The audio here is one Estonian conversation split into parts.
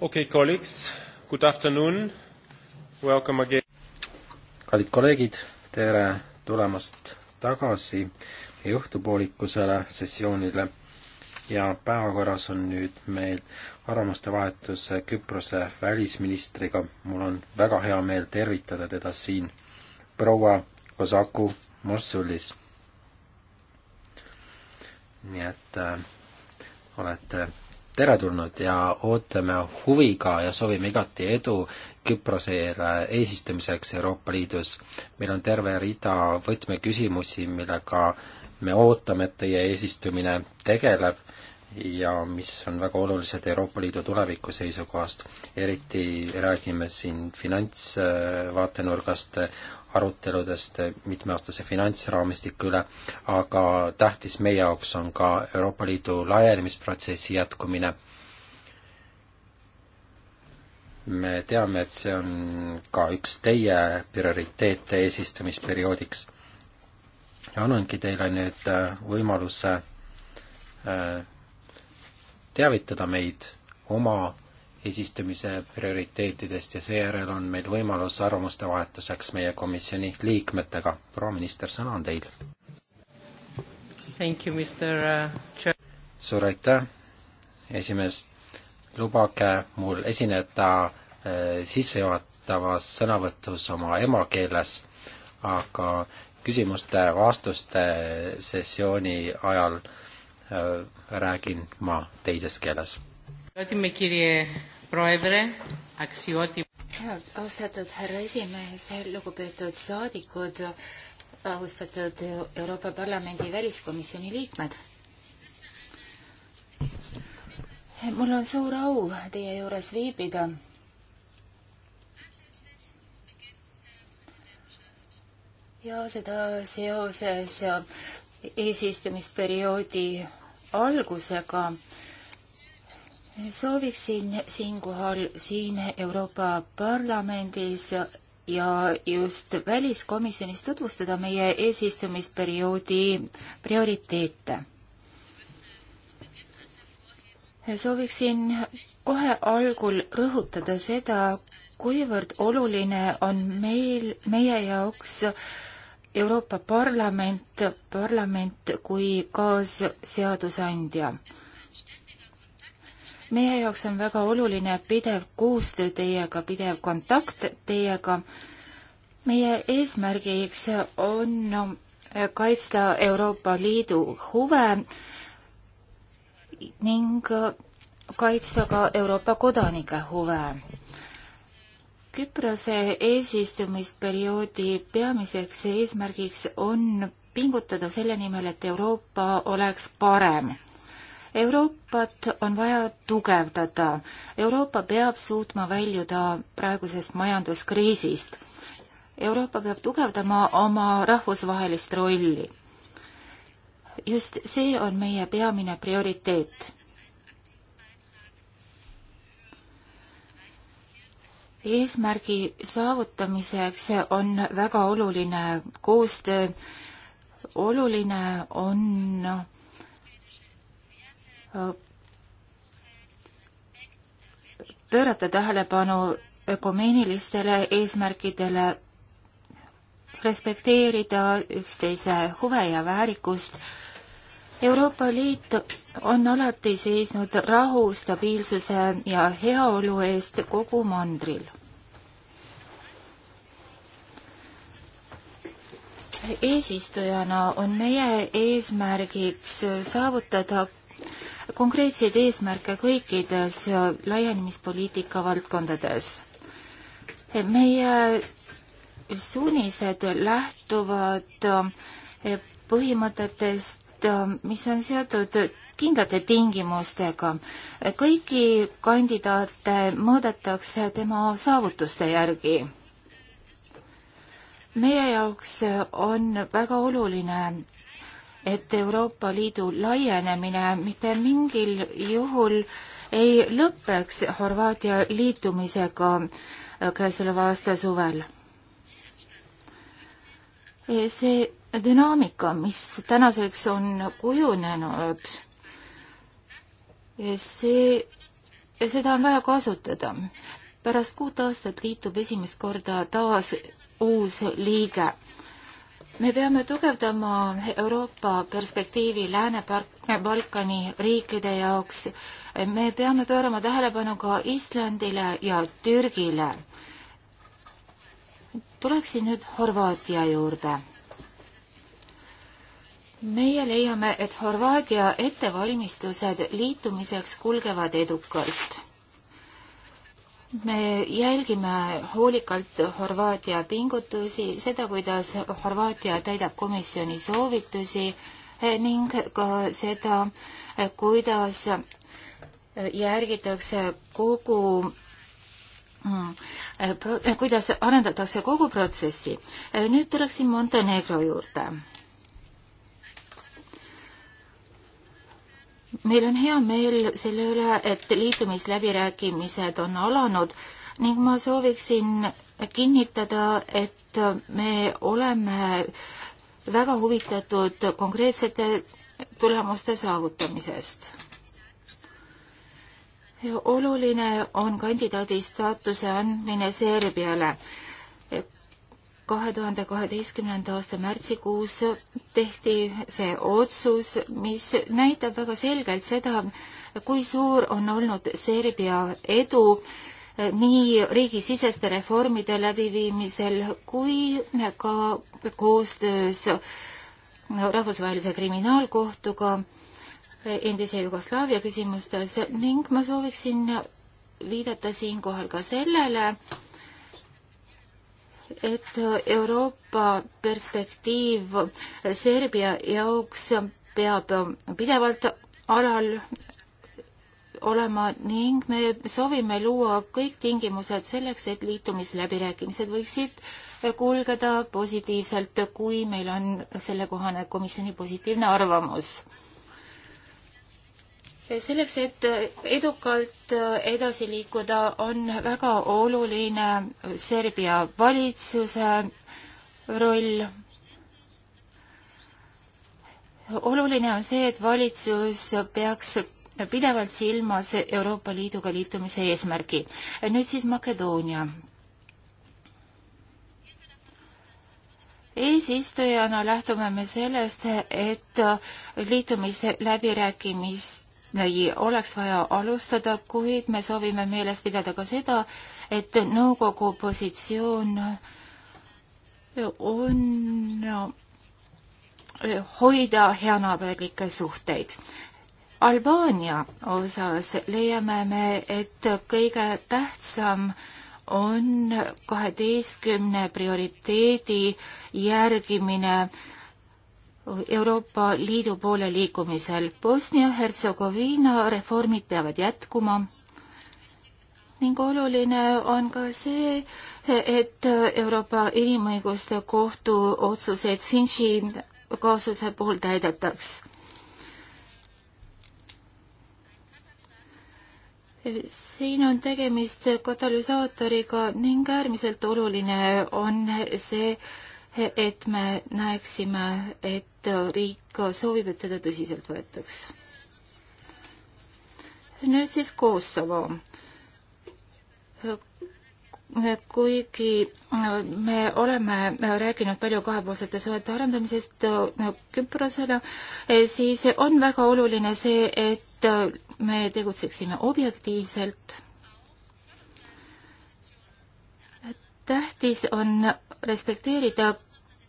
okei okay,, colleagues, good afternoon, welcome again. kallid kolleegid, tere tulemast tagasi meie õhtupoolikusele sessioonile ja päevakorras on nüüd meil arvamuste vahetus Küprose välisministriga. mul on väga hea meel tervitada teda siin, proua Kosaku Mossulis. nii et äh, olete teretulnud ja ootame huviga ja soovime igati edu Küprose eesistumiseks Euroopa Liidus. meil on terve rida võtmeküsimusi, millega me ootame, et teie eesistumine tegeleb ja mis on väga olulised Euroopa Liidu tuleviku seisukohast. eriti räägime siin finantsvaatenurgast, äh, aruteludest mitmeaastase finantsraamistiku üle, aga tähtis meie jaoks on ka Euroopa Liidu laienemisprotsessi jätkumine. me teame, et see on ka üks teie prioriteete eesistumisperioodiks. ja annangi teile nüüd äh, võimaluse äh, teavitada meid oma eesistumise prioriteetidest ja seejärel on meil võimalus arvamuste vahetuseks meie komisjoni liikmetega. proua minister, sõna on teil. Uh, suur aitäh, esimees. lubage mul esineda äh, sissejuhatavas sõnavõtus oma emakeeles, aga küsimuste-vastuste sessiooni ajal äh, räägin ma teises keeles austatud härra esimees, lugupeetud saadikud, austatud Euroopa Parlamendi väliskomisjoni liikmed. mul on suur au teie juures viibida. ja seda seoses eesistumisperioodi algusega sooviksin siinkohal siin Euroopa Parlamendis ja just väliskomisjonis tutvustada meie eesistumisperioodi prioriteete. sooviksin kohe algul rõhutada seda, kuivõrd oluline on meil, meie jaoks Euroopa Parlament, parlament kui kaasseadusandja meie jaoks on väga oluline pidev koostöö teiega, pidev kontakt teiega. meie eesmärgiks on kaitsta Euroopa Liidu huve ning kaitsta ka Euroopa kodanike huve. Küprose eesistumisperioodi peamiseks eesmärgiks on pingutada selle nimel, et Euroopa oleks parem Euroopat on vaja tugevdada. Euroopa peab suutma väljuda praegusest majanduskriisist. Euroopa peab tugevdama oma rahvusvahelist rolli. just see on meie peamine prioriteet. eesmärgi saavutamiseks on väga oluline koostöö, oluline on pöörata tähelepanu ökumeenilistele eesmärkidele, respekteerida üksteise huve ja väärikust. Euroopa Liit on alati seisnud rahu, stabiilsuse ja heaolu eest kogu mandril. eesistujana on meie eesmärgiks saavutada konkreetseid eesmärke kõikides äh, laienemispoliitika valdkondades. meie suunised lähtuvad äh, põhimõtetest, äh, mis on seotud kindlate tingimustega. kõiki kandidaate mõõdetakse tema saavutuste järgi meie jaoks on väga oluline et Euroopa Liidu laienemine mitte mingil juhul ei lõpeks Horvaatia liitumisega käesoleva aasta suvel. see dünaamika, mis tänaseks on kujunenud, see, seda on vaja kasutada. pärast kuut aastat liitub esimest korda taas uus liige me peame tugevdama Euroopa perspektiivi Lääne-Balkani riikide jaoks. me peame pöörama tähelepanu ka Islandile ja Türgile. tuleksin nüüd Horvaatia juurde. meie leiame, et Horvaatia ettevalmistused liitumiseks kulgevad edukalt me jälgime hoolikalt Horvaatia pingutusi, seda, kuidas Horvaatia täidab komisjoni soovitusi eh, ning ka seda, eh, kuidas eh, järgitakse kogu mm, kuidas arendatakse kogu protsessi. nüüd tuleksin Montenegro juurde meil on hea meel selle üle, et liitumisläbirääkimised on alanud ning ma sooviksin kinnitada, et me oleme väga huvitatud konkreetsete tulemuste saavutamisest. oluline on kandidaadi staatuse andmine Serbiale kahe tuhande kaheteistkümnenda aasta märtsikuus tehti see otsus, mis näitab väga selgelt seda, kui suur on olnud Serbia edu nii riigisiseste reformide läbiviimisel kui ka koostöös rahvusvahelise kriminaalkohtuga endise Jugoslaavia küsimustes ning ma sooviksin viidata siinkohal ka sellele, et Euroopa perspektiiv Serbia jaoks peab pidevalt alal olema ning me soovime luua kõik tingimused selleks, et liitumisläbirääkimised võiksid kulgeda positiivselt, kui meil on sellekohane komisjoni positiivne arvamus selleks, et edukalt äh, edasi liikuda, on väga oluline Serbia valitsuse roll. oluline on see, et valitsus peaks pidevalt silmas Euroopa Liiduga liitumise eesmärgi. nüüd siis Makedoonia. eesistujana lähtume me sellest, et liitumisläbirääkimist Ei oleks vaja alustada, kuid me soovime meeles pidada ka seda, et nõukogu positsioon on hoida heanaaberlikke suhteid. Albaania osas leiame me, et kõige tähtsam on kaheteistkümne prioriteedi järgimine äh, Euroopa Liidu poole liikumisel. Bosnia-Hertsegoviina reformid peavad jätkuma ning oluline on ka see, et Euroopa Inimõiguste Kohtu otsuseid Finchi kaasuse puhul täidetaks. siin on tegemist katalüsaatoriga ning äärmiselt oluline on see, et me näeksime, et Äh, riik soovib, et teda tõsiselt võetaks. nüüd siis Kosovo äh, kuigi äh, me oleme rääkinud palju kahepoolsete suhete arendamisest Küprosele, siis on väga oluline see, et me tegutseksime objektiivselt. tähtis on respekteerida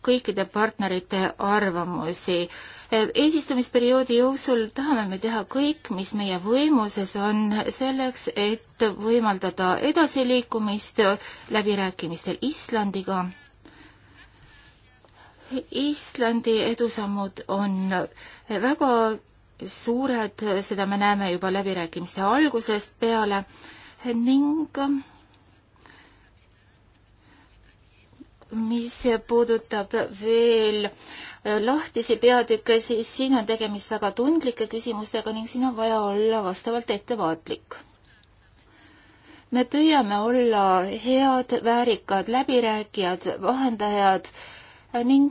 kõikide partnerite arvamusi. Eh, eesistumisperioodi jooksul tahame me teha kõik, mis meie võimuses on, selleks, et võimaldada edasiliikumist läbirääkimistel Islandiga. Islandi edusammud on väga suured, seda me näeme juba läbirääkimiste algusest peale ning mis puudutab veel äh, lahtisi peatükke, siis siin on tegemist väga tundlike küsimustega ning siin on vaja olla vastavalt ettevaatlik. me püüame olla head, väärikad läbirääkijad, vahendajad ning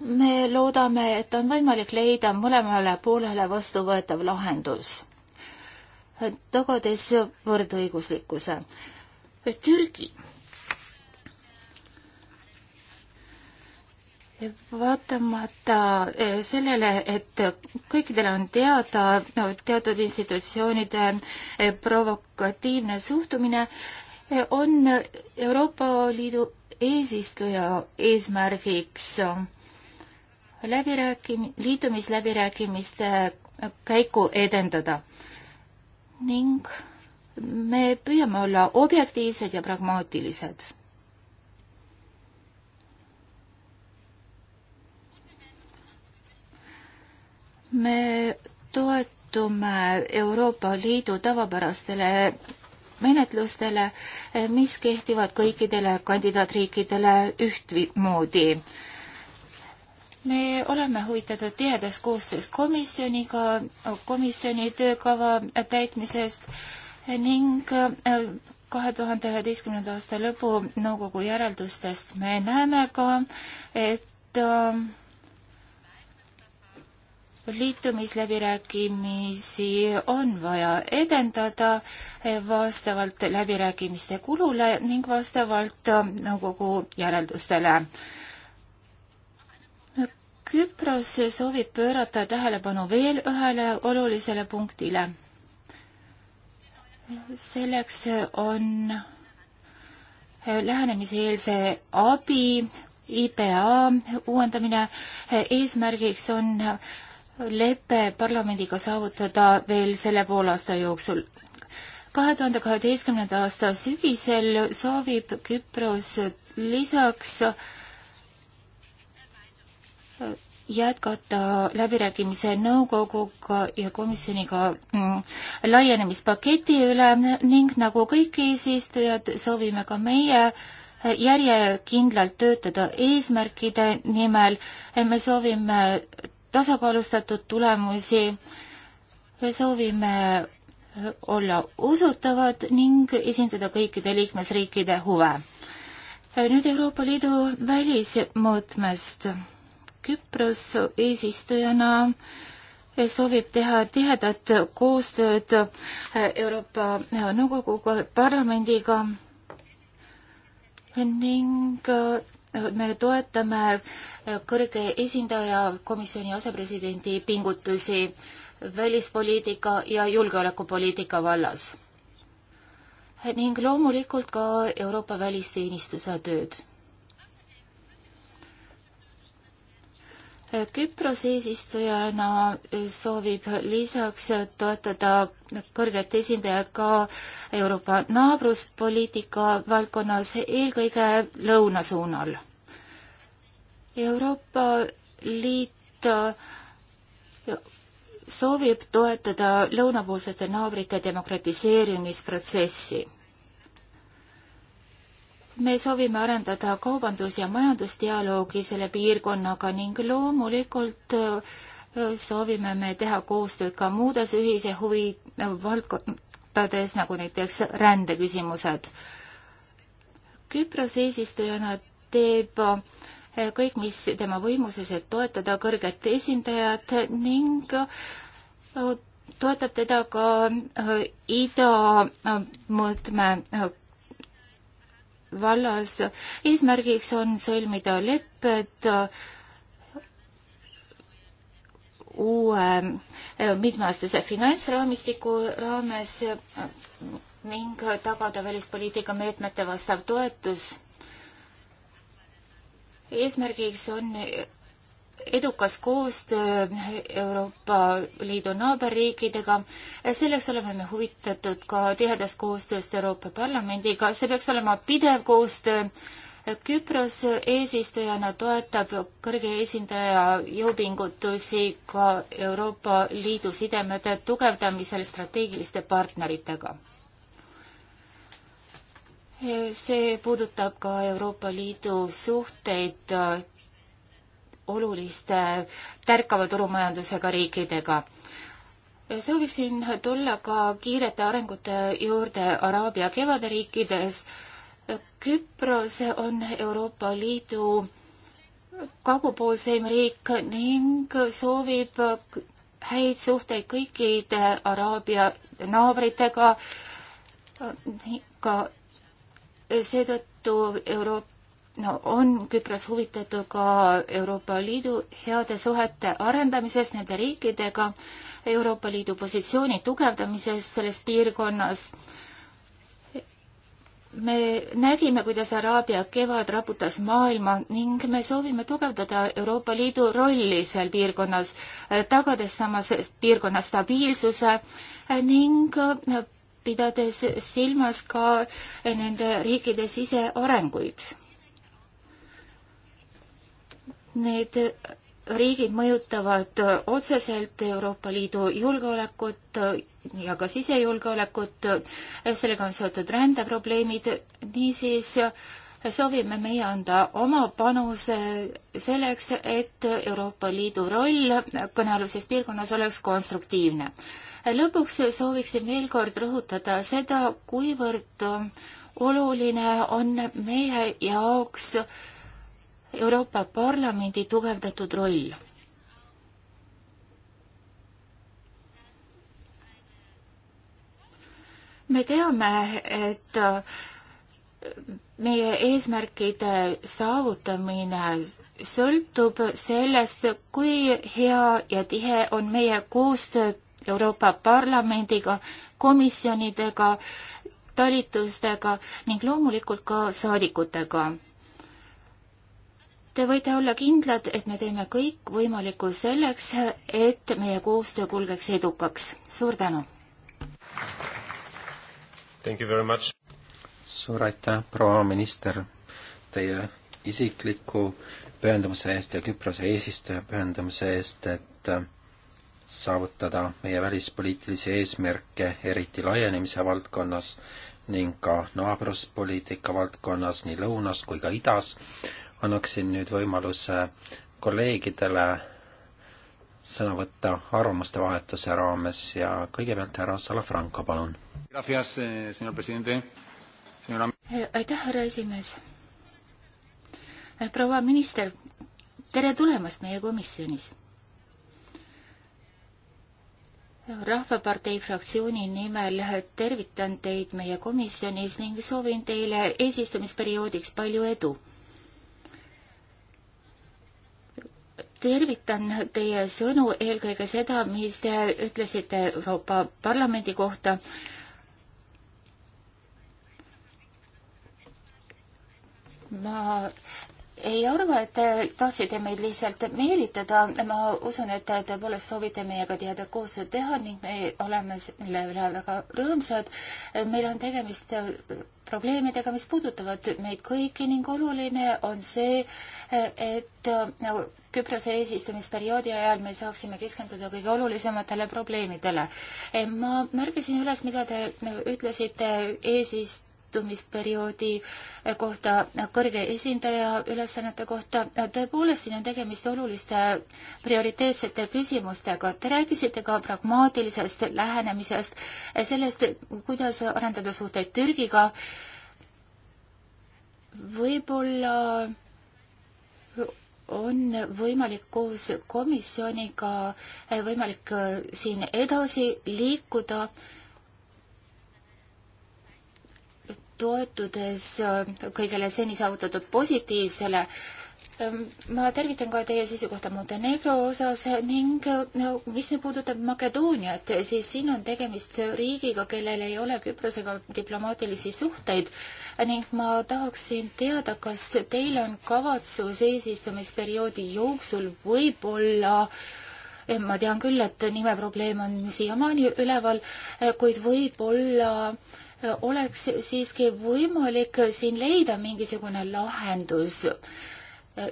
me loodame, et on võimalik leida mõlemale poolele vastuvõetav lahendus, tagades võrdõiguslikkuse. Türgi vaatamata eh, sellele, et kõikidele on teada no, teatud institutsioonide eh, provokatiivne suhtumine, eh, on Euroopa Liidu eesistuja eesmärgiks läbirääkim-, liitumisläbirääkimiste käiku edendada ning me püüame olla objektiivsed ja pragmaatilised me toetume Euroopa Liidu tavapärastele menetlustele, mis kehtivad kõikidele kandidaatriikidele ühtmoodi. me oleme huvitatud tihedast koostööst komisjoniga, komisjoni töökava täitmisest ning äh, kahe tuhande üheteistkümnenda aasta lõpu nõukogu järeldustest me näeme ka, et äh, liitumisläbirääkimisi on vaja edendada vastavalt läbirääkimiste kulule ning vastavalt nõukogu järeldustele. Küpros soovib pöörata tähelepanu veel ühele olulisele punktile. selleks on lähenemiseelse abi IPA uuendamine eesmärgiks on lepe parlamendiga saavutada veel selle poolaasta jooksul. kahe tuhande kaheteistkümnenda aasta sügisel soovib Küpros lisaks äh, jätkata läbirääkimise nõukoguga ja komisjoniga mm, laienemispaketi üle ning nagu kõik eesistujad, soovime ka meie äh, järjekindlalt töötada eesmärkide nimel. me soovime tasakaalustatud tulemusi. soovime olla usutavad ning esindada kõikide liikmesriikide huve. nüüd Euroopa Liidu välismõõtmest. Küpros eesistujana soovib teha tihedat koostööd Euroopa Nõukoguga, parlamendiga ning me toetame äh, kõrge esindaja komisjoni asepresidendi pingutusi välispoliitika ja julgeolekupoliitika vallas ning loomulikult ka Euroopa välisteenistuse tööd Küpros eesistujana eh, soovib lisaks toetada kõrget esindajat ka Euroopa naabruspoliitika valdkonnas, eelkõige lõuna suunal. Euroopa Liit eh, soovib toetada lõunapoolsete naabrite demokratiseerimisprotsessi me soovime arendada kaubandus- ja majandusdialoogi selle piirkonnaga ning loomulikult äh, soovime me teha koostööd ka muudes ühise huvi äh, valdkondades, nagu näiteks rändeküsimused. Küpros eesistujana teeb äh, kõik, mis tema võimuses, et toetada kõrget esindajat ning toetab teda ka idamõõtme vallas. eesmärgiks on sõlmida lepped uue eh, mitmeaastase finantsraamistiku raames ning tagada välispoliitika meetmete vastav toetus. eesmärgiks on edukas koostöö Euroopa Liidu naaberriikidega. selleks oleme me huvitatud ka tihedast koostööst Euroopa Parlamendiga, see peaks olema pidev koostöö. Küpros eesistujana toetab kõrge esindaja jõupingutusi ka Euroopa Liidu sidemete tugevdamisel strateegiliste partneritega. see puudutab ka Euroopa Liidu suhteid oluliste äh, tärkava turumajandusega riikidega. sooviksin tulla ka kiirete arengute juurde Araabia kevade riikides. Küpros on Euroopa Liidu kagupoolseim riik ning soovib häid suhteid kõikide Araabia naabritega, ka seetõttu Euroopa no on Küpros huvitatud ka Euroopa Liidu heade suhete arendamisest nende riikidega, Euroopa Liidu positsiooni tugevdamisest selles piirkonnas. me nägime, kuidas Araabia kevad raputas maailma ning me soovime tugevdada Euroopa Liidu rolli seal piirkonnas, tagades samas piirkonna stabiilsuse ning pidades silmas ka nende riikide sisearenguid Need riigid mõjutavad otseselt Euroopa Liidu julgeolekut ja ka sisejulgeolekut, sellega on seotud rändeprobleemid, niisiis soovime meie anda oma panuse selleks, et Euroopa Liidu roll kõnealuses piirkonnas oleks konstruktiivne. lõpuks sooviksin veel kord rõhutada seda, kuivõrd oluline on meie jaoks Euroopa Parlamendi tugevdatud roll. me teame, et meie eesmärkide saavutamine sõltub sellest, kui hea ja tihe on meie koostöö Euroopa Parlamendiga, komisjonidega, talitustega ning loomulikult ka saadikutega Te võite olla kindlad, et me teeme kõik võimalikku selleks, et meie koostöö kulgeks edukaks. suur tänu! suur aitäh, proua minister, teie isikliku pühendumuse eest ja Küprose eesistuja pühendumuse eest, et äh, saavutada meie välispoliitilisi eesmärke, eriti laienemise valdkonnas ning ka naabruspoliitika valdkonnas nii lõunas kui ka idas annaksin nüüd võimaluse kolleegidele sõna võtta arvamuste vahetuse raames ja kõigepealt härra Salafranco, palun. Eh, eh, aitäh, härra esimees. Eh, proua minister, tere tulemast meie komisjonis rahvapartei fraktsiooni nimel tervitan teid meie komisjonis ning soovin teile eesistumisperioodiks palju edu. tervitan teie sõnu, eelkõige seda, mis te ütlesite Euroopa Parlamendi kohta. ma ei arva, et te tahtsite meid lihtsalt meelitada, ma usun, et te tõepoolest soovite meiega tihedat koostööd teha ning me oleme selle üle väga rõõmsad. meil on tegemist probleemidega, mis puudutavad meid kõiki ning oluline on see, et nagu Küprose eesistumisperioodi ajal me saaksime keskenduda kõige olulisematele probleemidele. ma märkasin üles, mida te ütlesite eesist-, eesistumisperioodi kohta, kõrge esindaja ülesannete kohta. tõepoolest, siin on tegemist oluliste prioriteetsete küsimustega. Te rääkisite ka pragmaatilisest lähenemisest, sellest, kuidas arendada suhteid Türgiga. võib-olla on võimalik koos komisjoniga, võimalik eh, siin edasi liikuda toetudes äh, kõigele seni saavutatud positiivsele, ähm, ma tervitan ka teie seisukohta Montenegro osas ning äh, mis nüüd puudutab Makedooniat, siis siin on tegemist riigiga, kellel ei ole Küprosega diplomaatilisi suhteid ning ma tahaksin teada, kas teil on kavatsus eesistumisperioodi jooksul võib-olla äh, ma tean küll, et nimeprobleem on siiamaani üleval, kuid võib-olla oleks siiski võimalik siin leida mingisugune lahendus,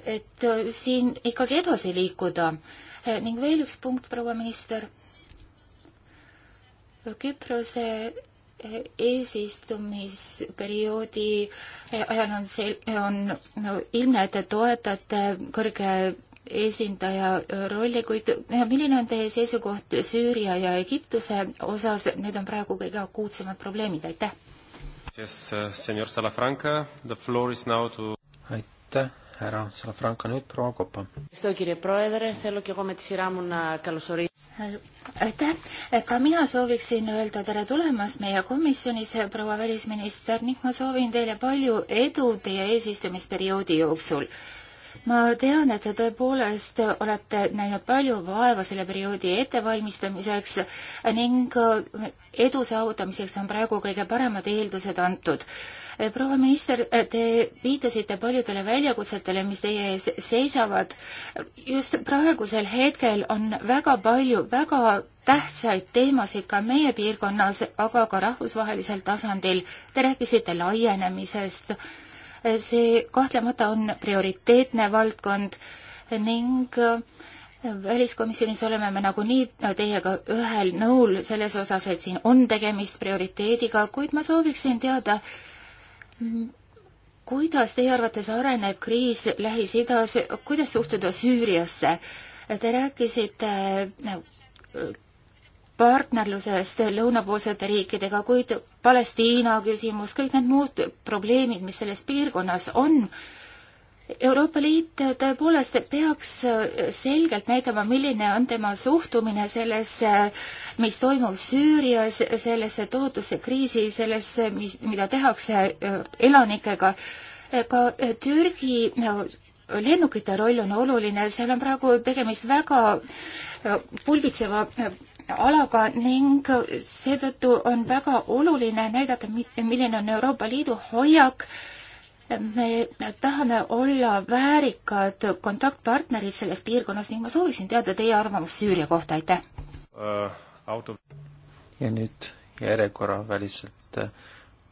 et siin ikkagi edasi liikuda. ning veel üks punkt, proua minister. Küprose eesistumisperioodi ajal on sel-, on no, ilmne, et te toetate kõrge esindaja rolli, kuid milline on teie seisukoht Süüria ja Egiptuse osas, need on praegu kõige akuutsemad probleemid, aitäh! Yes, uh, senior Salafranca, the floor is now to aitäh, härra Salafranca, nüüd proua Kopa. aitäh, ka mina sooviksin öelda tere tulemast meie komisjonis, proua välisminister, ning ma soovin teile palju edu teie eesistumisperioodi jooksul ma tean, et te tõepoolest olete näinud palju vaeva selle perioodi ettevalmistamiseks ning edu saavutamiseks on praegu kõige paremad eeldused antud. Eh, proua minister, te viitasite paljudele väljakutsetele, mis teie ees seisavad. just praegusel hetkel on väga palju väga tähtsaid teemasid ka meie piirkonnas, aga ka rahvusvahelisel tasandil. Te rääkisite laienemisest see kahtlemata on prioriteetne valdkond ning väliskomisjonis oleme me nagunii teiega ühel nõul selles osas, et siin on tegemist prioriteediga, kuid ma sooviksin teada, kuidas teie arvates areneb kriis Lähis-Idas, kuidas suhtuda Süüriasse? Te rääkisite partnerlusest lõunapoolsete riikidega, kuid Palestiina küsimus, kõik need muud probleemid, mis selles piirkonnas on, Euroopa Liit tõepoolest peaks selgelt näitama, milline on tema suhtumine sellesse, mis toimub Süürias, sellesse tohutusse kriisi, sellesse, mis, mida tehakse äh, elanikega. ka äh, Türgi no, lennukite roll on oluline, seal on praegu tegemist väga äh, pulbitseva alaga ning seetõttu on väga oluline näidata, milline on Euroopa Liidu hoiak. me tahame olla väärikad kontaktpartnerid selles piirkonnas ning ma sooviksin teada teie arvamust Süüria kohta, aitäh uh,! Auto... ja nüüd järjekorra väliselt uh,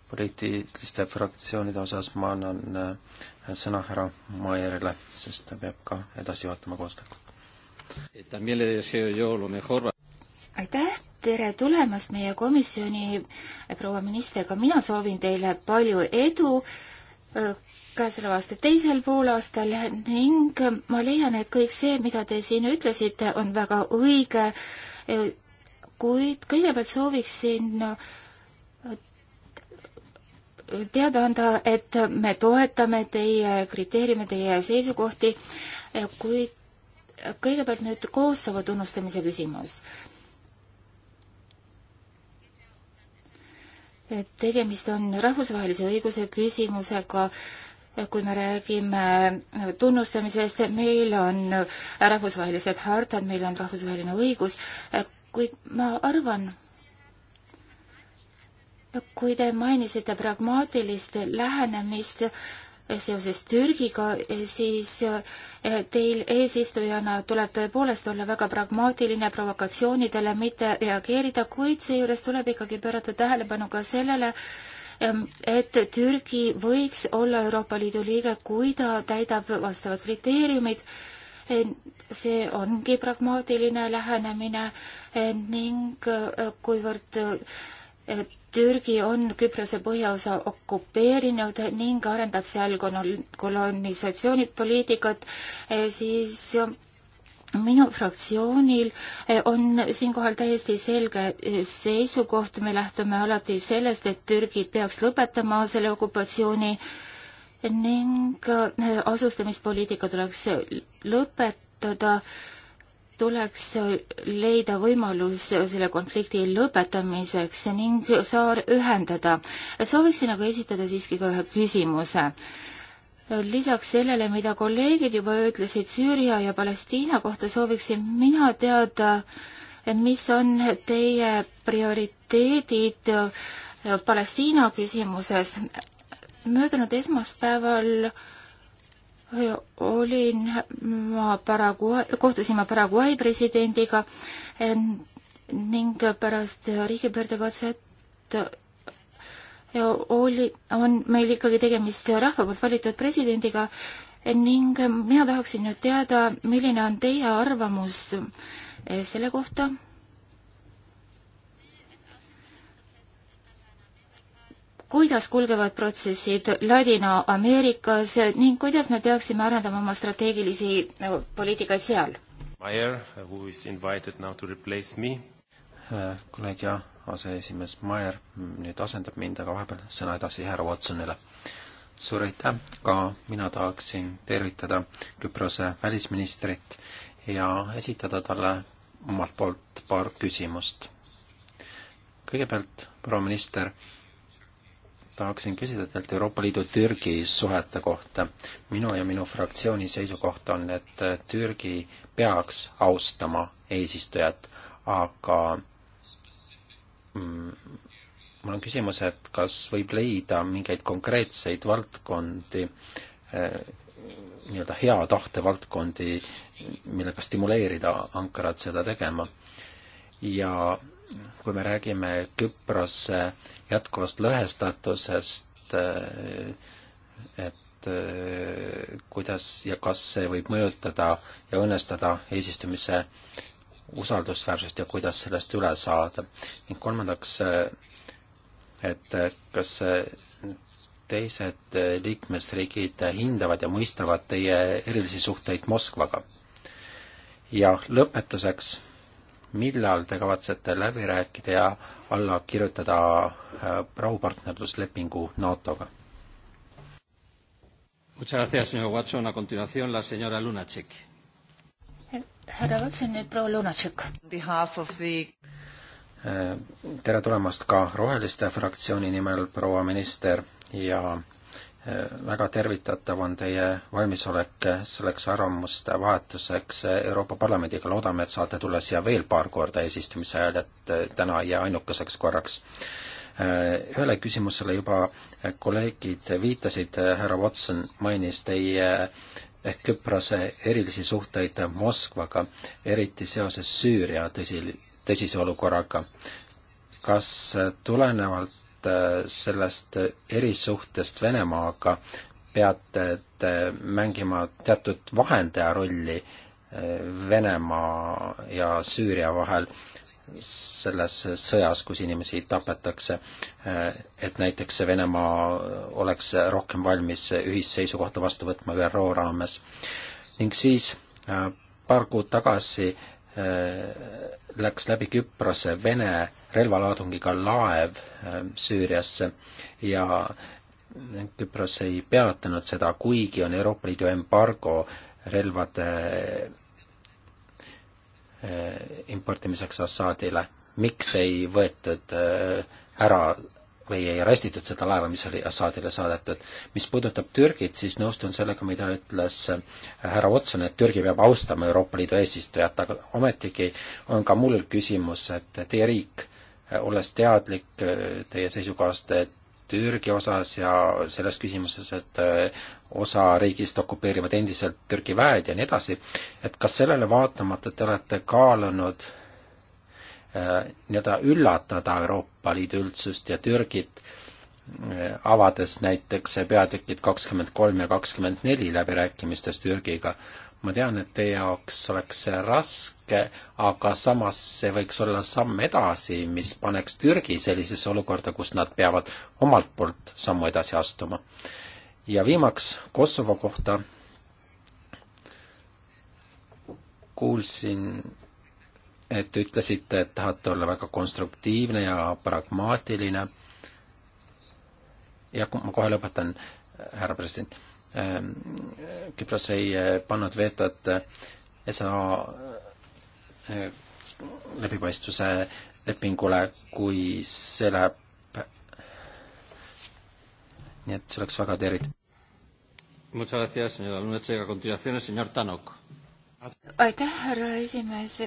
poliitiliste fraktsioonide osas ma annan uh, sõna härra Maierile, sest ta peab ka edasi juhatama koosolekut. Eh, aitäh, tere tulemast meie komisjoni, eh, proua minister, ka mina soovin teile palju edu eh, käesoleva aasta teisel poolaastal ning ma leian, et kõik see, mida te siin ütlesite, on väga õige, eh, kuid kõigepealt sooviksin teada anda, et me toetame teie kriteeriume, teie seisukohti, kuid kõigepealt nüüd Kosovo tunnustamise küsimus. tegemist on rahvusvahelise õiguse küsimusega, kui me räägime tunnustamisest, meil on rahvusvahelised hardad, meil on rahvusvaheline õigus, kuid ma arvan, kui te mainisite pragmaatilist lähenemist, seoses Türgiga, eh, siis eh, teil eesistujana tuleb tõepoolest olla väga pragmaatiline provokatsioonidele, mitte reageerida, kuid seejuures tuleb ikkagi pöörata tähelepanu ka sellele, et Türgi võiks olla Euroopa Liidu liige, kui ta täidab vastavad kriteeriumid. see ongi pragmaatiline lähenemine ning eh, kuivõrd Türgi on Küprose põhjaosa okupeerinud ning arendab seal kolonisatsioonipoliitikat, eh, siis eh, minu fraktsioonil eh, on siinkohal täiesti selge seisukoht, me lähtume alati sellest, et Türgi peaks lõpetama selle okupatsiooni ning asustamispoliitika tuleks lõpetada tuleks leida võimalus selle konflikti lõpetamiseks ning saar ühendada. sooviksin aga esitada siiski ka ühe küsimuse. lisaks sellele, mida kolleegid juba ütlesid Süüria ja Palestiina kohta, sooviksin mina teada, mis on teie prioriteedid Palestiina küsimuses. möödunud esmaspäeval äh, olin ma Paraguay, kohtusin ma Paraguay presidendiga ning pärast riigipöördekatset oli, on meil ikkagi tegemist rahva poolt valitud presidendiga ning mina tahaksin nüüd teada, milline on teie arvamus selle kohta kuidas kulgevad protsessid Ladina-Ameerikas ning kuidas me peaksime arendama oma strateegilisi poliitikaid seal? Äh, kolleeg ja aseesimees Maier nüüd asendab mind, aga vahepeal sõna edasi härra Watsonile. suur aitäh, ka mina tahaksin tervitada Küprose välisministrit ja esitada talle omalt poolt paar küsimust. kõigepealt, proua minister, tahaksin küsida teilt Euroopa Liidu Türgi suhete kohta. minu ja minu fraktsiooni seisukoht on, et Türgi peaks austama eesistujat, aga mm, mul on küsimus, et kas võib leida mingeid konkreetseid valdkondi eh,, nii-öelda hea tahte valdkondi, millega stimuleerida Ankarat seda tegema ja kui me räägime Küprose jätkuvast lõhestatusest, eh, et eh, kuidas ja kas see võib mõjutada ja õnnestada eesistumise usaldusväärsust ja kuidas sellest üle saada. ning kolmandaks, eh, et kas teised liikmesriigid hindavad ja mõistavad teie erilisi suhteid Moskvaga? ja lõpetuseks millal te kavatsete läbi rääkida ja alla kirjutada äh, rahupartnerluslepingu NATO-ga? härra Watson, nüüd proua Lunatšik. Äh, tere tulemast ka Roheliste fraktsiooni nimel, proua minister, ja väga tervitatav on teie valmisolek selleks arvamuste vahetuseks Euroopa Parlamendiga, loodame, et saate tulla siia veel paar korda eesistumise ajal, et eh, täna ei jää ainukeseks korraks. Eh, ühele küsimusele juba kolleegid viitasid, härra Watson mainis teie ehk Küprose erilisi suhteid Moskvaga, eriti seoses Süüria tõsi, tõsise olukorraga. kas tulenevalt Äh, sellest erisuhtest Venemaaga peate te mängima teatud vahendaja rolli äh, Venemaa ja Süüria vahel selles sõjas, kus inimesi tapetakse, äh, et näiteks Venemaa oleks rohkem valmis ühisseisukohta vastu võtma ÜRO raames. ning siis paar kuud tagasi läks läbi Küprose Vene relvalaadungiga laev äh, Süüriasse ja Küpros ei peatanud seda, kuigi on Euroopa Liidu embargo relvade äh, importimiseks Assadile. miks ei võetud äh, ära või ei arestitud seda laeva, mis oli Assadile saadetud. mis puudutab Türgit, siis nõustun sellega, mida ütles äh, härra Otson, et Türgi peab austama Euroopa Liidu eesistujat, aga ometigi on ka mul küsimus, et teie riik, äh, olles teadlik äh, teie seisukohast Türgi osas ja selles küsimuses, et osa riigist okupeerivad endiselt Türgi väed ja nii edasi, et kas sellele vaatamata te olete kaalunud nii-öelda üllatada Euroopa Liidu üldsust ja Türgit, avades näiteks peatükid kakskümmend kolm ja kakskümmend neli läbirääkimistes Türgiga. ma tean, et teie jaoks oleks see raske, aga samas see võiks olla samm edasi, mis paneks Türgi sellisesse olukorda, kus nad peavad omalt poolt sammu edasi astuma. ja viimaks Kosovo kohta kuulsin et ütlesite, et tahate olla väga konstruktiivne ja pragmaatiline. ja ma kohe lõpetan, härra president. Ähm, Küpros ei äh, pannud veetot äh, SA äh, läbipaistvuse lepingule, kui see läheb. nii et see oleks väga tervitatav. Muchas gracias, señora Lunacek. A continuación, el señor Tanok. Aitäh, härra esimees.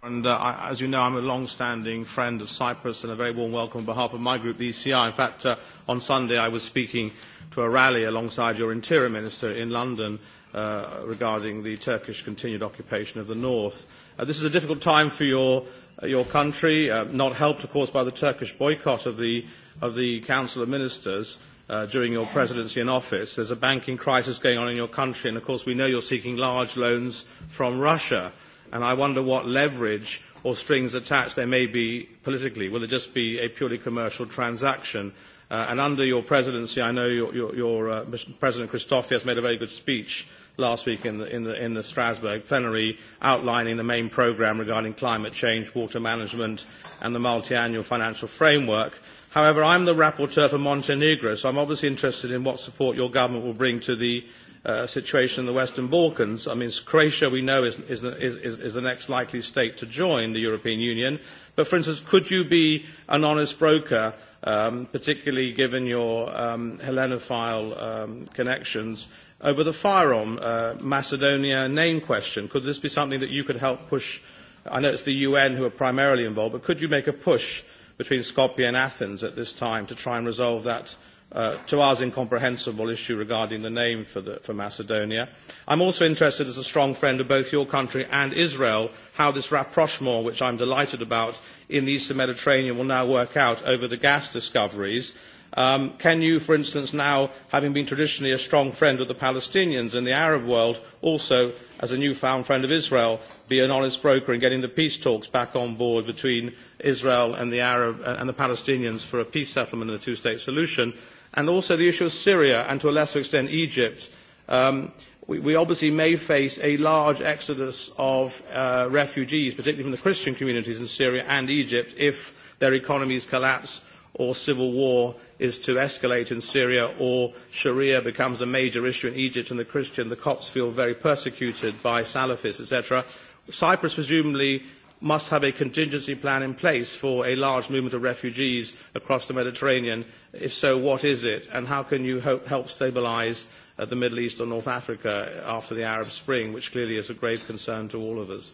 And uh, as you know, I'm a long-standing friend of Cyprus and a very warm welcome on behalf of my group, the ECR. In fact, uh, on Sunday I was speaking to a rally alongside your Interior Minister in London uh, regarding the Turkish continued occupation of the north. Uh, this is a difficult time for your, uh, your country, uh, not helped, of course, by the Turkish boycott of the, of the Council of Ministers. Uh, during your presidency in office. There's a banking crisis going on in your country, and of course, we know you're seeking large loans from Russia. Uh, and I wonder what leverage or strings attached there may be politically. Will it just be a purely commercial transaction? Uh, and under your presidency, I know your, your, your uh, President Christofi has made a very good speech last week in the, in, the, in the Strasbourg plenary outlining the main programme regarding climate change, water management and the multi-annual financial framework. However, I'm the rapporteur for Montenegro, so I'm obviously interested in what support your government will bring to the uh, situation in the Western Balkans. I mean, Croatia, we know, is, is, is, is the next likely state to join the European Union. But for instance, could you be an honest broker, um, particularly given your um, Hellenophile um, connections, over the firearm uh, Macedonia name question? Could this be something that you could help push? I know it's the UN who are primarily involved, but could you make a push between Skopje and Athens at this time to try and resolve that? uh, to us incomprehensible issue regarding the name for, the, for Macedonia. I'm also interested, as a strong friend of both your country and Israel, how this rapprochement, which I'm delighted about, in the Eastern Mediterranean will now work out over the gas discoveries. Um, can you, for instance, now, having been traditionally a strong friend of the Palestinians in the Arab world, also as a newfound friend of Israel, be an honest broker in getting the peace talks back on board between Israel and the Arab uh, and the Palestinians for a peace settlement and a two-state solution? And also the issue of Syria and to a lesser extent Egypt. Um, we, we obviously may face a large exodus of uh, refugees, particularly from the Christian communities in Syria and Egypt, if their economies collapse or civil war is to escalate in Syria or Sharia becomes a major issue in Egypt and the Christian, the Copts feel very persecuted by Salafists, etc. Cyprus presumably must have a contingency plan in place for a large movement of refugees across the Mediterranean? If so, what is it? And how can you hope, help stabilise uh, the Middle East or North Africa after the Arab Spring, which clearly is a grave concern to all of us?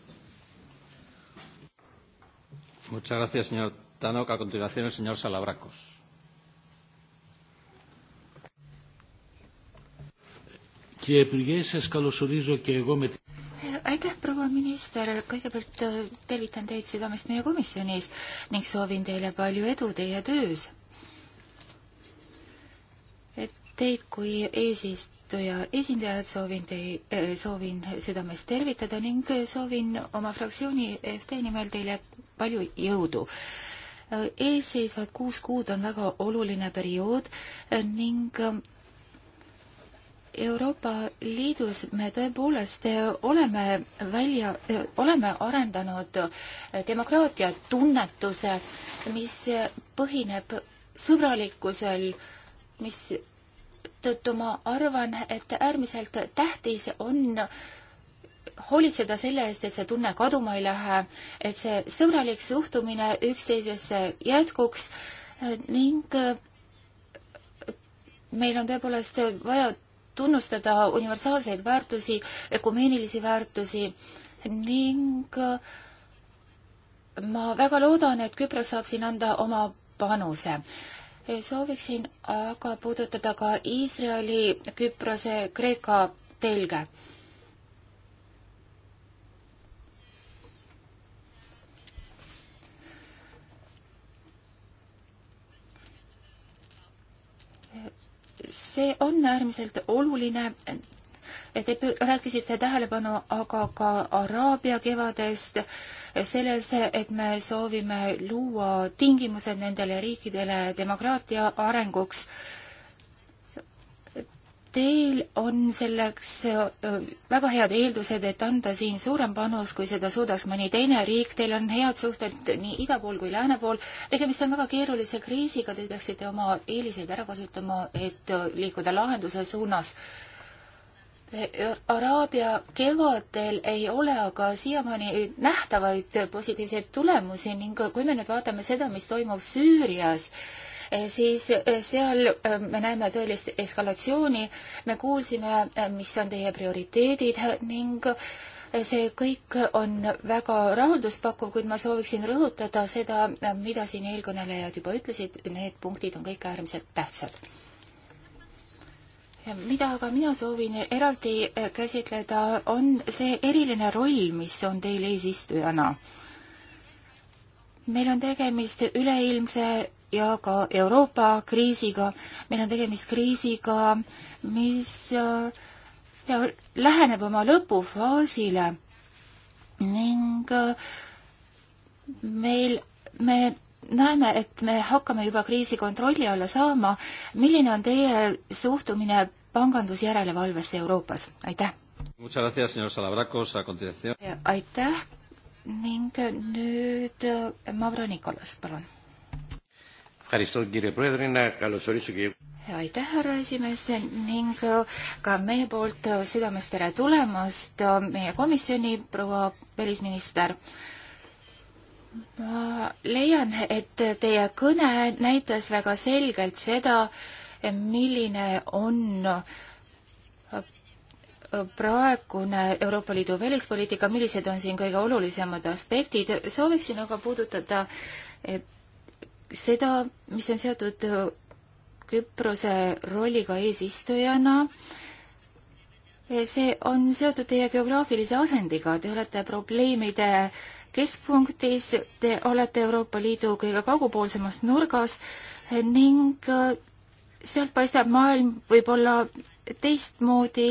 Muchas gracias, señor Tannock. A continuación, el señor Salabracos. Κύριε Υπουργέ, σας καλωσορίζω και εγώ με την aitäh, proua minister, kõigepealt äh, tervitan teid südamest meie komisjonis ning soovin teile palju edu teie töös. Teid kui eesistuja esindajad soovin tei-, äh, soovin südamest tervitada ning soovin oma fraktsiooni EFT nimel teile palju jõudu äh, eesseisvad kuus kuud on väga oluline periood ning Euroopa Liidus me tõepoolest eh, oleme välja, eh, oleme arendanud eh, demokraatia tunnetuse, mis põhineb sõbralikkusel, mis tõttu ma arvan, et äärmiselt tähtis on hoolitseda selle eest, et see tunne kaduma ei lähe, et see sõbralik suhtumine üksteisesse jätkuks ning meil on tõepoolest vaja tunnustada universaalseid väärtusi, ökumeenilisi väärtusi ning äh, ma väga loodan, et Küpros saab siin anda oma panuse. sooviksin aga puudutada ka Iisraeli, Küprose, Kreeka telge see on äärmiselt oluline. Te rääkisite tähelepanu aga ka Araabia kevadest, sellest, et me soovime luua tingimused nendele riikidele demokraatia arenguks Teil on selleks väga head eeldused, et anda siin suurem panus, kui seda suudaks mõni teine riik, teil on head suhted nii ida pool kui lääne pool, tegemist on väga keerulise kriisiga, te peaksite oma eeliseid ära kasutama, et liikuda lahenduse suunas. Araabia kevadel ei ole aga siiamaani nähtavaid positiivseid tulemusi ning kui me nüüd vaatame seda, mis toimub Süürias, Eh, siis eh, seal eh, me näeme tõelist eskalatsiooni. me kuulsime, mis on teie prioriteedid ning see kõik on väga rahulduspakkuv, kuid ma sooviksin rõhutada seda, mida siin eelkõnelejad juba ütlesid, need punktid on kõik äärmiselt tähtsad. mida aga mina soovin eraldi käsitleda, on see eriline roll, mis on teil eesistujana. meil on tegemist üleilmse ja ka Euroopa kriisiga. meil on tegemist kriisiga, mis äh, läheneb oma lõpufaasile ning äh, meil, me näeme, et me hakkame juba kriisi kontrolli alla saama. milline on teie suhtumine pangandusjärelevalvesse Euroopas? aitäh! aitäh ning nüüd äh, Mavro Nikolas, palun aitäh, härra esimees ning äh, ka meie poolt äh, südamest tere tulemast äh, meie komisjoni, proua välisminister. ma leian, et teie kõne näitas väga selgelt seda, milline on praegune Euroopa Liidu välispoliitika, millised on siin kõige olulisemad aspektid, sooviksin aga puudutada et seda, mis on seotud äh, Küprose rolliga eesistujana. Äh, see on seotud teie geograafilise asendiga, te olete probleemide keskpunktis, te olete Euroopa Liidu kõige kaugupoolsemas nurgas äh, ning sealt paistab maailm võib-olla teistmoodi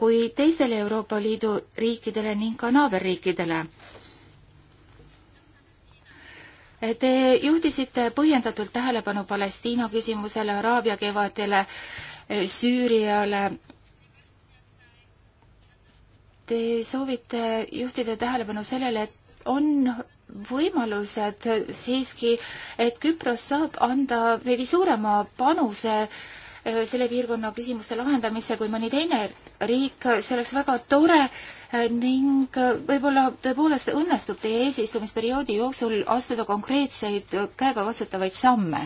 kui teistele Euroopa Liidu riikidele ning ka naaberriikidele. Te juhtisite põhjendatult tähelepanu Palestiina küsimusele, Araabia kevadele, Süüriale. Te soovite juhtida tähelepanu sellele, et on võimalused siiski, et Küpros saab anda veidi suurema panuse äh, selle piirkonna küsimuste lahendamisse kui mõni teine riik, see oleks väga tore Äh, ning äh, võib-olla tõepoolest õnnestub teie eesistumisperioodi jooksul astuda konkreetseid äh, käegakatsutavaid samme.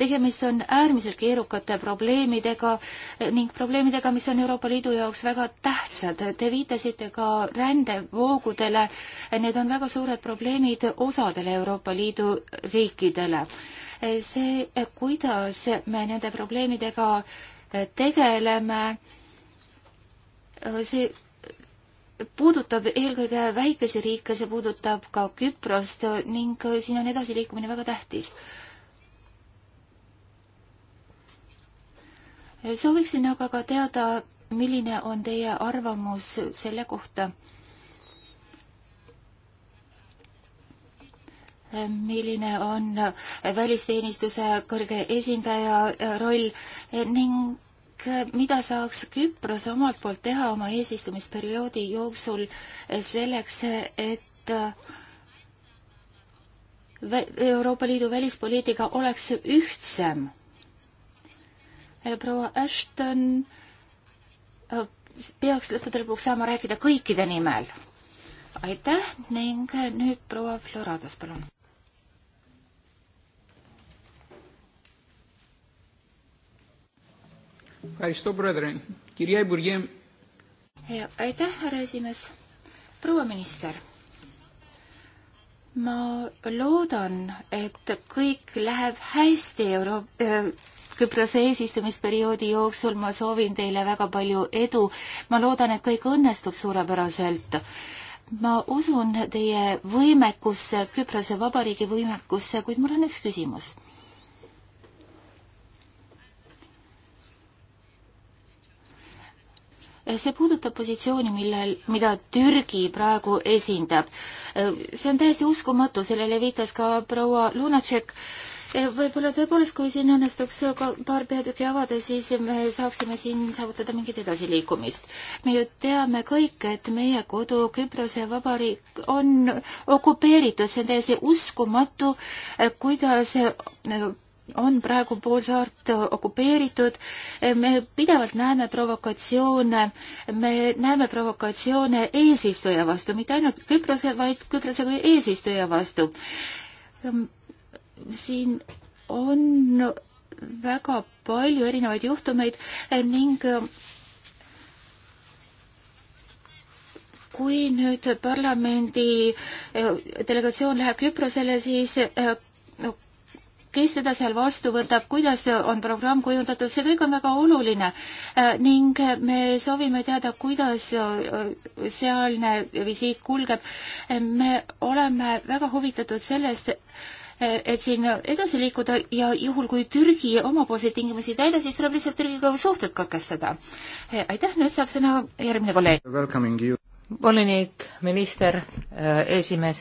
tegemist on äärmiselt keerukate probleemidega ning probleemidega, mis on Euroopa Liidu jaoks väga tähtsad. Te viitasite ka rändevoogudele, need on väga suured probleemid osadele Euroopa Liidu riikidele. see, kuidas me nende probleemidega tegeleme, Äh, see puudutab eelkõige väikesi riike, see puudutab ka Küprost äh, ning äh, siin on edasiliikumine väga tähtis. sooviksin aga ka teada, milline on teie arvamus selle kohta, milline on välisteenistuse kõrge esindaja roll ning Äh, mida saaks Küpros omalt poolt teha oma eesistumisperioodi jooksul äh, selleks, et äh, Euroopa Liidu välispoliitika oleks ühtsem? proua Ashton peaks lõppude lõpuks saama rääkida kõikide nimel. aitäh ning nüüd proua Florados, palun aitäh, härra esimees. proua minister, ma loodan, et kõik läheb hästi Euro-, äh, Küprose eesistumisperioodi jooksul ma soovin teile väga palju edu. ma loodan, et kõik õnnestub suurepäraselt. ma usun teie võimekusse, Küprose Vabariigi võimekusse, kuid mul on üks küsimus. see puudutab positsiooni, millel, mida Türgi praegu esindab. see on täiesti uskumatu, sellele viitas ka proua Lunatšek. võib-olla tõepoolest, kui siin õnnestuks ka paar peatükki avada, siis me saaksime siin saavutada mingit edasiliikumist. me ju teame kõik, et meie kodu Küprose Vabariik on okupeeritud, see on täiesti uskumatu, kuidas on praegu poolsaart okupeeritud. me pidevalt näeme provokatsioone, me näeme provokatsioone eesistuja vastu, mitte ainult Küprose, vaid Küprose kui eesistuja vastu. siin on väga palju erinevaid juhtumeid ning kui nüüd parlamendi delegatsioon läheb Küprosele, siis kes teda seal vastu võtab, kuidas on programm kujundatud, see kõik on väga oluline äh, ning me soovime teada, kuidas äh, sealne visiit kulgeb. Äh, me oleme väga huvitatud sellest, et siin edasi liikuda ja juhul, kui Türgi omapoolseid tingimusi ei täida, siis tuleb lihtsalt Türgiga suhted katkestada. aitäh, nüüd saab sõna järgmine kolleeg. volinik, minister, esimees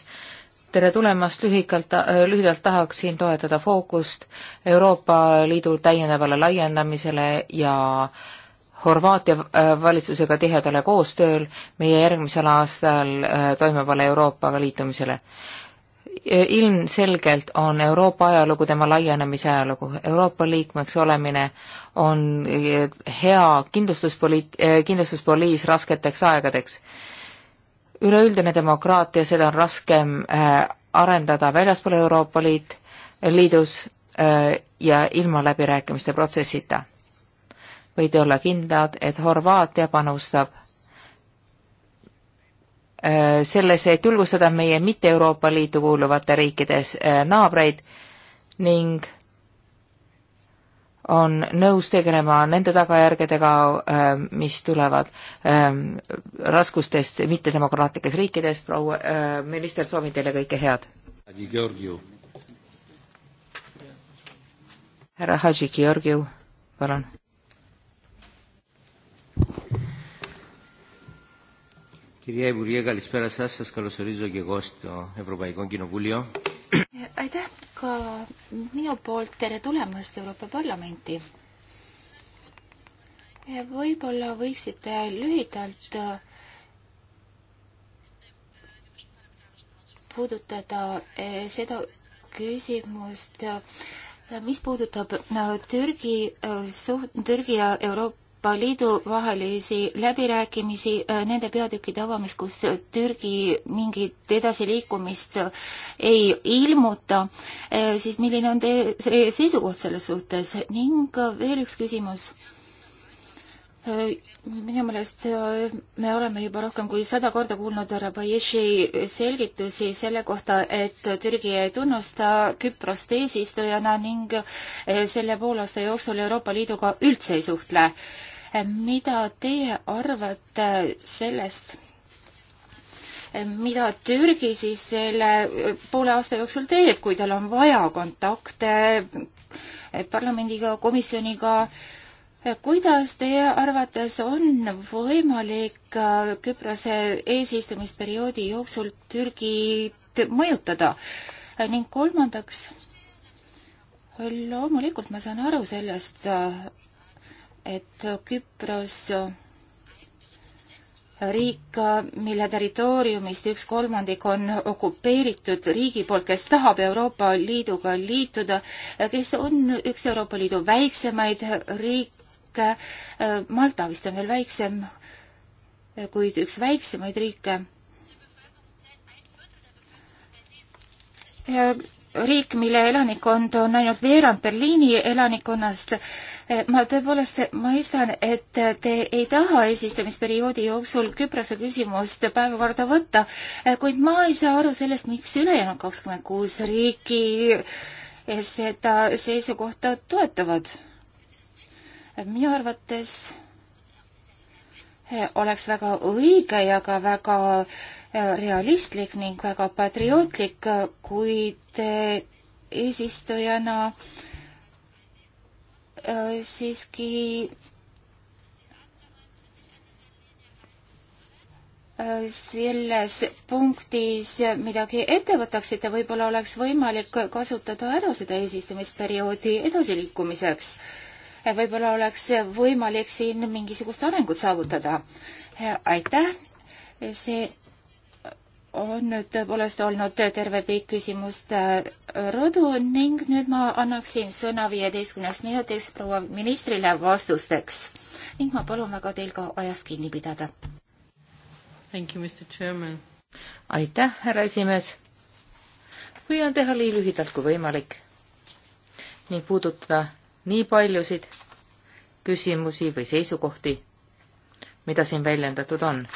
tere tulemast, lühikalt, äh, lühidalt tahaksin toetada fookust Euroopa Liidu täiendavale laiendamisele ja Horvaatia äh, valitsusega tihedale koostööl meie järgmisel aastal äh, toimuvale Euroopaga liitumisele. E, ilmselgelt on Euroopa ajalugu tema laienemise ajalugu. Euroopa liikmeks olemine on e, hea kindlustuspoliit-, e, kindlustuspoliis rasketeks aegadeks üleüldine demokraatia, seda on raskem äh, arendada väljaspool Euroopa Liit, äh, liidus äh, ja ilma läbirääkimiste protsessita. võite olla kindlad, et Horvaatia panustab sellesse, et julgustada meie mitte Euroopa Liitu kuuluvate riikides naabreid ning on nõus tegelema nende tagajärgedega, ähm, mis tulevad ähm, raskustest mittedemokraatlikes riikides, proua äh, minister, soovin teile kõike head! härra Hadži Georgiev, palun! Κυρία Υπουργέ, καλησπέρα σας. Σας καλωσορίζω και εγώ στο Ευρωπαϊκό Κοινοβούλιο aitäh ka minu poolt, tere tulemast Euroopa Parlamenti. võib-olla võiksite lühidalt äh, puudutada äh, seda küsimust, äh, mis puudutab no, Türgi suht-, Türgi ja Euroopa Euroopa Liidu vahelisi läbirääkimisi, äh, nende peatükkide avamist, kus Türgi mingit edasiliikumist äh, ei ilmuta, äh, siis milline on teie seisukoht selles suhtes ning veel üks küsimus minu meelest me oleme juba rohkem kui sada korda kuulnud härra Bayeshi selgitusi selle kohta, et Türgi ei tunnusta Küprost eesistujana ning selle poolaasta jooksul Euroopa Liiduga üldse ei suhtle mida teie arvate sellest, mida Türgi siis selle poole aasta jooksul teeb, kui tal on vaja kontakte parlamendiga, komisjoniga, kuidas teie arvates on võimalik Küprose eesistumisperioodi jooksul Türgit mõjutada? ning kolmandaks, loomulikult ma saan aru sellest, et Küpros riik, mille territooriumist üks kolmandik on okupeeritud riigi poolt, kes tahab Euroopa Liiduga liituda, kes on üks Euroopa Liidu väiksemaid riike, Malta vist on veel väiksem, kuid üks väiksemaid riike riik, mille elanikkond on ainult veerand Berliini elanikkonnast. ma tõepoolest mõistan, et te ei taha eesistumisperioodi jooksul Küprose küsimust päevakorda võtta, kuid ma ei saa aru sellest, miks ülejäänud kakskümmend kuus riiki seda seisukohta toetavad. minu arvates Eh, oleks väga õige ja ka väga eh, realistlik ning väga patriootlik, eh, kui te eesistujana siiski selles punktis midagi ette võtaksite, võib-olla oleks võimalik kasutada ära seda eesistumisperioodi edasiliikumiseks võib-olla oleks võimalik siin mingisugust arengut saavutada. aitäh, see on nüüd tõepoolest olnud terve pikk küsimuste äh, rodu ning nüüd ma annaksin sõna viieteistkümneks minutiks proua ministrile vastusteks ning ma palun väga teil ka ajast kinni pidada. aitäh, härra esimees. püüan teha nii lühidalt kui võimalik ning puudutada nii paljusid küsimusi või seisukohti, mida siin väljendatud on.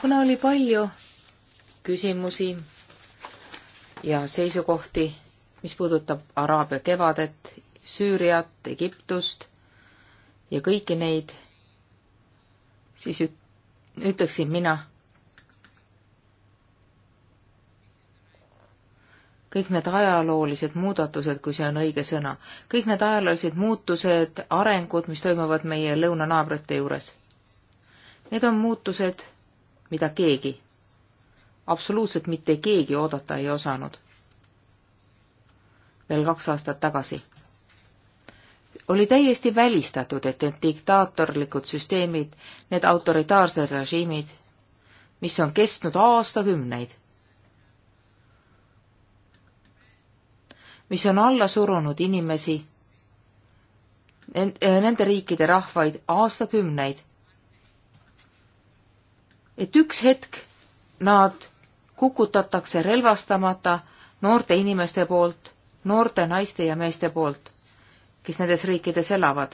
kuna oli palju küsimusi ja seisukohti, mis puudutab Araabia kevadet, Süüriat, Egiptust ja kõiki neid, siis ütleksin mina kõik need ajaloolised muudatused, kui see on õige sõna, kõik need ajaloolised muutused, arengud, mis toimuvad meie lõunanaabrite juures. Need on muutused, mida keegi, absoluutselt mitte keegi oodata ei osanud. veel kaks aastat tagasi oli täiesti välistatud, et need diktaatorlikud süsteemid, need autoritaarsed režiimid, mis on kestnud aastakümneid, mis on alla surunud inimesi, äh, nende riikide rahvaid aastakümneid. et üks hetk nad kukutatakse relvastamata noorte inimeste poolt, noorte naiste ja meeste poolt, kes nendes riikides elavad.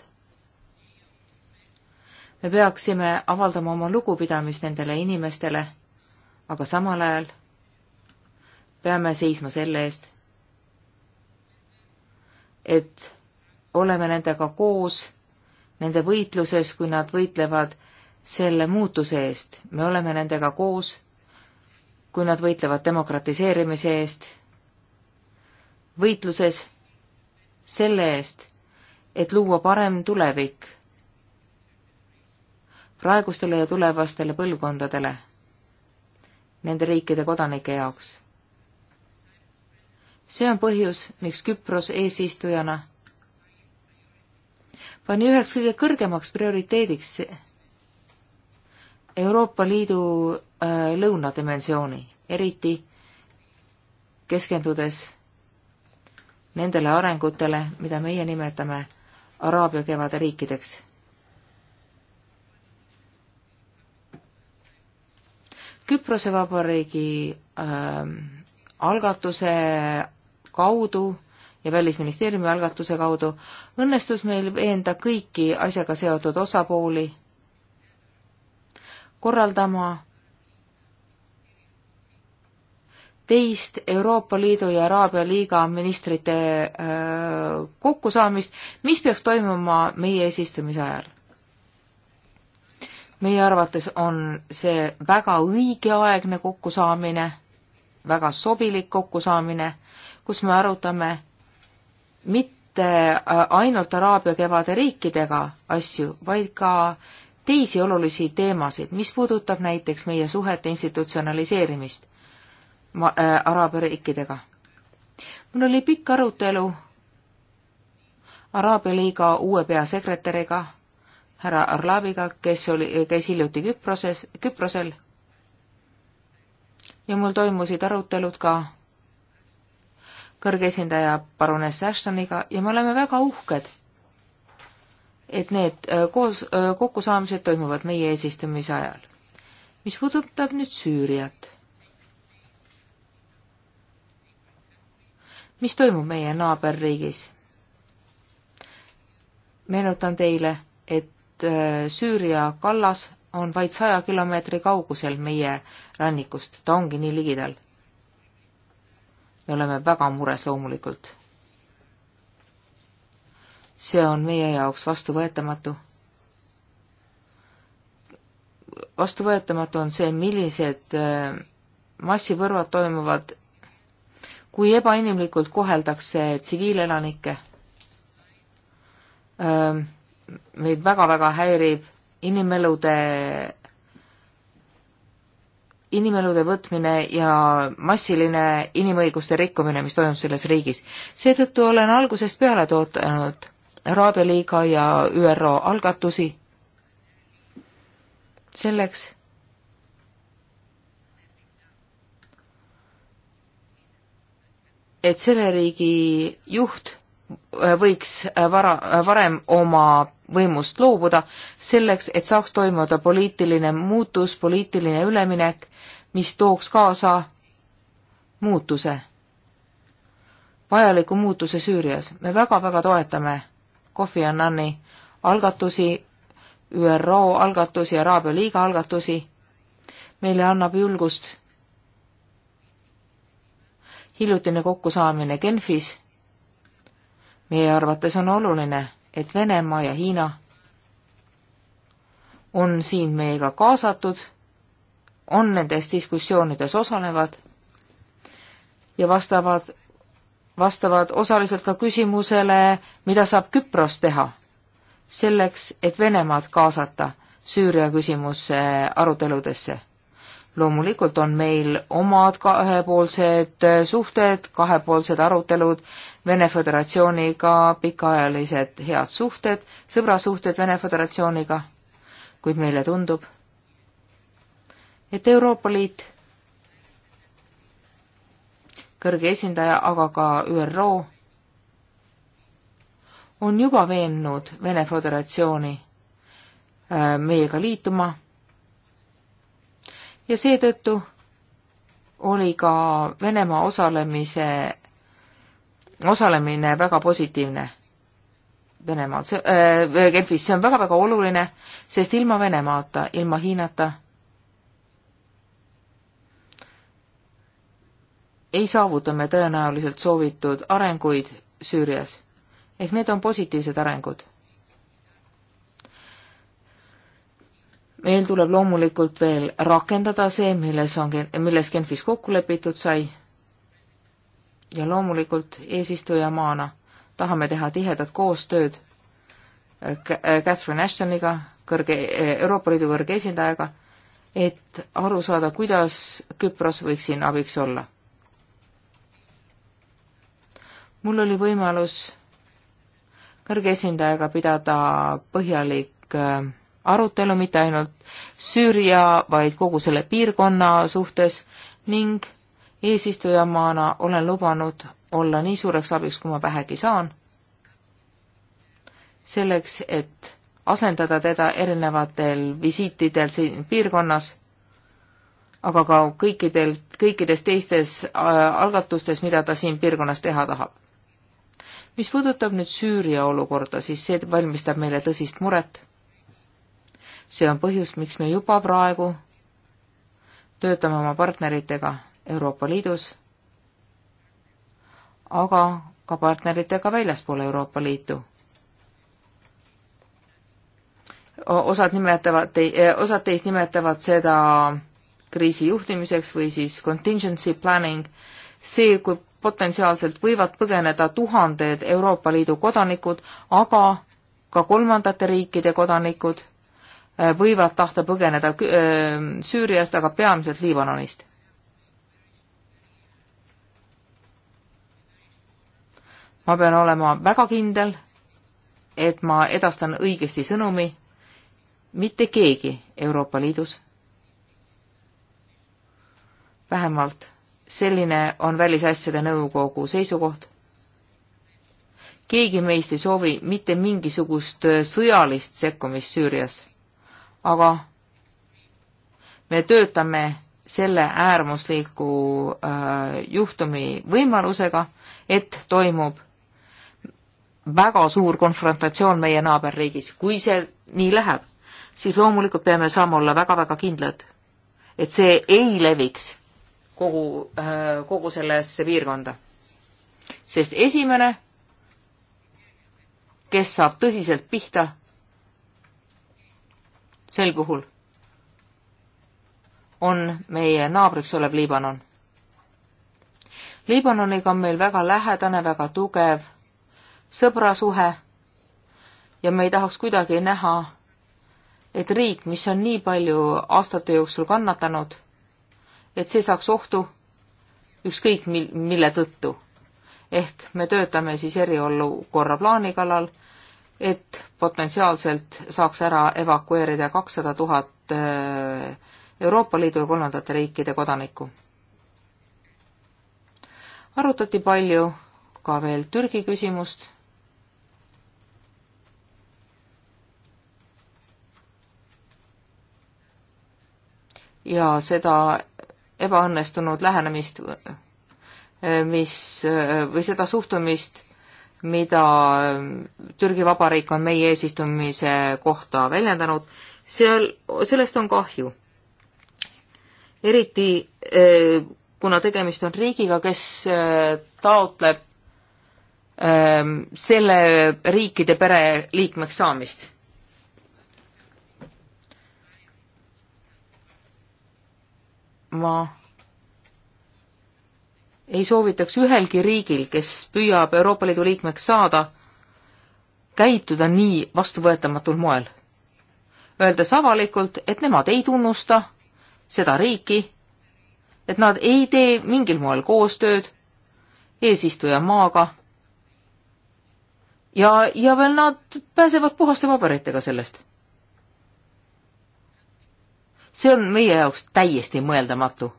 me peaksime avaldama oma lugupidamist nendele inimestele, aga samal ajal peame seisma selle eest et oleme nendega koos nende võitluses, kui nad võitlevad selle muutuse eest. me oleme nendega koos, kui nad võitlevad demokratiseerimise eest, võitluses selle eest, et luua parem tulevik praegustele ja tulevastele põlvkondadele, nende riikide kodanike jaoks see on põhjus, miks Küpros eesistujana pani üheks kõige kõrgemaks prioriteediks Euroopa Liidu äh, lõunadimensiooni, eriti keskendudes nendele arengutele, mida meie nimetame Araabia kevade riikideks. Küprose Vabariigi äh, algatuse kaudu ja Välisministeeriumi algatuse kaudu õnnestus meil veenda kõiki asjaga seotud osapooli korraldama teist Euroopa Liidu ja Araabia Liiga ministrite äh, kokkusaamist, mis peaks toimuma meie eesistumise ajal. meie arvates on see väga õigeaegne kokkusaamine, väga sobilik kokkusaamine kus me arutame mitte äh, ainult Araabia kevade riikidega asju, vaid ka teisi olulisi teemasid, mis puudutab näiteks meie suhete institutsionaliseerimist ma, äh, Araabia riikidega. mul oli pikk arutelu Araabia liiga uue peasekretäriga, härra Arlabiga, kes oli, käis hiljuti Küproses, Küprosel ja mul toimusid arutelud ka kõrge esindaja paruness Ashtoniga ja me oleme väga uhked, et need äh, koos, äh, kokkusaamised toimuvad meie eesistumise ajal. mis puudutab nüüd Süüriat, mis toimub meie naaberriigis? meenutan teile, et äh, Süüria kallas on vaid saja kilomeetri kaugusel meie rannikust, ta ongi nii ligidal me oleme väga mures loomulikult. see on meie jaoks vastuvõetamatu. vastuvõetamatu on see, millised äh, massipõrvad toimuvad, kui ebainimlikult koheldakse tsiviilelanikke. Äh, meid väga-väga häirib inimelude inimelude võtmine ja massiline inimõiguste rikkumine, mis toimub selles riigis. seetõttu olen algusest peale tootanud Araabia liiga ja ÜRO algatusi selleks, et selle riigi juht võiks vara, varem oma võimust loobuda, selleks et saaks toimuda poliitiline muutus, poliitiline üleminek, mis tooks kaasa muutuse, vajaliku muutuse Süürias. me väga-väga toetame Kofi Annani algatusi, ÜRO algatusi, Araabia Liiga algatusi, meile annab julgust hiljutine kokkusaamine Genfis meie arvates on oluline et Venemaa ja Hiina on siin meiega kaasatud, on nendes diskussioonides osalevad ja vastavad, vastavad osaliselt ka küsimusele, mida saab Küpros teha selleks, et Venemaad kaasata Süüria küsimuse aruteludesse. loomulikult on meil omad kahepoolsed suhted, kahepoolsed arutelud Vene Föderatsiooniga, pikaajalised head suhted, sõbrasuhted Vene Föderatsiooniga, kuid meile tundub, et Euroopa Liit, kõrge esindaja, aga ka ÜRO on juba veennud Vene Föderatsiooni äh, meiega liituma ja seetõttu oli ka Venemaa osalemise osalemine väga positiivne Venemaal, see äh,, Genfis, see on väga-väga oluline, sest ilma Venemaata, ilma Hiinata ei saavuta me tõenäoliselt soovitud arenguid Süürias. ehk need on positiivsed arengud. meil tuleb loomulikult veel rakendada see, milles on, milles Genfis kokku lepitud sai ja loomulikult eesistujamaana tahame teha tihedat koostööd äh, äh, Catherine Ashtoniga, kõrge, e-, äh, Euroopa Liidu kõrge esindajaga, et aru saada, kuidas Küpros võiks siin abiks olla. mul oli võimalus kõrge esindajaga pidada põhjalik arutelu mitte ainult Süüria, vaid kogu selle piirkonna suhtes ning eesistujamaana olen lubanud olla nii suureks abiks, kui ma vähegi saan, selleks, et asendada teda erinevatel visiitidel siin piirkonnas, aga ka kõikidel, kõikides teistes äh, algatustes, mida ta siin piirkonnas teha tahab. mis puudutab nüüd Süüria olukorda, siis see valmistab meile tõsist muret. see on põhjus, miks me juba praegu töötame oma partneritega Euroopa Liidus, aga ka partneritega väljaspool Euroopa Liitu. osad nimetavad te,, eh, osad teist nimetavad seda kriisi juhtimiseks või siis contingency planning, see, kui potentsiaalselt võivad põgeneda tuhanded Euroopa Liidu kodanikud, aga ka kolmandate riikide kodanikud eh, võivad tahta põgeneda eh, Süüriast, aga peamiselt Liibanonist ma pean olema väga kindel, et ma edastan õigesti sõnumi, mitte keegi Euroopa Liidus, vähemalt selline on Välisasjade Nõukogu seisukoht, keegi meist ei soovi mitte mingisugust sõjalist sekkumist Süürias, aga me töötame selle äärmusliku äh, juhtumi võimalusega, et toimub väga suur konfrontatsioon meie naaberriigis. kui see nii läheb, siis loomulikult peame saama olla väga-väga kindlad, et see ei leviks kogu, äh, kogu sellesse piirkonda. sest esimene, kes saab tõsiselt pihta sel puhul, on meie naabriks olev Liibanon. Liibanoniga on meil väga lähedane, väga tugev sõbrasuhe ja me ei tahaks kuidagi näha, et riik, mis on nii palju aastate jooksul kannatanud, et see saaks ohtu ükskõik mil-, mille tõttu. ehk me töötame siis eriolukorra plaani kallal, et potentsiaalselt saaks ära evakueerida kakssada tuhat äh, Euroopa Liidu ja kolmandate riikide kodanikku. arutati palju ka veel Türgi küsimust ja seda ebaõnnestunud lähenemist, mis, või seda suhtumist, mida Türgi Vabariik on meie eesistumise kohta väljendanud, seal, sellest on kahju. eriti kuna tegemist on riigiga, kes taotleb selle riikide pereliikmeks saamist ma ei soovitaks ühelgi riigil, kes püüab Euroopa Liidu liikmeks saada, käituda nii vastuvõetamatul moel. Öeldes avalikult, et nemad ei tunnusta seda riiki, et nad ei tee mingil moel koostööd eesistuja maaga ja, ja veel nad pääsevad puhaste paberitega sellest see on meie jaoks täiesti mõeldamatu.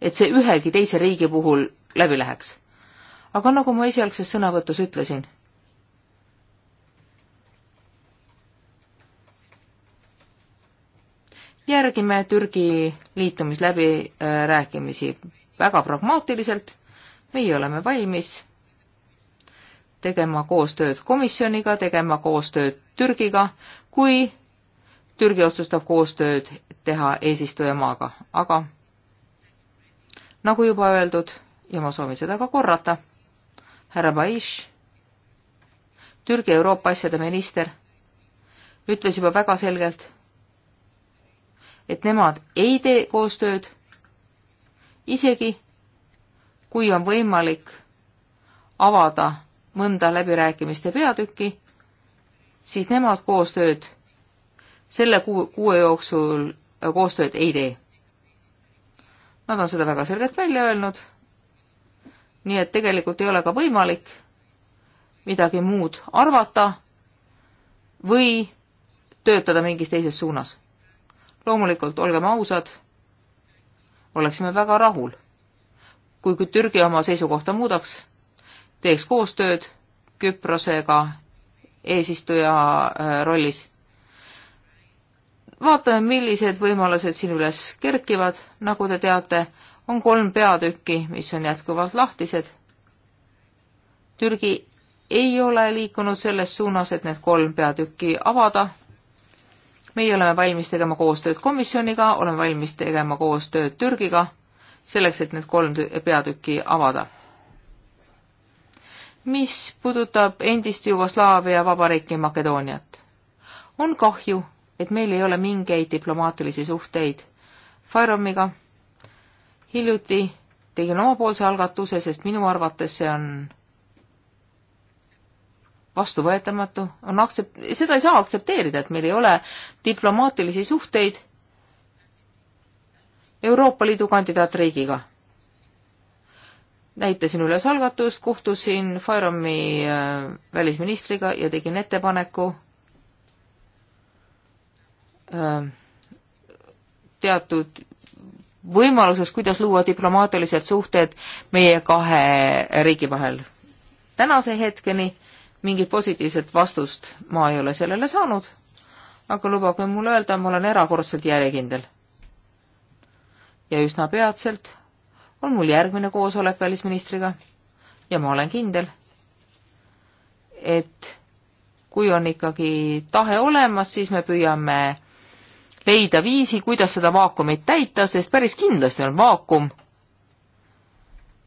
et see ühegi teise riigi puhul läbi läheks. aga nagu ma esialgses sõnavõtus ütlesin, järgime Türgi liitumisläbirääkimisi äh, väga pragmaatiliselt, meie oleme valmis tegema koostööd komisjoniga, tegema koostööd Türgiga, kui Türgi otsustab koostööd teha eesistujamaaga, aga nagu juba öeldud ja ma soovin seda ka korrata, härra Baish, Türgi Euroopa asjade minister, ütles juba väga selgelt, et nemad ei tee koostööd, isegi kui on võimalik avada mõnda läbirääkimiste peatükki, siis nemad koostööd selle kuu, kuue jooksul koostööd ei tee. Nad on seda väga selgelt välja öelnud. nii et tegelikult ei ole ka võimalik midagi muud arvata või töötada mingis teises suunas. loomulikult, olgem ausad, oleksime väga rahul, kui, kui Türgi oma seisukohta muudaks, teeks koostööd Küprosega eesistuja äh, rollis vaatame, millised võimalused siin üles kerkivad, nagu te teate, on kolm peatükki, mis on jätkuvalt lahtised. Türgi ei ole liikunud selles suunas, et need kolm peatükki avada. meie oleme valmis tegema koostööd komisjoniga, oleme valmis tegema koostööd Türgiga, selleks, et need kolm peatükki avada. mis puudutab endist Jugoslaavia vabariiki Makedooniat, on kahju, et meil ei ole mingeid diplomaatilisi suhteid Fairomiga. hiljuti tegin omapoolse algatuse, sest minu arvates see on vastuvõetamatu, on aktsept-, seda ei saa aktsepteerida, et meil ei ole diplomaatilisi suhteid Euroopa Liidu kandidaatriigiga. näitasin üles algatust, kohtusin Fairomi äh, välisministriga ja tegin ettepaneku Äh, teatud võimaluses, kuidas luua diplomaatilised suhted meie kahe riigi vahel. tänase hetkeni mingit positiivset vastust ma ei ole sellele saanud, aga lubage mul öelda, ma olen erakordselt järjekindel. ja üsna peatselt on mul järgmine koosolek välisministriga ja ma olen kindel, et kui on ikkagi tahe olemas, siis me püüame leida viisi, kuidas seda vaakumit täita, sest päris kindlasti on vaakum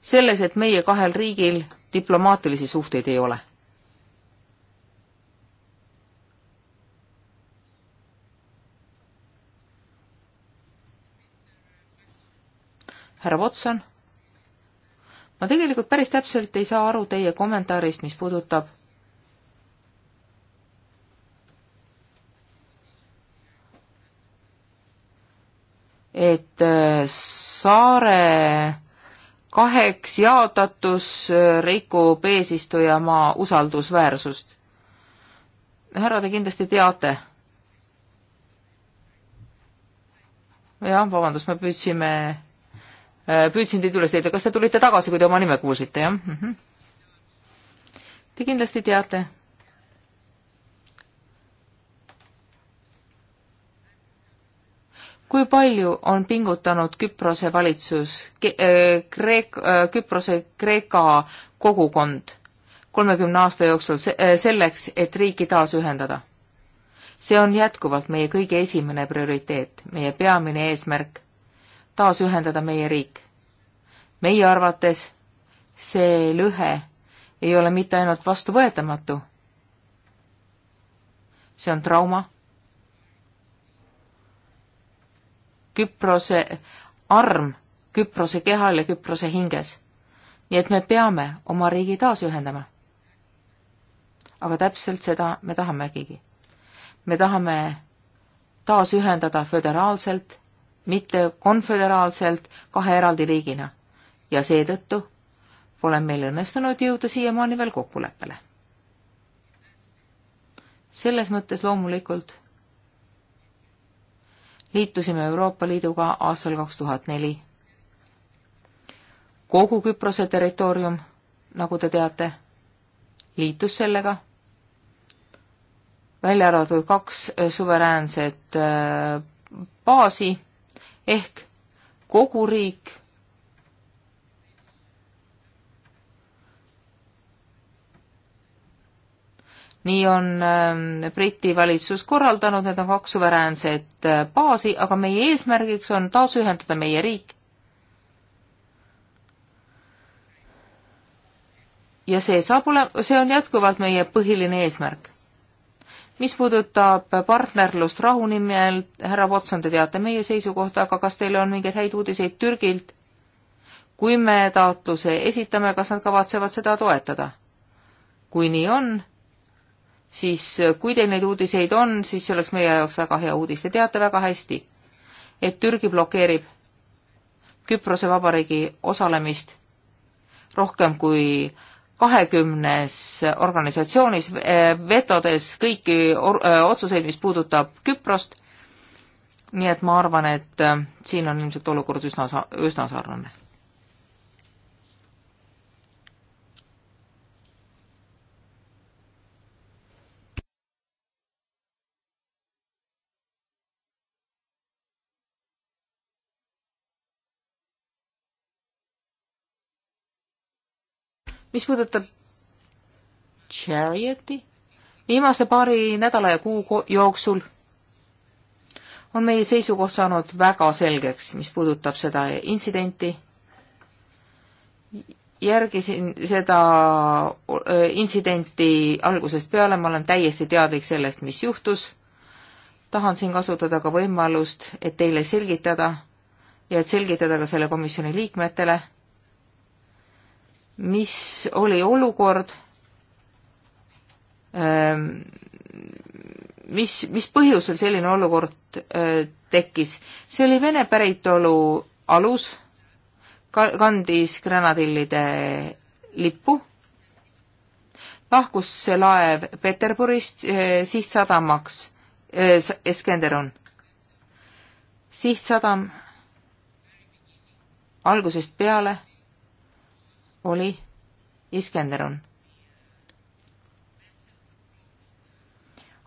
selles, et meie kahel riigil diplomaatilisi suhteid ei ole. härra Watson, ma tegelikult päris täpselt ei saa aru teie kommentaarist, mis puudutab et äh, saare kaheks jaotatus äh, rikub eesistujamaa usaldusväärsust. härra, te kindlasti teate. jah, vabandust, me püüdsime, äh, püüdsin teid üles leida, kas te tulite tagasi, kui te oma nime kuulsite, jah mm? -hmm. Te kindlasti teate kui palju on pingutanud Küprose valitsus äh, Kreek,, äh, Küprose Kreeka kogukond kolmekümne aasta jooksul äh, selleks, et riiki taasühendada? see on jätkuvalt meie kõige esimene prioriteet, meie peamine eesmärk, taasühendada meie riik. meie arvates see lõhe ei ole mitte ainult vastuvõetamatu, see on trauma Küprose arm Küprose kehal ja Küprose hinges. nii et me peame oma riigi taasühendama. aga täpselt seda me tahamegigi. me tahame taasühendada föderaalselt, mitte konföderaalselt kahe eraldi riigina. ja seetõttu pole meil õnnestunud jõuda siiamaani veel kokkuleppele. selles mõttes loomulikult liitusime Euroopa Liiduga aastal kaks tuhat neli. kogu Küprose territoorium, nagu te teate, liitus sellega, välja arvatud kaks äh, suveräänset äh, baasi ehk kogu riik nii on ähm, Briti valitsus korraldanud, need on kaks suveräänset äh, baasi, aga meie eesmärgiks on taasühendada meie riik. ja see saab olema, see on jätkuvalt meie põhiline eesmärk. mis puudutab partnerlust rahu nimel, härra Watson, te teate meie seisukohta, aga kas teil on mingeid häid uudiseid Türgilt? kui me taotluse esitame, kas nad kavatsevad seda toetada? kui nii on, siis kui teil neid uudiseid on, siis see oleks meie jaoks väga hea uudis. Te teate väga hästi, et Türgi blokeerib Küprose Vabariigi osalemist rohkem kui kahekümnes organisatsioonis, eh, vetodes kõiki eh, otsuseid, mis puudutab Küprost. nii et ma arvan, et eh, siin on ilmselt olukord üsna, üsna sarnane mis puudutab Charioti, viimase paari nädala ja kuu jooksul on meie seisukoht saanud väga selgeks, mis puudutab seda intsidenti. järgisin seda äh, intsidenti algusest peale, ma olen täiesti teadlik sellest, mis juhtus. tahan siin kasutada ka võimalust, et teile selgitada ja et selgitada ka selle komisjoni liikmetele mis oli olukord, ähm, mis, mis põhjusel selline olukord äh, tekkis. see oli Vene päritolu alus, kandis granadillide lippu, lahkus see laev Peterburist äh, sihtsadamaks äh, Eskenderun. sihtsadam algusest peale oli Iskenderun.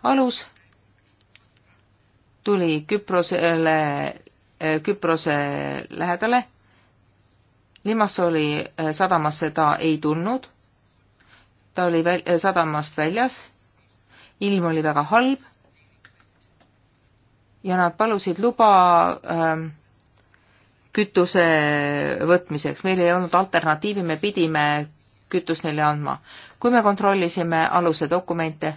alus tuli Küprosele, äh, Küprose lähedale. Limassoli äh, sadamasse ta ei tulnud. ta oli väl, äh, sadamast väljas. ilm oli väga halb. ja nad palusid luba ähm, kütuse võtmiseks, meil ei olnud alternatiivi, me pidime kütust neile andma. kui me kontrollisime aluse dokumente,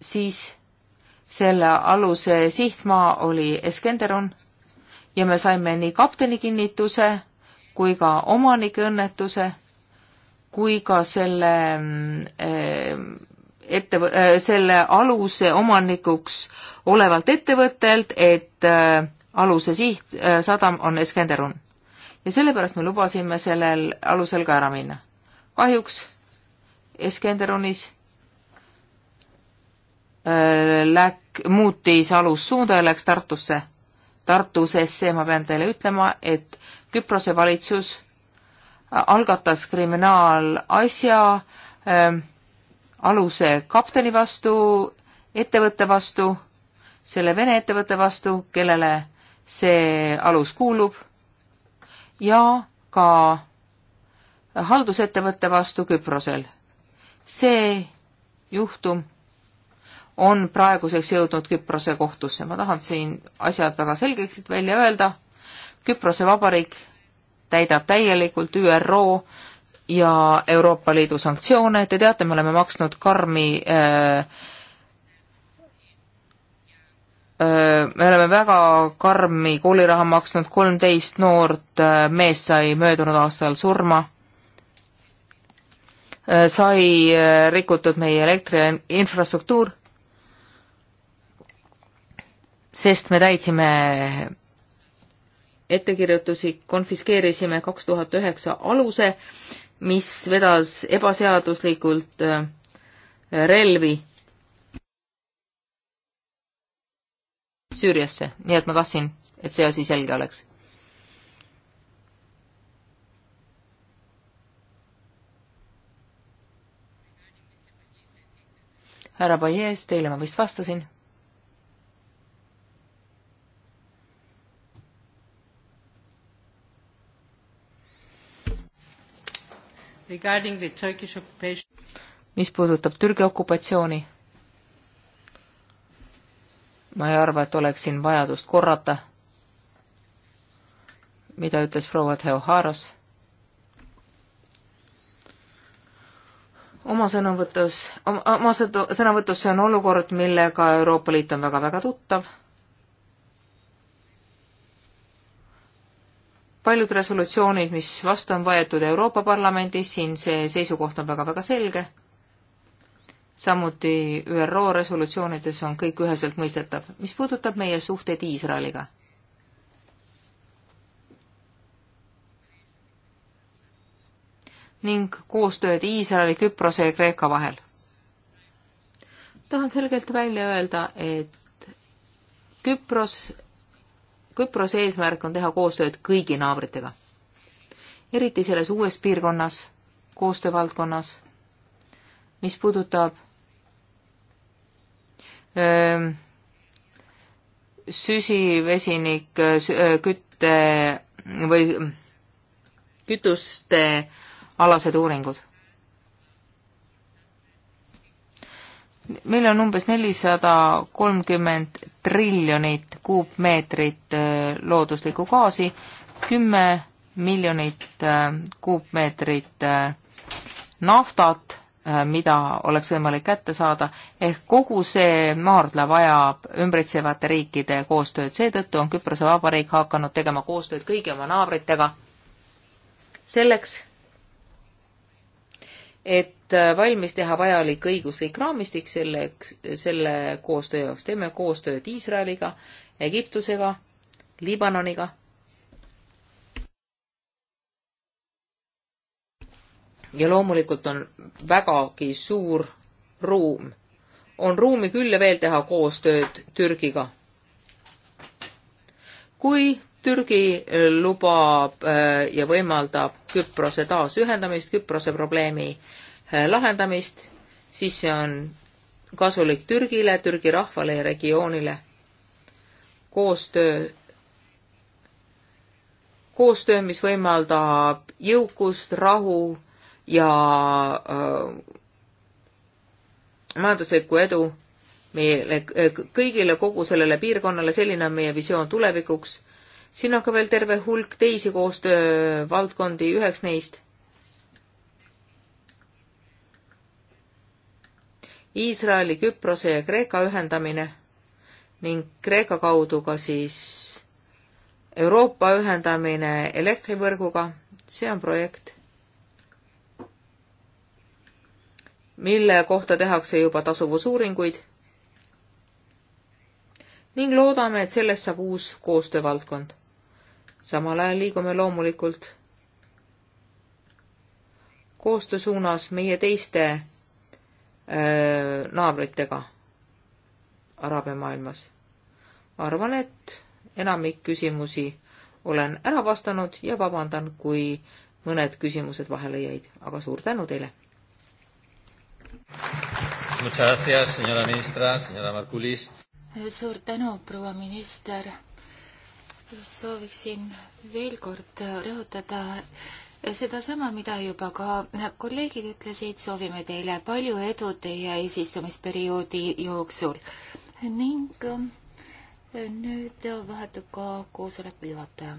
siis selle aluse sihtmaa oli Eskenderun ja me saime nii kapteni kinnituse kui ka omanike õnnetuse kui ka selle mm, eh, ette, eh, selle aluse omanikuks olevalt ettevõttelt, et eh, aluse siht, äh, sadam on Eskenderun. ja sellepärast me lubasime sellel alusel ka ära minna. kahjuks Eskenderunis äh, läk-, muutis alussuunda ja läks Tartusse. Tartusesse ma pean teile ütlema, et Küprose valitsus äh, algatas kriminaalasja äh, aluse kapteni vastu, ettevõtte vastu, selle Vene ettevõtte vastu, kellele see alus kuulub ja ka haldusettevõtte vastu Küprosel. see juhtum on praeguseks jõudnud Küprose kohtusse. ma tahan siin asjad väga selgelt välja öelda. Küprose Vabariik täidab täielikult ÜRO ja Euroopa Liidu sanktsioone, te teate, me oleme maksnud karmi äh, me oleme väga karmi kooliraha maksnud, kolmteist noort meest sai möödunud aastal surma, sai rikutud meie elektriinfrastruktuur, sest me täitsime ettekirjutusi, konfiskeerisime kaks tuhat üheksa aluse, mis vedas ebaseaduslikult relvi Süüriasse, nii et ma tahtsin, et see asi selge oleks. härra Bayees, teile ma vist vastasin mis puudutab Türgi okupatsiooni ma ei arva, et oleks siin vajadust korrata, mida ütles proua Theoharos. oma sõnavõtus, oma sõnavõtus see on olukord, millega Euroopa Liit on väga-väga tuttav paljud resolutsioonid, mis vastu on võetud Euroopa Parlamendis, siin see seisukoht on väga-väga selge samuti ÜRO resolutsioonides on kõik üheselt mõistetav. mis puudutab meie suhteid Iisraeliga, ning koostööd Iisraeli, Küprose ja Kreeka vahel. tahan selgelt välja öelda, et Küpros, Küprose eesmärk on teha koostööd kõigi naabritega. eriti selles uues piirkonnas, koostöövaldkonnas, mis puudutab süsivesinik, kütte või kütuste alased uuringud. meil on umbes nelisada kolmkümmend triljonit kuupmeetrit looduslikku gaasi, kümme miljonit kuupmeetrit naftat Äh, mida oleks võimalik kätte saada, ehk kogu see maardla vajab ümbritsevate riikide koostööd, seetõttu on Küprose Vabariik hakanud tegema koostööd kõigi oma naabritega selleks, et äh, valmis teha vajalik õiguslik raamistik selleks, selle koostöö jaoks. teeme koostööd Iisraeliga, Egiptusega, Liibanoniga ja loomulikult on vägagi suur ruum. on ruumi küll ja veel teha koostööd Türgiga. kui Türgi lubab äh, ja võimaldab Küprose taasühendamist, Küprose probleemi äh, lahendamist, siis see on kasulik Türgile, Türgi rahvale ja regioonile. koostöö, koostöö, mis võimaldab jõukust, rahu ja majanduslikku edu meile kõigile, kogu sellele piirkonnale, selline on meie visioon tulevikuks. siin on ka veel terve hulk teisi koostöövaldkondi, üheks neist Iisraeli, Küprose ja Kreeka ühendamine ning Kreeka kaudu ka siis Euroopa ühendamine elektrivõrguga, see on projekt mille kohta tehakse juba tasuvusuuringuid ning loodame, et sellest saab uus koostöövaldkond. samal ajal liigume loomulikult koostöö suunas meie teiste öö, naabritega araabia maailmas. arvan, et enamik küsimusi olen ära vastanud ja vabandan, kui mõned küsimused vahele jäid, aga suur tänu teile! Eh, suur tänu, proua minister. sooviksin veel kord eh, rõhutada eh, sedasama, mida juba ka kolleegid ütlesid, soovime teile palju edu teie eesistumisperioodi jooksul ning nüüd vahetub ka koosoleku juhataja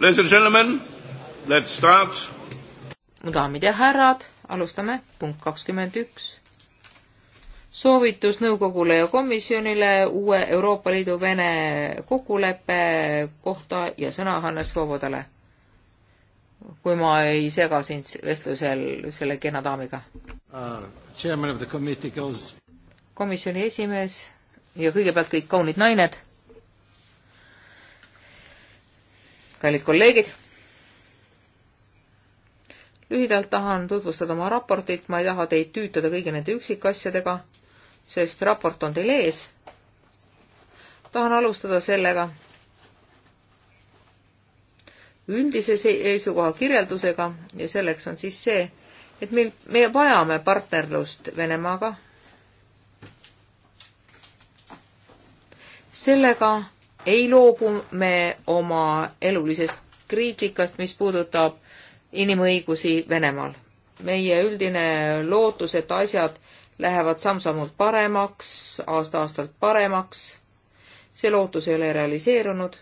Ladies and gentlemen, let's start. daamid ja härrad, alustame punkt kakskümmend üks. soovitus nõukogule ja komisjonile uue Euroopa Liidu Vene kokkuleppe kohta ja sõna Hannes Vobodale. kui ma ei sega sind vestlusel selle kena daamiga uh,. komisjoni esimees ja kõigepealt kõik kaunid nained kallid kolleegid. lühidalt tahan tutvustada oma raportit, ma ei taha teid tüütada kõigi nende üksikasjadega, sest raport on teil ees. tahan alustada sellega üldise seisukoha kirjeldusega ja selleks on siis see, et meil, me vajame partnerlust Venemaaga. sellega ei loobu me oma elulisest kriitikast, mis puudutab inimõigusi Venemaal. meie üldine lootus, et asjad lähevad samm-sammult paremaks, aasta-aastalt paremaks, see lootus ei ole realiseerunud.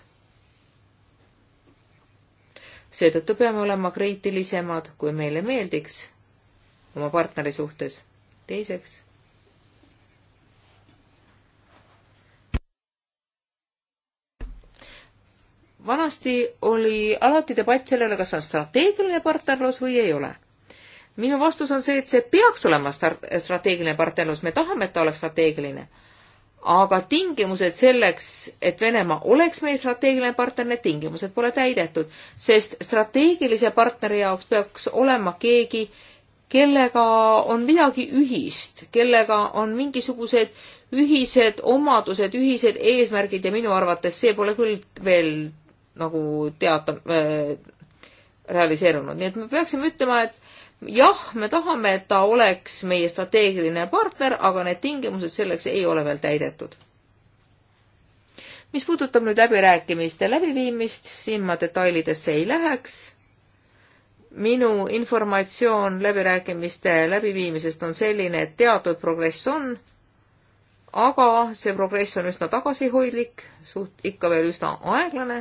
seetõttu peame olema kriitilisemad, kui meile meeldiks oma partneri suhtes. teiseks vanasti oli alati debatt sellele, kas on strateegiline partnerlus või ei ole. minu vastus on see, et see peaks olema strateegiline partnerlus, me tahame, et ta oleks strateegiline. aga tingimused selleks, et Venemaa oleks meie strateegiline partner, need tingimused pole täidetud, sest strateegilise partneri jaoks peaks olema keegi, kellega on midagi ühist, kellega on mingisugused ühised omadused, ühised eesmärgid ja minu arvates see pole küll veel nagu teata- äh,, realiseerunud, nii et me peaksime ütlema, et jah, me tahame, et ta oleks meie strateegiline partner, aga need tingimused selleks ei ole veel täidetud. mis puudutab nüüd läbirääkimiste läbiviimist, siin ma detailidesse ei läheks minu informatsioon läbirääkimiste läbiviimisest on selline, et teatud progress on, aga see progress on üsna tagasihoidlik, suht ikka veel üsna aeglane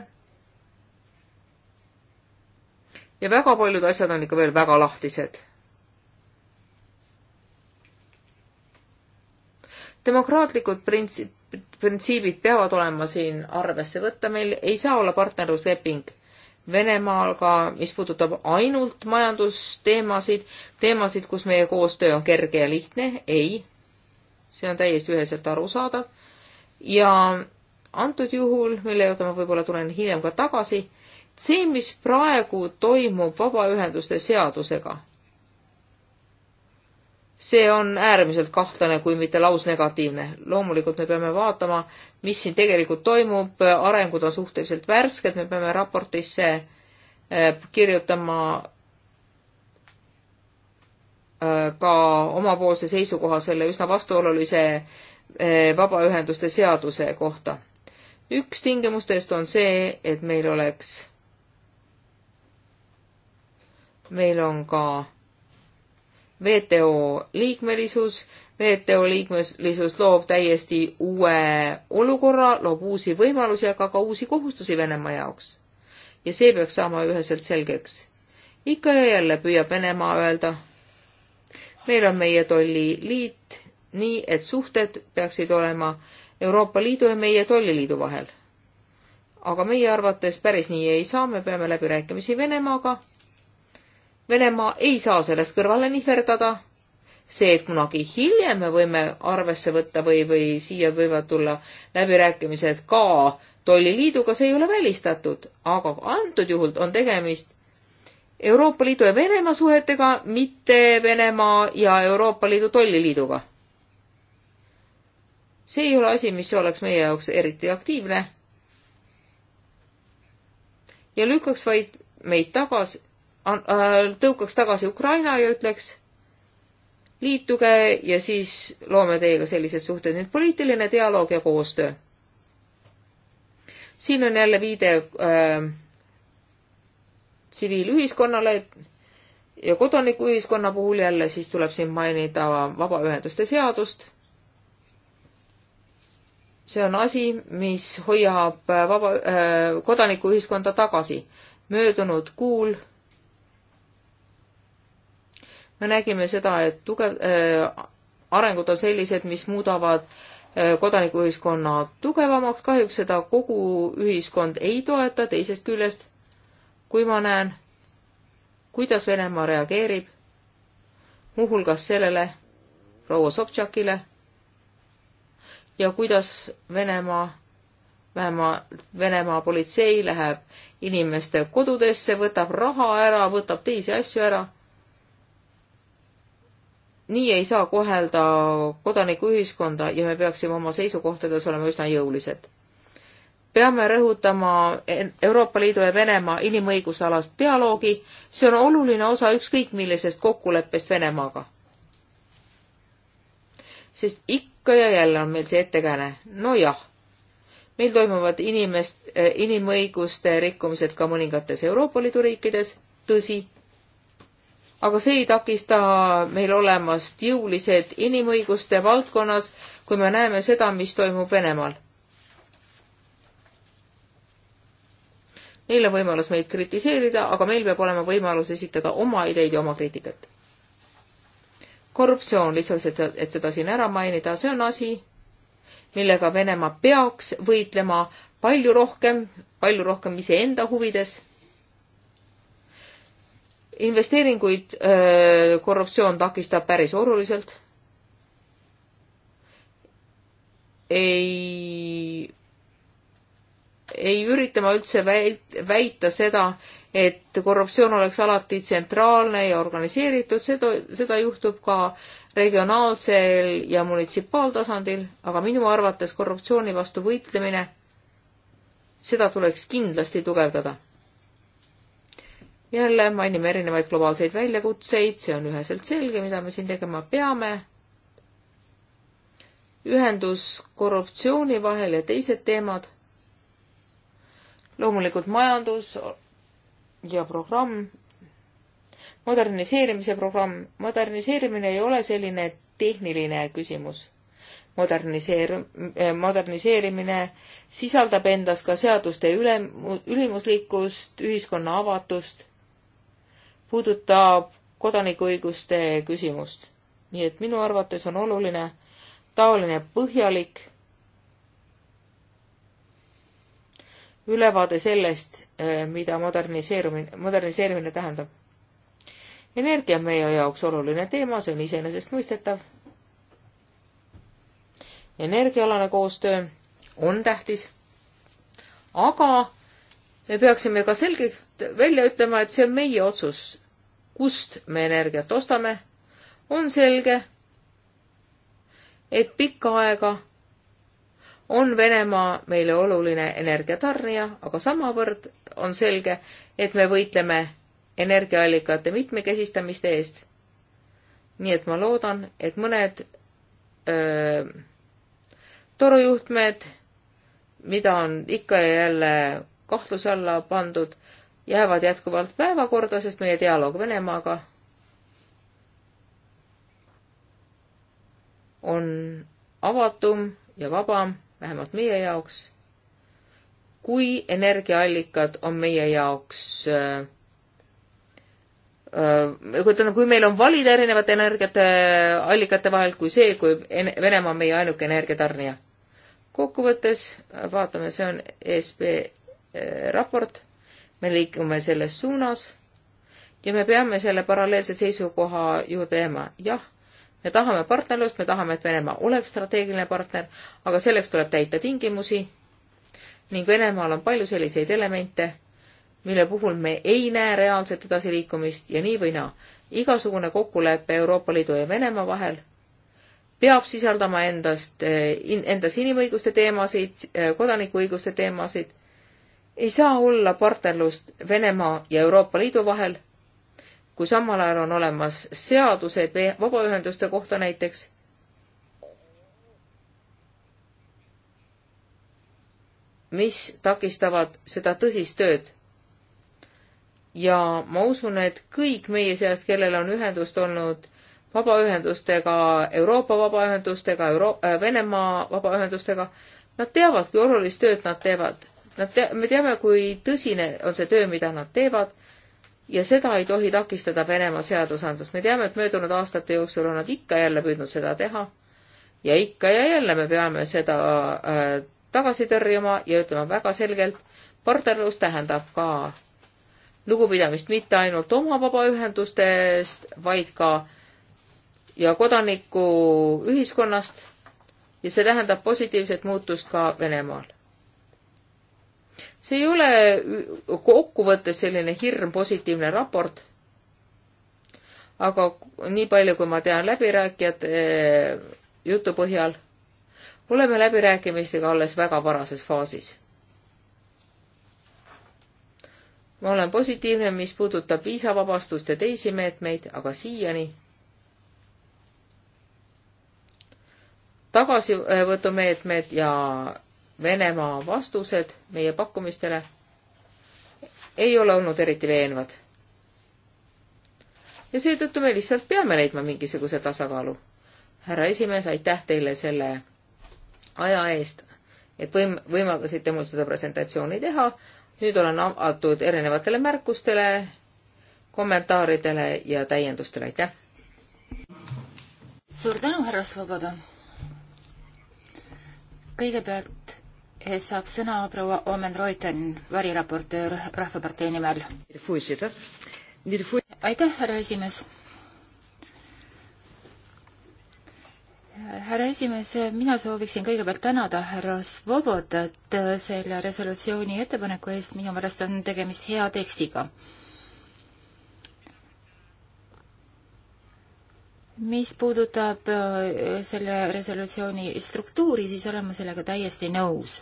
ja väga paljud asjad on ikka veel väga lahtised. demokraatlikud printsiip, printsiibid peavad olema siin arvesse võtta, meil ei saa olla partnerlusleping Venemaaga, mis puudutab ainult majandusteemasid, teemasid, kus meie koostöö on kerge ja lihtne, ei. see on täiesti üheselt arusaadav. ja antud juhul, mille juurde ma võib-olla tulen hiljem ka tagasi, see, mis praegu toimub vabaühenduste seadusega, see on äärmiselt kahtlane, kui mitte lausnegatiivne. loomulikult me peame vaatama, mis siin tegelikult toimub, arengud on suhteliselt värsked, me peame raportisse eh, kirjutama eh, ka omapoolse seisukoha selle üsna vastuolulise eh, vabaühenduste seaduse kohta. üks tingimustest on see, et meil oleks meil on ka WTO liikmelisus, WTO liikmelisus loob täiesti uue olukorra, loob uusi võimalusi, aga ka uusi kohustusi Venemaa jaoks. ja see peaks saama üheselt selgeks. ikka ja jälle püüab Venemaa öelda, meil on meie tolliliit, nii et suhted peaksid olema Euroopa Liidu ja meie tolliliidu vahel. aga meie arvates päris nii ei saa, me peame läbirääkimisi Venemaaga Venemaa ei saa sellest kõrvale nihverdada. see, et kunagi hiljem me võime arvesse võtta või, või siia võivad tulla läbirääkimised ka tolliliiduga, see ei ole välistatud, aga antud juhul on tegemist Euroopa Liidu ja Venemaa suhetega, mitte Venemaa ja Euroopa Liidu tolliliiduga. see ei ole asi, mis oleks meie jaoks eriti aktiivne ja lükkaks vaid meid tagasi Äh, tõukaks tagasi Ukraina ja ütleks, liituge ja siis loome teiega sellised suhted. nüüd poliitiline dialoog ja koostöö. siin on jälle viide äh, tsiviilühiskonnale ja kodanikuühiskonna puhul jälle siis tuleb siin mainida vabaühenduste seadust. see on asi, mis hoiab vaba äh,, kodanikuühiskonda tagasi. möödunud kuul me nägime seda, et tugev äh,, arengud on sellised, mis muudavad äh, kodanikuühiskonna tugevamaks, kahjuks seda kogu ühiskond ei toeta, teisest küljest kui ma näen, kuidas Venemaa reageerib muuhulgas sellele proua Sobtšakile ja kuidas Venemaa, vähemalt Venemaa politsei läheb inimeste kodudesse, võtab raha ära, võtab teisi asju ära nii ei saa kohelda kodanikuühiskonda ja me peaksime oma seisukohtades olema üsna jõulised. peame rõhutama Euroopa Liidu ja Venemaa inimõigusalast dialoogi, see on oluline osa ükskõik millisest kokkuleppest Venemaaga. sest ikka ja jälle on meil see ettekääne, nojah, meil toimuvad inimest, inimõiguste rikkumised ka mõningates Euroopa Liidu riikides, tõsi aga see ei takista meil olemast jõulised inimõiguste valdkonnas, kui me näeme seda, mis toimub Venemaal. Neil on võimalus meid kritiseerida, aga meil peab olema võimalus esitada oma ideid ja oma kriitikat. korruptsioon, lihtsalt, et seda siin ära mainida, see on asi, millega Venemaa peaks võitlema palju rohkem, palju rohkem iseenda huvides investeeringuid korruptsioon takistab päris oluliselt. ei, ei ürita ma üldse väit-, väita seda, et korruptsioon oleks alati tsentraalne ja organiseeritud, seda, seda juhtub ka regionaalsel ja munitsipaaltasandil, aga minu arvates korruptsiooni vastu võitlemine, seda tuleks kindlasti tugevdada jälle mainime erinevaid globaalseid väljakutseid, see on üheselt selge, mida me siin tegema peame. ühendus korruptsiooni vahel ja teised teemad. loomulikult majandus ja programm, moderniseerimise programm. moderniseerimine ei ole selline tehniline küsimus. moderniseer-, eh, moderniseerimine sisaldab endas ka seaduste üle, ülimuslikkust, ühiskonna avatust puudutab kodanikuõiguste küsimust. nii et minu arvates on oluline taoline põhjalik ülevaade sellest, eh, mida moderniseerumine, moderniseerimine tähendab. energia on meie jaoks oluline teema, see on iseenesestmõistetav. energiaalane koostöö on tähtis, aga me peaksime ka selgelt välja ütlema, et see on meie otsus, kust me energiat ostame. on selge, et pikka aega on Venemaa meile oluline energiatarnija, aga samavõrd on selge, et me võitleme energiaallikate mitmekesistamiste eest. nii et ma loodan, et mõned öö, torujuhtmed, mida on ikka ja jälle kahtluse alla pandud, jäävad jätkuvalt päevakorda, sest meie dialoog Venemaaga on avatum ja vabam, vähemalt meie jaoks, kui energiaallikad on meie jaoks äh, kui tähendab, kui meil on valida erinevate energiate allikate vahel, kui see, kui Venemaa on meie ainuke energiatarnija. kokkuvõttes vaatame, see on SB Äh, raport, me liigume selles suunas ja me peame selle paralleelse seisukoha juurde jääma. jah, me tahame partnerlust, me tahame, et Venemaa oleks strateegiline partner, aga selleks tuleb täita tingimusi ning Venemaal on palju selliseid elemente, mille puhul me ei näe reaalset edasiliikumist ja nii või naa. igasugune kokkulepe Euroopa Liidu ja Venemaa vahel peab sisaldama endast, äh, endas inimõiguste teemasid, äh, kodanikuõiguste teemasid ei saa olla partnerlust Venemaa ja Euroopa Liidu vahel, kui samal ajal on olemas seadused vabaühenduste kohta näiteks. mis takistavad seda tõsist tööd. ja ma usun, et kõik meie seast, kellel on ühendust olnud vabaühendustega, Euroopa vabaühendustega, Euro-, äh, Venemaa vabaühendustega, nad teavad, kui olulist tööd nad teevad Nad te-, me teame, kui tõsine on see töö, mida nad teevad ja seda ei tohi takistada Venemaa seadusandlust. me teame, et möödunud aastate jooksul on nad ikka jälle püüdnud seda teha ja ikka ja jälle me peame seda äh, tagasi tõrjuma ja ütlema väga selgelt, partnerlus tähendab ka lugupidamist mitte ainult oma vabaühendustest, vaid ka ja kodanikuühiskonnast ja see tähendab positiivset muutust ka Venemaal see ei ole kokkuvõttes selline hirm positiivne raport, aga nii palju, kui ma tean läbirääkijate eh, jutu põhjal, oleme läbirääkimistega alles väga varases faasis. ma olen positiivne, mis puudutab viisavabastust ja teisi meetmeid, aga siiani tagasivõtumeetmed eh, ja Venemaa vastused meie pakkumistele ei ole olnud eriti veenvad. ja seetõttu me lihtsalt peame leidma mingisuguse tasakaalu. härra esimees, aitäh teile selle aja eest, et võim-, võimaldasite mul seda presentatsiooni teha. nüüd olen avatud erinevatele märkustele, kommentaaridele ja täiendustele, aitäh! suur tänu, härra Svoboda! kõigepealt Eh, saab sõna proua Omen Reuten, variraportöör Rahvapartei nimel. aitäh, härra esimees. härra esimees, mina sooviksin kõigepealt tänada härra Svobodat eh, selle resolutsiooni ettepaneku eest, minu meelest on tegemist hea tekstiga mis puudutab äh, selle resolutsiooni struktuuri, siis olen ma sellega täiesti nõus.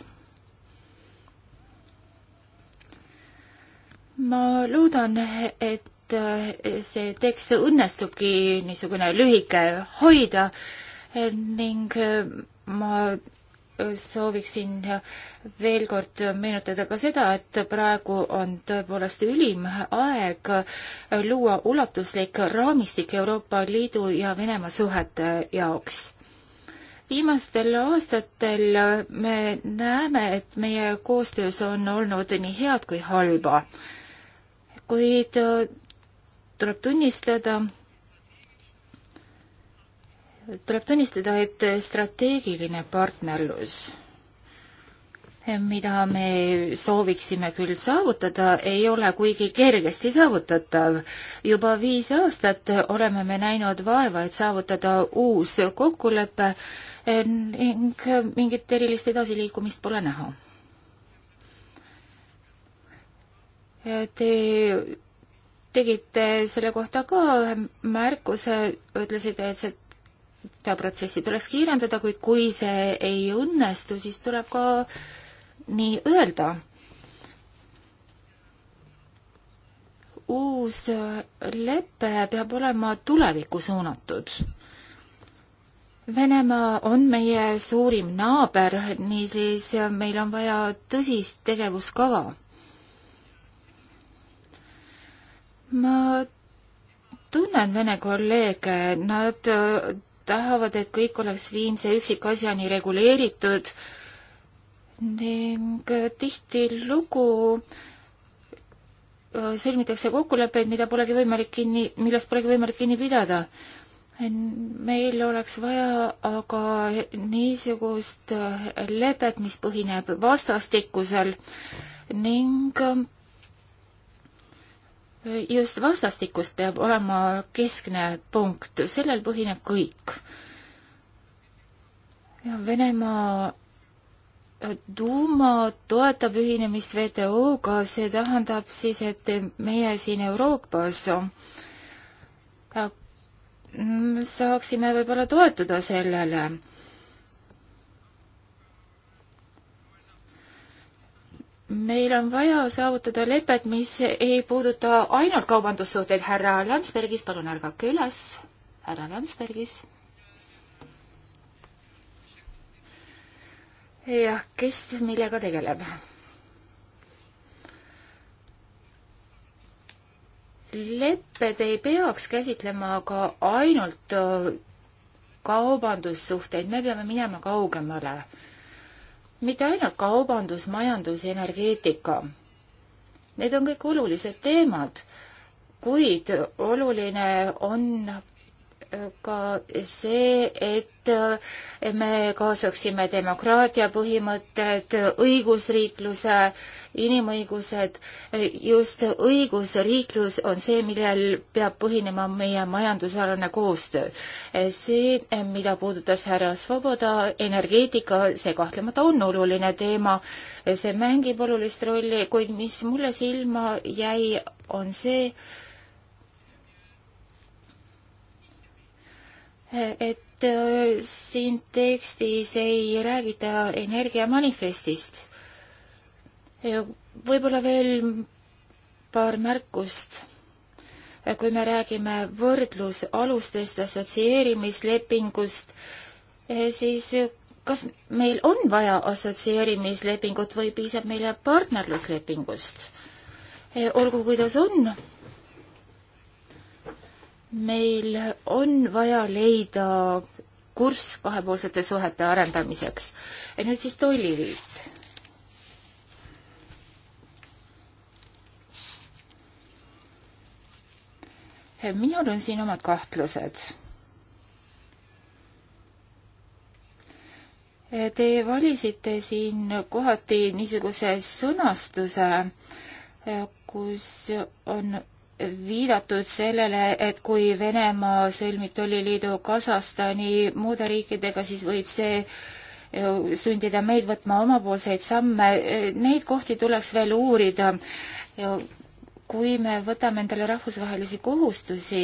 ma loodan, et äh, see tekst õnnestubki niisugune lühike hoida äh, ning ma sooviksin veel kord meenutada ka seda, et praegu on tõepoolest ülim aeg luua ulatuslik raamistik Euroopa Liidu ja Venemaa suhete jaoks. viimastel aastatel me näeme, et meie koostöös on olnud nii head kui halba, kuid tuleb tunnistada, tuleb tunnistada, et strateegiline partnerlus, mida me sooviksime küll saavutada, ei ole kuigi kergesti saavutatav. juba viis aastat oleme me näinud vaeva, et saavutada uus kokkulepe ning mingit erilist edasiliikumist pole näha. Te tegite selle kohta ka märkuse, ütlesite, et see seda protsessi tuleks kiirendada, kuid kui see ei õnnestu, siis tuleb ka nii öelda. uus lepe peab olema tulevikku suunatud. Venemaa on meie suurim naaber, niisiis meil on vaja tõsist tegevuskava. ma tunnen vene kolleege, nad tahavad, et kõik oleks viimse üksikasjani reguleeritud ning tihtilugu äh, sõlmitakse kokkuleppeid, mida polegi võimalik kinni, millest polegi võimalik kinni pidada. meil oleks vaja aga niisugust lepet, mis põhineb vastastikusel ning äh, just vastastikust peab olema keskne punkt, sellel põhineb kõik. Venemaa Duuma toetab ühinemist WTO-ga, see tähendab siis, et meie siin Euroopas saaksime võib-olla toetuda sellele meil on vaja saavutada lepet, mis ei puuduta ainult kaubandussuhteid. härra Landsbergis, palun ärgake üles. härra Landsbergis. jah, kes millega tegeleb? lepped ei peaks käsitlema aga ainult äh, kaubandussuhteid, me peame minema kaugemale mitte ainult kaubandus, majandus ja energeetika. Need on kõik olulised teemad, kuid oluline on ka see, et et me kaasaksime demokraatia põhimõtted, õigusriikluse, inimõigused. just õigusriiklus on see, millel peab põhinema meie majandusalane koostöö. see, mida puudutas härra Svoboda, energeetika, see kahtlemata on oluline teema, see mängib olulist rolli, kuid mis mulle silma jäi, on see, et siin tekstis ei räägita energiamanifestist. võib-olla veel paar märkust. kui me räägime võrdlusalustest, assotsieerimislepingust, eh, siis eh, kas meil on vaja assotsieerimislepingut või piisab meile partnerluslepingust? Eh, olgu, kuidas on meil on vaja leida kurss kahepoolsete suhete arendamiseks. ja nüüd siis tolliliit. minul on siin omad kahtlused. Te valisite siin kohati niisuguse sõnastuse, kus on viidatud sellele, et kui Venemaa sõlmib tolliliidu Kasahstani muude riikidega, siis võib see äh, sundida meid võtma omapoolseid samme, äh, neid kohti tuleks veel uurida. kui me võtame endale rahvusvahelisi kohustusi,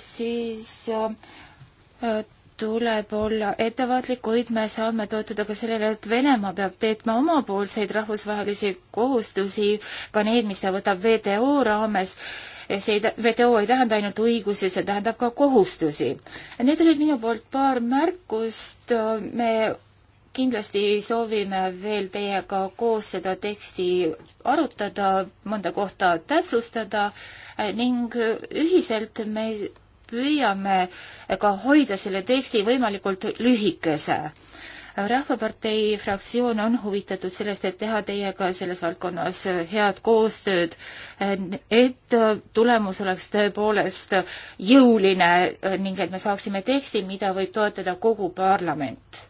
siis äh, tuleb olla ettevaatlik, kuid me saame toetuda ka sellele, et Venemaa peab täitma omapoolseid rahvusvahelisi kohustusi, ka need, mis ta võtab WTO raames. see ei, WTO ei tähenda ainult õigusi, see tähendab ka kohustusi. Need olid minu poolt paar märkust, me kindlasti soovime veel teiega koos seda teksti arutada, mõnda kohta täpsustada ning ühiselt me püüame ka hoida selle teksti võimalikult lühikese. rahvapartei fraktsioon on huvitatud sellest, et teha teiega selles valdkonnas head koostööd, et tulemus oleks tõepoolest jõuline ning et me saaksime teksti, mida võib toetada kogu parlament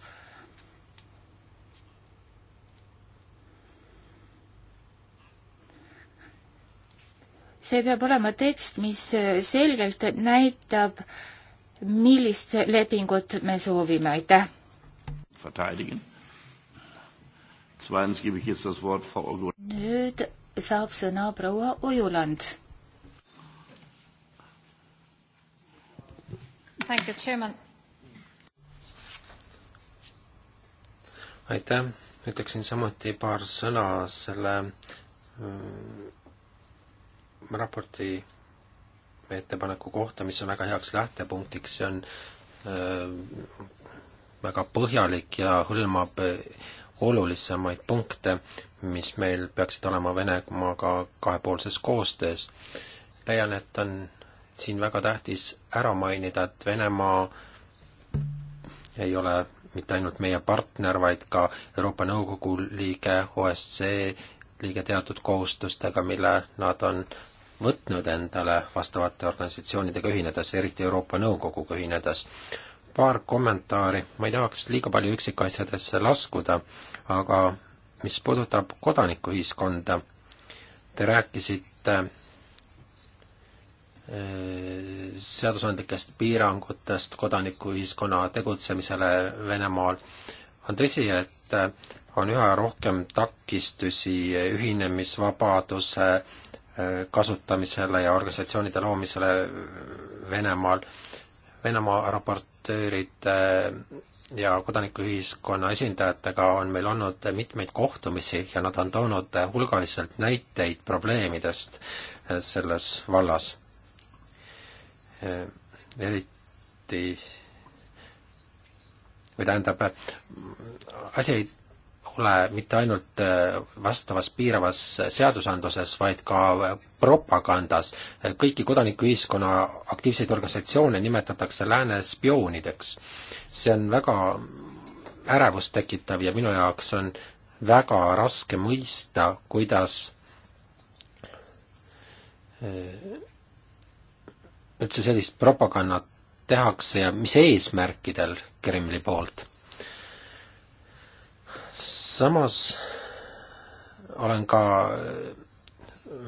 see peab olema tekst, mis selgelt näitab, millist lepingut me soovime, aitäh. nüüd saab sõna proua Ojuland. aitäh, ütleksin samuti paar sõna selle mm, raporti ettepaneku kohta, mis on väga heaks lähtepunktiks, see on öö, äh, väga põhjalik ja hõlmab äh, olulisemaid punkte, mis meil peaksid olema Venemaaga kahepoolses koostöös. leian, et on siin väga tähtis ära mainida, et Venemaa ei ole mitte ainult meie partner, vaid ka Euroopa Nõukogu liige, OSCE liige teatud kohustustega, mille nad on võtnud endale vastavate organisatsioonidega ühinedes, eriti Euroopa Nõukoguga ühinedes. paar kommentaari, ma ei tahaks liiga palju üksikasjadesse laskuda, aga mis puudutab kodanikuühiskonda, te rääkisite eh, seadusandlikest piirangutest kodanikuühiskonna tegutsemisele Venemaal. on tõsi, et eh, on üha rohkem takistusi ühinemisvabaduse kasutamisele ja organisatsioonide loomisele Venemaal. Venemaa raportööride ja kodanikuühiskonna esindajatega on meil olnud mitmeid kohtumisi ja nad on toonud hulgaliselt näiteid probleemidest selles vallas. eriti või tähendab, asi ei ole mitte ainult äh, vastavas piiravas seadusandluses, vaid ka äh, propagandas. kõiki kodanikuühiskonna aktiivseid organisatsioone nimetatakse lääne spioonideks. see on väga ärevust tekitav ja minu jaoks on väga raske mõista, kuidas äh, üldse sellist propagandat tehakse ja mis eesmärkidel Kremli poolt samas olen ka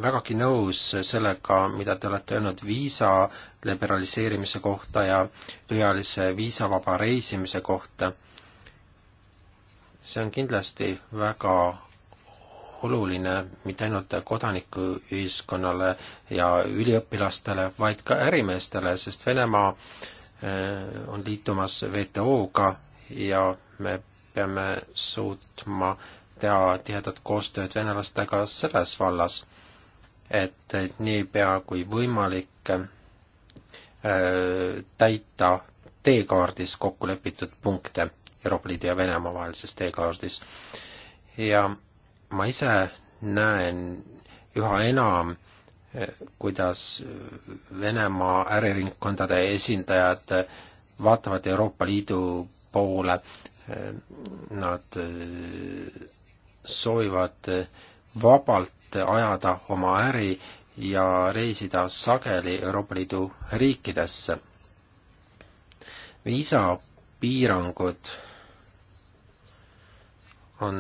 vägagi nõus sellega, mida te olete öelnud viisa liberaliseerimise kohta ja lühiajalise viisavaba reisimise kohta. see on kindlasti väga oluline mitte ainult kodanikuühiskonnale ja üliõpilastele, vaid ka ärimeestele, sest Venemaa eh, on liitumas WTO-ga ja me peame suutma teha tihedat koostööd venelastega selles vallas, et niipea kui võimalik äh, täita teekaardis kokku lepitud punkte Euroopa Liidu ja Venemaa vahelises teekaardis. ja ma ise näen üha enam äh,, kuidas Venemaa äriringkondade esindajad vaatavad Euroopa Liidu poole nad äh, soovivad äh, vabalt ajada oma äri ja reisida sageli Euroopa Liidu riikidesse. viisapiirangud on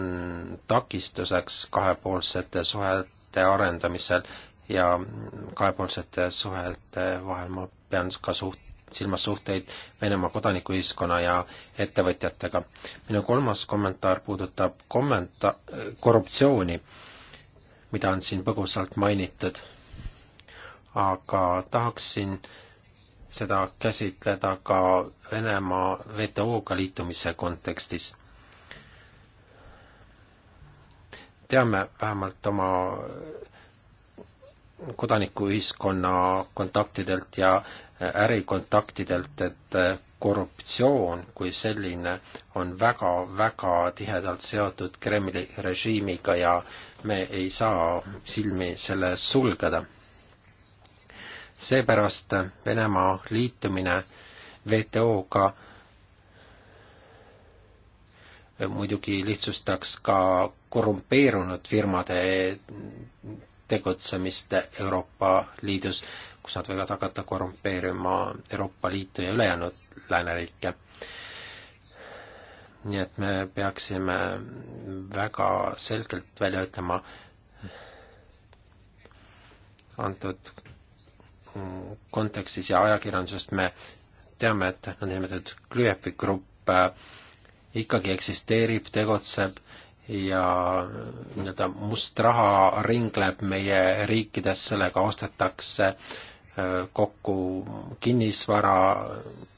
takistuseks kahepoolsete suhete arendamisel ja kahepoolsete suhete vahel ma pean ka suht silmas suhteid Venemaa kodanikuühiskonna ja ettevõtjatega. minu kolmas kommentaar puudutab kommenta-, korruptsiooni, mida on siin põgusalt mainitud. aga tahaksin seda käsitleda ka Venemaa WTO-ga liitumise kontekstis. teame vähemalt oma kodanikuühiskonna kontaktidelt ja äh, ärikontaktidelt, et äh, korruptsioon kui selline on väga-väga tihedalt seotud Kremli režiimiga ja me ei saa silmi selle sulgeda. seepärast Venemaa liitumine WTO-ga muidugi lihtsustaks ka korrumpeerunud firmade tegutsemist Euroopa Liidus, kus nad võivad hakata korrumpeerima Euroopa Liitu ja ülejäänud lääneriike. nii et me peaksime väga selgelt välja ütlema antud kontekstis ja ajakirjandusest me teame, et nõndanimetatud Glüefi grupp äh, ikkagi eksisteerib, tegutseb ja nii-öelda must raha ringleb meie riikides, sellega ostetakse äh, kokku kinnisvara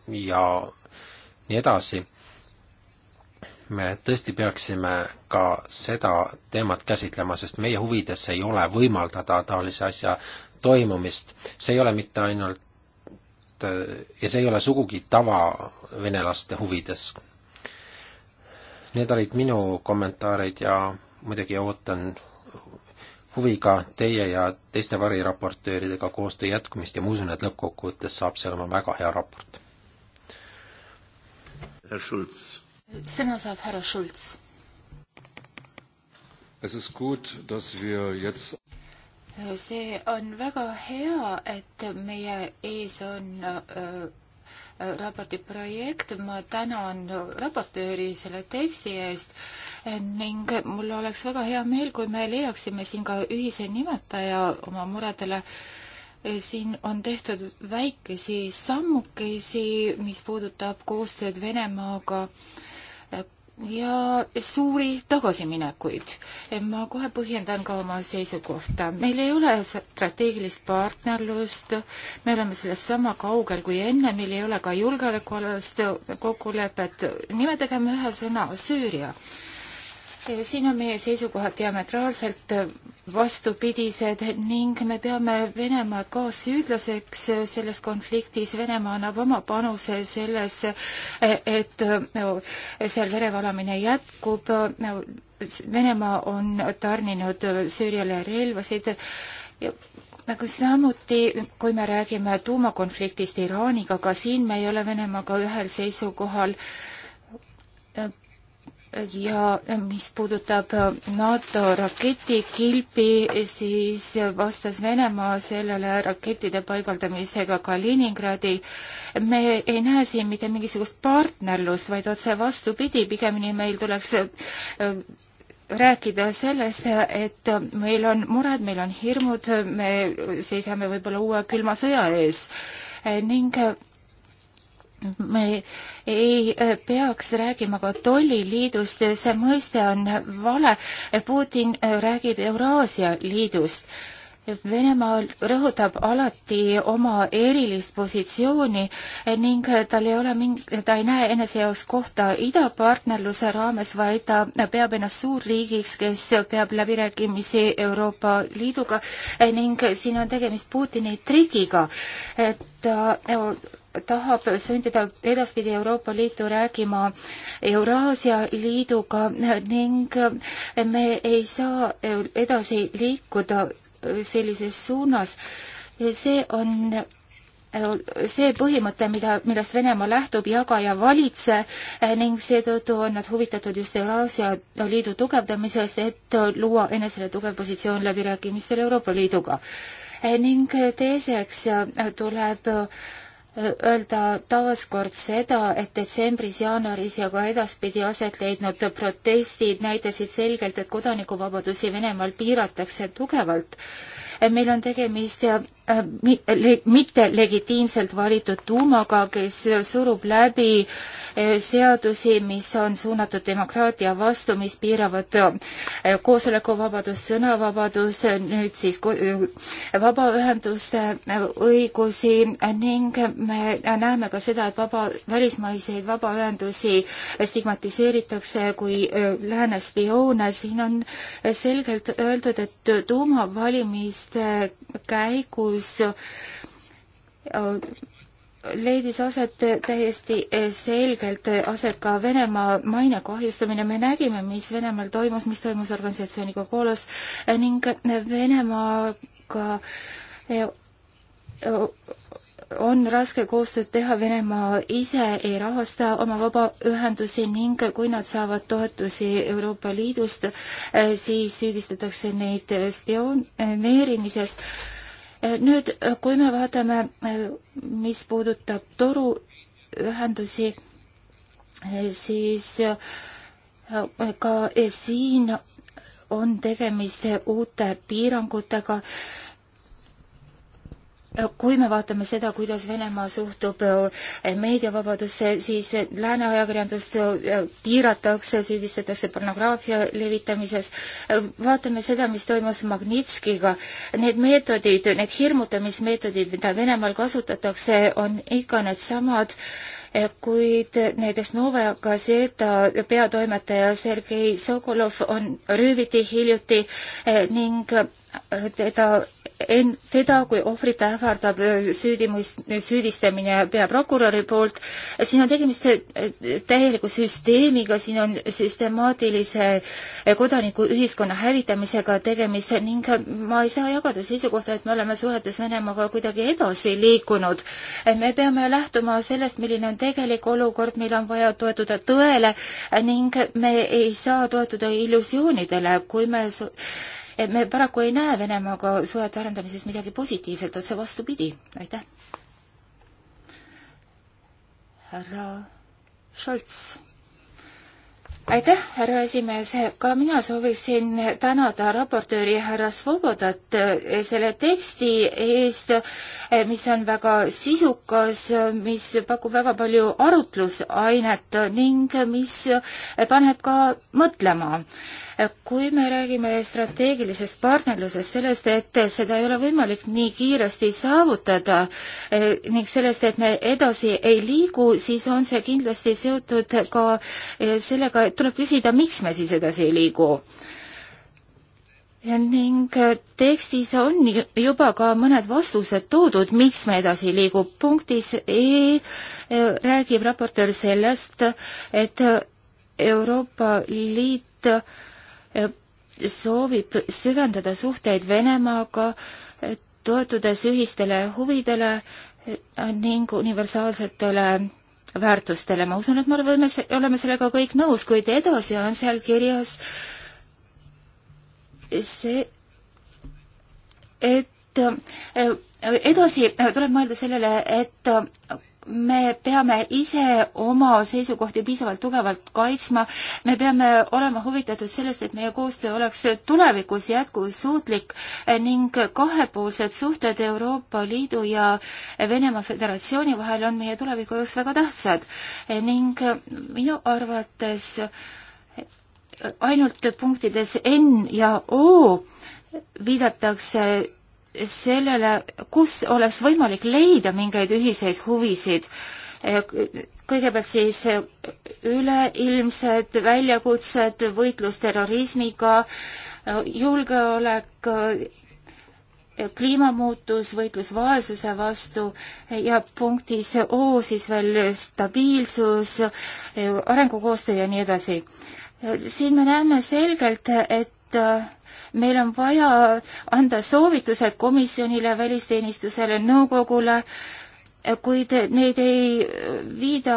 ja nii edasi. me tõesti peaksime ka seda teemat käsitlema, sest meie huvides ei ole võimaldada taolise asja toimumist, see ei ole mitte ainult äh, ja see ei ole sugugi tavavenelaste huvides Need olid minu kommentaarid ja muidugi ootan huviga teie ja teiste variraportööridega koostöö jätkumist ja ma usun, et lõppkokkuvõttes saab see olema väga hea raport. sõna saab härra Schulz. see on väga hea, et meie ees on öö, äh, raporti projekt, ma tänan raportööri selle teksti eest ning mul oleks väga hea meel, kui me leiaksime siin ka ühise nimetaja oma muredele. siin on tehtud väikesi sammukesi, mis puudutab koostööd Venemaaga äh, ja suuri tagasiminekuid. ma kohe põhjendan ka oma seisukohta. meil ei ole strateegilist partnerlust, me oleme sellest sama kaugel kui enne, meil ei ole ka julgeolekualast kokkulepet. nimetagem ühe sõna Süüria. siin on meie seisukohad diametraalselt vastupidised ning me peame Venemaad kaassüüdlaseks selles konfliktis. Venemaa annab oma panuse selles, et eh, seal verevalamine jätkub. Venemaa on tarninud Süüriale relvasid aga nagu samuti, kui me räägime tuumakonfliktist Iraaniga, ka siin me ei ole Venemaaga ühel seisukohal ja mis puudutab äh, NATO raketikilpi, siis vastas Venemaa sellele rakettide paigaldamisega Kaliningradi. me ei näe siin mitte mingisugust partnerlust, vaid otse vastupidi, pigemini meil tuleks äh, rääkida sellest, et meil on mured, meil on hirmud, me seisame võib-olla uue külma sõja ees äh, ning me ei eh, peaks rääkima ka tolliliidust, see mõiste on vale. Putin eh, räägib Euraasia liidust. Venemaal rõhutab alati oma erilist positsiooni eh, ning tal ei ole mingi, ta ei näe enese jaoks kohta idapartnerluse raames, vaid ta peab ennast suurriigiks, kes peab läbirääkimisi Euroopa Liiduga ning siin on tegemist Putini trikiga, et ta tahab sundida edaspidi Euroopa Liitu rääkima Euraasia Liiduga ning me ei saa edasi liikuda sellises suunas. see on see põhimõte, mida, millest Venemaa lähtub, jaga ja valitse ning seetõttu on nad huvitatud just Euraasia Liidu tugevdamisest, et luua enesele tugev positsioon läbirääkimistel Euroopa Liiduga. ning teiseks tuleb öelda taaskord seda, et detsembris, jaanuaris ja ka edaspidi aset leidnud protestid näitasid selgelt, et kodanikuvabadusi Venemaal piiratakse tugevalt. meil on tegemist Äh, mitte legitiimselt valitud tuumaga, kes surub läbi äh, seadusi, mis on suunatud demokraatia vastu, mis piiravad äh, koosolekuvabadust, sõnavabadust, nüüd siis vabaühenduste õigusi ning me näeme ka seda, et vaba, välismaiseid vabaühendusi stigmatiseeritakse kui lääne spioone, siin on selgelt öeldud, et tuumavalimiste käigus nõukogus äh, leidis aset täiesti äh, selgelt aset ka Venemaa maine kahjustamine. me nägime, mis Venemaal toimus, mis toimus organisatsiooniga Koolos äh, ning Venemaaga on raske koostööd teha, Venemaa ise ei rahasta oma vabaühendusi ning kui nad saavad toetusi Euroopa Liidust, siis süüdistatakse neid spioneerimises nüüd, kui me vaatame, mis puudutab toruühendusi, siis eh, ka siin on tegemist uute piirangutega kui me vaatame seda, kuidas Venemaa suhtub eh, meediavabadusse, siis eh, lääne ajakirjandust eh, piiratakse, süüdistatakse pornograafia levitamises. vaatame seda, mis toimus Magnitskiga. Need meetodid, need hirmutamismeetodid, mida Venemaal kasutatakse, on ikka needsamad kuid näiteks Novaja Gazeta peatoimetaja Sergei Sokolov on rööviti hiljuti ning teda en-, teda kui ohvrit ähvardab süüdimõist-, süüdistamine peaprokuröri poolt, siin on tegemist äh, täieliku süsteemiga, siin on süstemaatilise äh, kodanikuühiskonna hävitamisega tegemist ning ma ei saa jagada seisukohta, et me oleme suhetes Venemaaga kuidagi edasi liikunud. Äh, me peame lähtuma sellest, milline on tegelik olukord, meil on vaja toetuda tõele ning me ei saa toetuda illusioonidele, kui me me paraku ei näe Venemaaga suhete arendamises midagi positiivset, otse vastupidi. aitäh. härra Šolts. aitäh, härra esimees, ka mina sooviksin tänada raportööri härra Svobodat eh, selle teksti eest, eh, mis on väga sisukas, eh, mis pakub väga palju arutlusainet ning mis paneb ka mõtlema kui me räägime strateegilisest partnerlusest, sellest, et seda ei ole võimalik nii kiiresti saavutada e, ning sellest, et me edasi ei liigu, siis on see kindlasti seotud ka e, sellega, et tuleb küsida, miks me siis edasi ei liigu Ja ning e, tekstis on juba ka mõned vastused toodud, miks me edasi liigu. punktis E räägib raportöör sellest, et Euroopa Liit soovib süvendada suhteid Venemaaga, toetudes ühistele huvidele eh, ning universaalsetele väärtustele. ma usun, et me võime, oleme sellega kõik nõus, kuid edasi on seal kirjas see, et eh, edasi tuleb mõelda sellele, et me peame ise oma seisukohti piisavalt tugevalt kaitsma, me peame olema huvitatud sellest, et meie koostöö oleks tulevikus jätkusuutlik ning kahepoolsed suhted Euroopa Liidu ja Venemaa Föderatsiooni vahel on meie tuleviku jaoks väga tähtsad ning minu arvates ainult punktides N ja O viidatakse sellele, kus oleks võimalik leida mingeid ühiseid huvisid. kõigepealt siis üleilmsed väljakutsed, võitlus terrorismiga, julgeolek, kliimamuutus, võitlus vaesuse vastu ja punktis O siis veel stabiilsus, arengukoostöö ja nii edasi. siin me näeme selgelt, et meil on vaja anda soovitused komisjonile, välisteenistusele, nõukogule äh, kuid neid ei äh, viida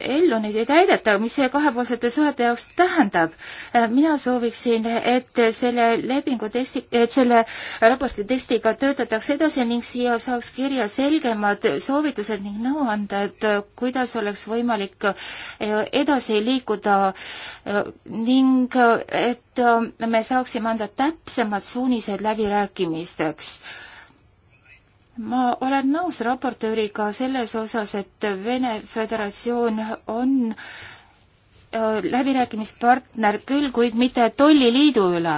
ellu, neid ei täideta, mis see kahepoolsete suhete jaoks tähendab? Äh, mina sooviksin, et selle lepingu teksti, et selle raporti tekstiga töötataks edasi ning siia saaks kirja selgemad soovitused ning nõuanded, kuidas oleks võimalik äh, edasi liikuda ning et me saaksime anda täpsemad suunised läbirääkimisteks ma olen nõus raportööriga selles osas, et Vene Föderatsioon on äh, läbirääkimispartner küll, kuid mitte tolliliidu üle.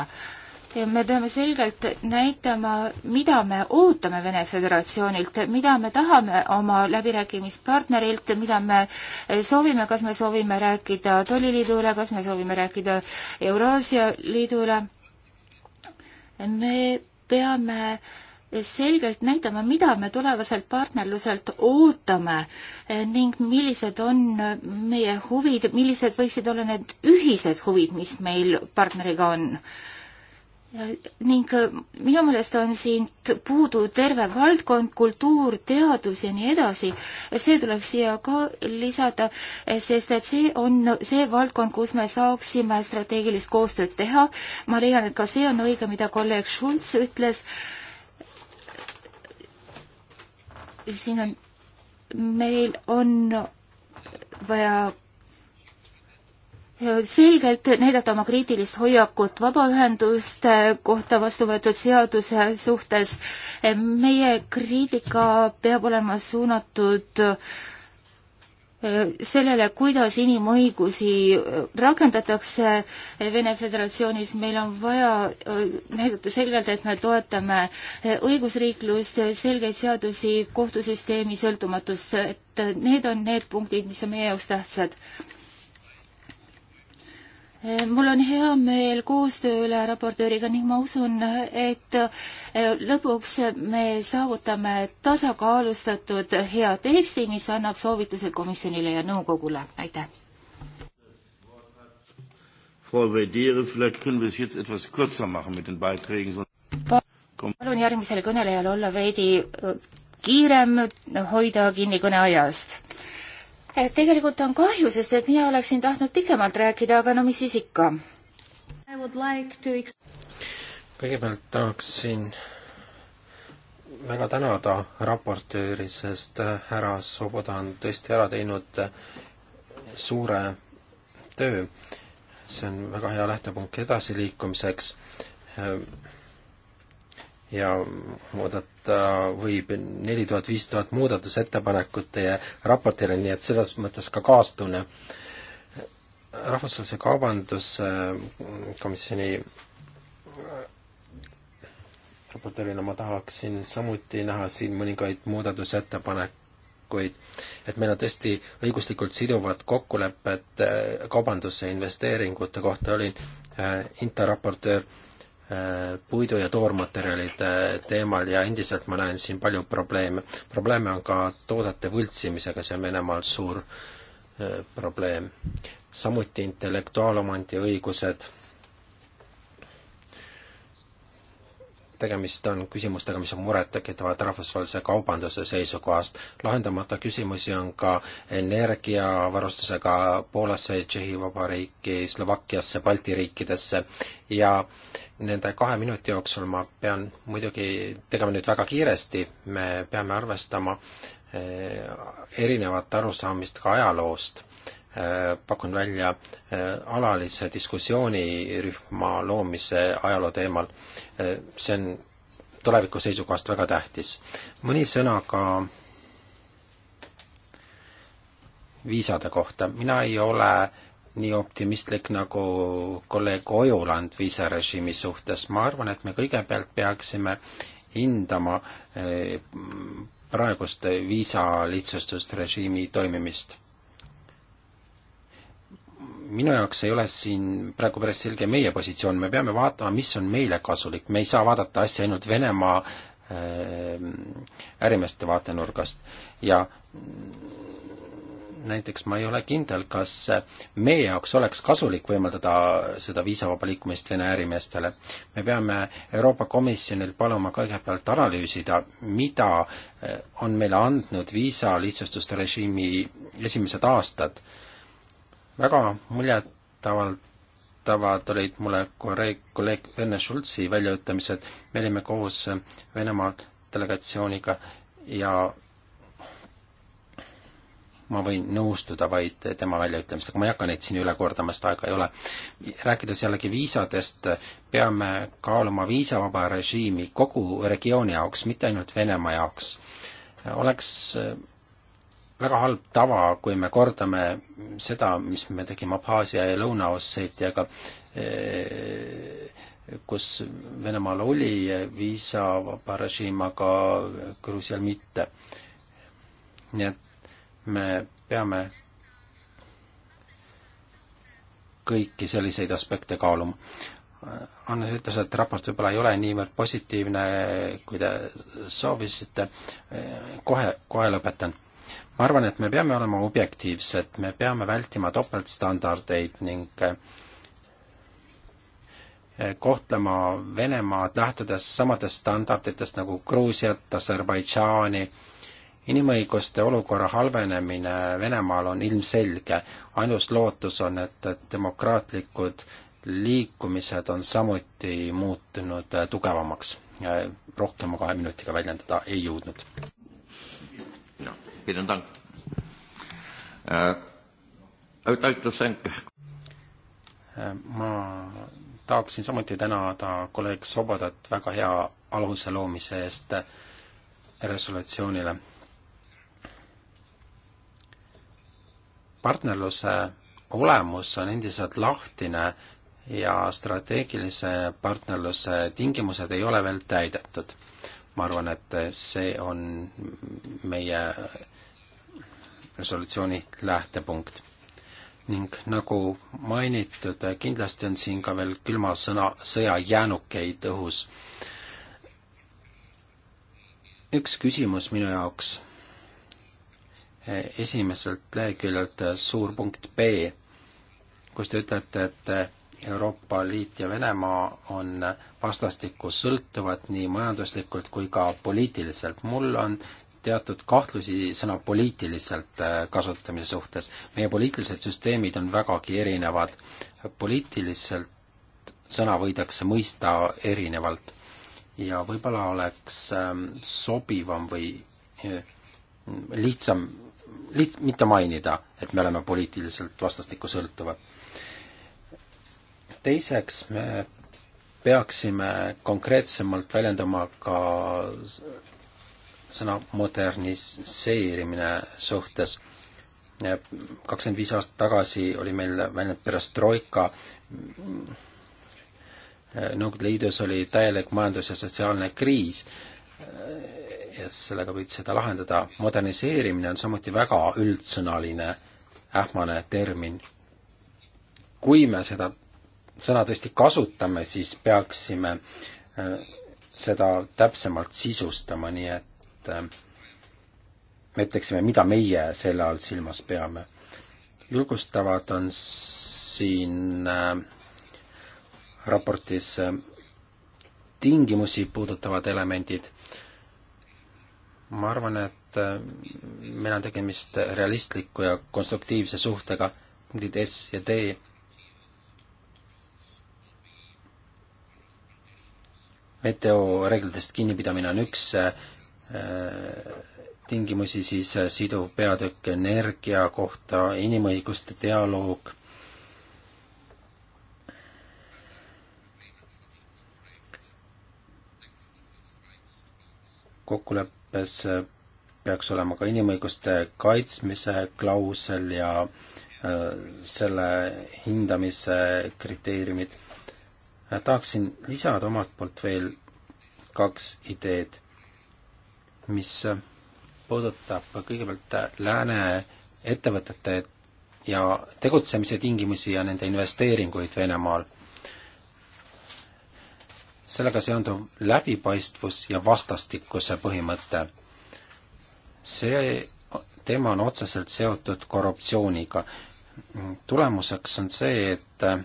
ja me peame selgelt näitama, mida me ootame Vene Föderatsioonilt, mida me tahame oma läbirääkimispartnerilt, mida me äh, soovime, kas me soovime rääkida tolliliidu üle, kas me soovime rääkida Euraasia liidu üle. me peame äh, selgelt näitama, mida me tulevaselt partnerluselt ootame ning millised on meie huvid, millised võiksid olla need ühised huvid, mis meil partneriga on. ning minu meelest on siit puudu terve valdkond, kultuur, teadus ja nii edasi. see tuleks siia ka lisada, sest et see on see valdkond, kus me saaksime strateegilist koostööd teha. ma leian, et ka see on õige, mida kolleeg Schulz ütles siin on, meil on vaja selgelt näidata oma kriitilist hoiakut vabaühenduste kohta vastu võetud seaduse suhtes. meie kriitika peab olema suunatud äh, sellele, kuidas inimõigusi rakendatakse Vene Föderatsioonis, meil on vaja äh, näidata selgelt, et me toetame äh, õigusriiklust, selgeid seadusi, kohtusüsteemi sõltumatust, et äh, need on need punktid, mis on meie jaoks tähtsad Eh, mul on hea meel koostöö üle raportööriga ning ma usun, et eh, lõpuks me saavutame tasakaalustatud hea teksti, mis annab soovitused komisjonile ja nõukogule. aitäh! palun järgmisel kõnelejal olla veidi äh, kiirem, hoida kinni kõneajast et tegelikult on kahju, sest et mina oleksin tahtnud pikemalt rääkida, aga no mis siis ikka. Like to... kõigepealt tahaksin väga tänada raportööri, sest äh, härra Soboda on tõesti ära teinud äh, suure töö. see on väga hea lähtepunkt edasiliikumiseks äh, ja oodata võib neli tuhat, viis tuhat muudatusettepanekut teie raportile, nii et selles mõttes ka kaastunne. rahvusvahelise kaubanduskomisjoni raportöörina ma tahaksin samuti näha siin mõningaid muudatusettepanekuid, et meil on tõesti õiguslikult siduvad kokkulepped kaubanduse investeeringute kohta, olin äh, interraportöör äh, puidu- ja toormaterjalide teemal ja endiselt ma näen siin palju probleeme. probleeme on ka toodete võltsimisega, see on Venemaal suur äh, probleem. samuti intellektuaalomandi õigused tegemist on küsimustega, mis on murettekitavad rahvusvahelise kaubanduse seisukohast. lahendamata küsimusi on ka energiavarustusega Poolasse, Tšehhi Vabariiki, Slovakkiasse, Balti riikidesse ja nende kahe minuti jooksul ma pean muidugi tegema nüüd väga kiiresti, me peame arvestama eh, erinevat arusaamist ka ajaloost pakun välja äh, alalise diskussioonirühma loomise ajaloo teemal. Äh, see on tuleviku seisukohast väga tähtis. mõni sõna ka viisade kohta. mina ei ole nii optimistlik nagu kolleeg Ojuland viisarežiimi suhtes. ma arvan, et me kõigepealt peaksime hindama äh, praegust viisalihtstustusrežiimi toimimist minu jaoks ei ole siin praegu päris selge meie positsioon, me peame vaatama, mis on meile kasulik, me ei saa vaadata asja ainult Venemaa äh, ärimeeste vaatenurgast ja näiteks ma ei ole kindel, kas meie jaoks oleks kasulik võimaldada seda viisavaba liikumist Vene ärimeestele. me peame Euroopa Komisjonil paluma kõigepealt analüüsida, mida äh, on meile andnud viisalihtsustuste režiimi esimesed aastad väga muljetavaldavad olid mulle kolleeg, kolleeg Enne Schultzi väljaütlemised, me olime koos Venemaa delegatsiooniga ja ma võin nõustuda vaid tema väljaütlemistega, ma ei hakka neid siin üle kordama, sest aega ei ole. rääkides jällegi viisadest, peame kaaluma viisavaba režiimi kogu regiooni jaoks, mitte ainult Venemaa jaoks. oleks väga halb tava, kui me kordame seda, mis me tegime Abhaasia ja Lõuna-Osseetiaga, eh, kus Venemaal oli viisavaba režiim, aga Gruusial mitte. nii et me peame kõiki selliseid aspekte kaaluma. Hannes ütles, et raport võib-olla ei ole niivõrd positiivne, kui te soovisite, kohe, kohe lõpetan ma arvan, et me peame olema objektiivsed, me peame vältima topeltstandardeid ning eh, kohtlema Venemaad lähtudes samadest standarditest nagu Gruusiat, Aserbaidžaani, inimõiguste olukorra halvenemine Venemaal on ilmselge, ainus lootus on, et, et demokraatlikud liikumised on samuti muutunud eh, tugevamaks. rohkem ma kahe minutiga väljendada ei jõudnud. Vielen Dank. ma tahaksin samuti tänada kolleeg Sobodat väga hea aluse loomise eest resolutsioonile. partnerluse olemus on endiselt lahtine ja strateegilise partnerluse tingimused ei ole veel täidetud. ma arvan, et see on meie resolutsiooni lähtepunkt. ning nagu mainitud, kindlasti on siin ka veel külma sõna, sõja jäänukeid õhus. üks küsimus minu jaoks esimeselt leheküljelt suur punkt B, kus te ütlete, et Euroopa Liit ja Venemaa on vastastikku sõltuvad nii majanduslikult kui ka poliitiliselt. mul on teatud kahtlusi sõna poliitiliselt äh, kasutamise suhtes. meie poliitilised süsteemid on vägagi erinevad. poliitiliselt sõna võidakse mõista erinevalt ja võib-olla oleks ähm, sobivam või äh, lihtsam liht-, mitte mainida, et me oleme poliitiliselt vastastikku sõltuvad. teiseks, me peaksime konkreetsemalt väljendama ka sõna moderniseerimine suhtes. kakskümmend viis aastat tagasi oli meil väljend perestroika, Nõukogude Liidus oli täielik majandus- ja sotsiaalne kriis ja sellega võid seda lahendada. moderniseerimine on samuti väga üldsõnaline, ähmane termin. kui me seda sõna tõesti kasutame, siis peaksime äh, seda täpsemalt sisustama, nii et et äh, me ütleksime, mida meie selle all silmas peame. julgustavad on siin äh, raportis äh, tingimusi puudutavad elemendid. ma arvan, et meil on tegemist realistliku ja konstruktiivse suhtega, punktid S ja D. WTO reeglitest kinnipidamine on üks tingimusi, siis siduv peatükk energia kohta, inimõiguste dialoog, kokkuleppes peaks olema ka inimõiguste kaitsmise klausel ja äh, selle hindamise kriteeriumid. tahaksin lisada omalt poolt veel kaks ideed mis puudutab kõigepealt lääne ettevõtete ja tegutsemise tingimusi ja nende investeeringuid Venemaal. sellega seonduv läbipaistvus ja vastastikuse põhimõte. see teema on otseselt seotud korruptsiooniga. tulemuseks on see, et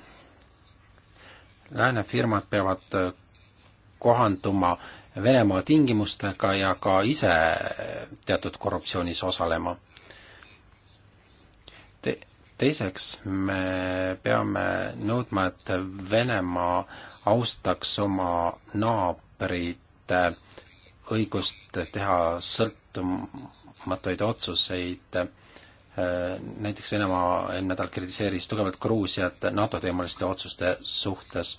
lääne firmad peavad kohanduma äh, Venemaa tingimustega ja ka ise teatud korruptsioonis osalema Te. Teiseks, me peame nõudma, et Venemaa austaks oma naabrite õigust teha sõltumatuid otsuseid näiteks Venemaa eelmine nädal kritiseeris tugevalt Gruusiat NATO-teemaliste otsuste suhtes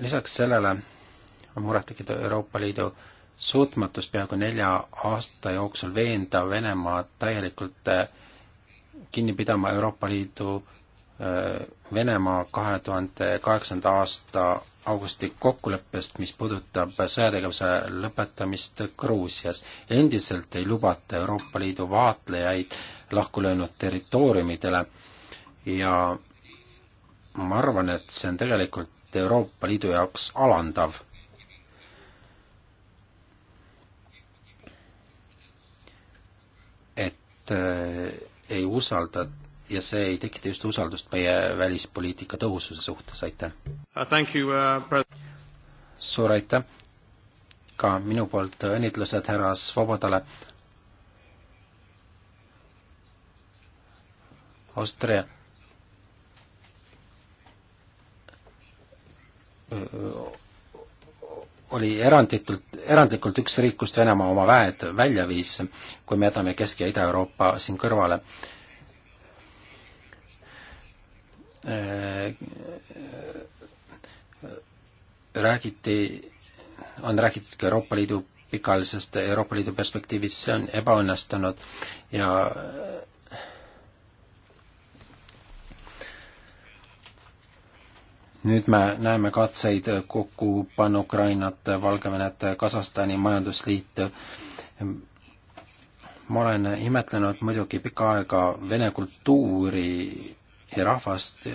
lisaks sellele on murettekitav Euroopa Liidu suutmatus peaaegu nelja aasta jooksul veenda Venemaad täielikult äh, kinni pidama Euroopa Liidu äh, Venemaa kahe tuhande kaheksanda aasta augusti kokkuleppest, mis puudutab sõjategevuse lõpetamist Gruusias. endiselt ei lubata Euroopa Liidu vaatlejaid lahku löönud territooriumidele ja ma arvan, et see on tegelikult Euroopa Liidu jaoks alandav. et äh, ei usalda ja see ei tekita just usaldust meie välispoliitika tõhususe suhtes, aitäh uh,! Uh, suur aitäh! ka minu poolt õnnitlused härra Svobodale. Austria oli eranditult, erandlikult üks riik, kust Venemaa oma väed välja viis, kui me jätame Kesk- ja Ida-Euroopa siin kõrvale. Äh, räägiti, on räägitud ka Euroopa Liidu pikaajalisest Euroopa Liidu perspektiivist, see on ebaõnnestunud ja nüüd me näeme katseid kokku panna Ukrainat, Valgevenet, Kasahstani majandusliitu. ma olen imetlenud muidugi pikka aega vene kultuuri ja rahvast.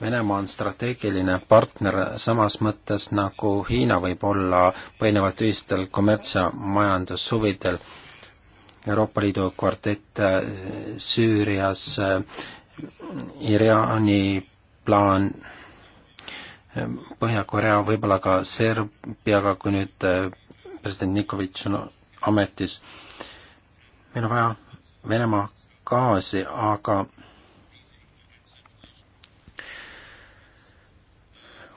Venemaa on strateegiline partner samas mõttes, nagu Hiina võib olla põhinevalt ühistel kommerts- ja majandushuvidel. Euroopa Liidu kvartett äh, Süürias, äh, Iraani plaan Põhja-Korea, võib-olla ka Serbiaga, kui nüüd äh, president Nikovitš on ametis. meil on vaja Venemaa gaasi, aga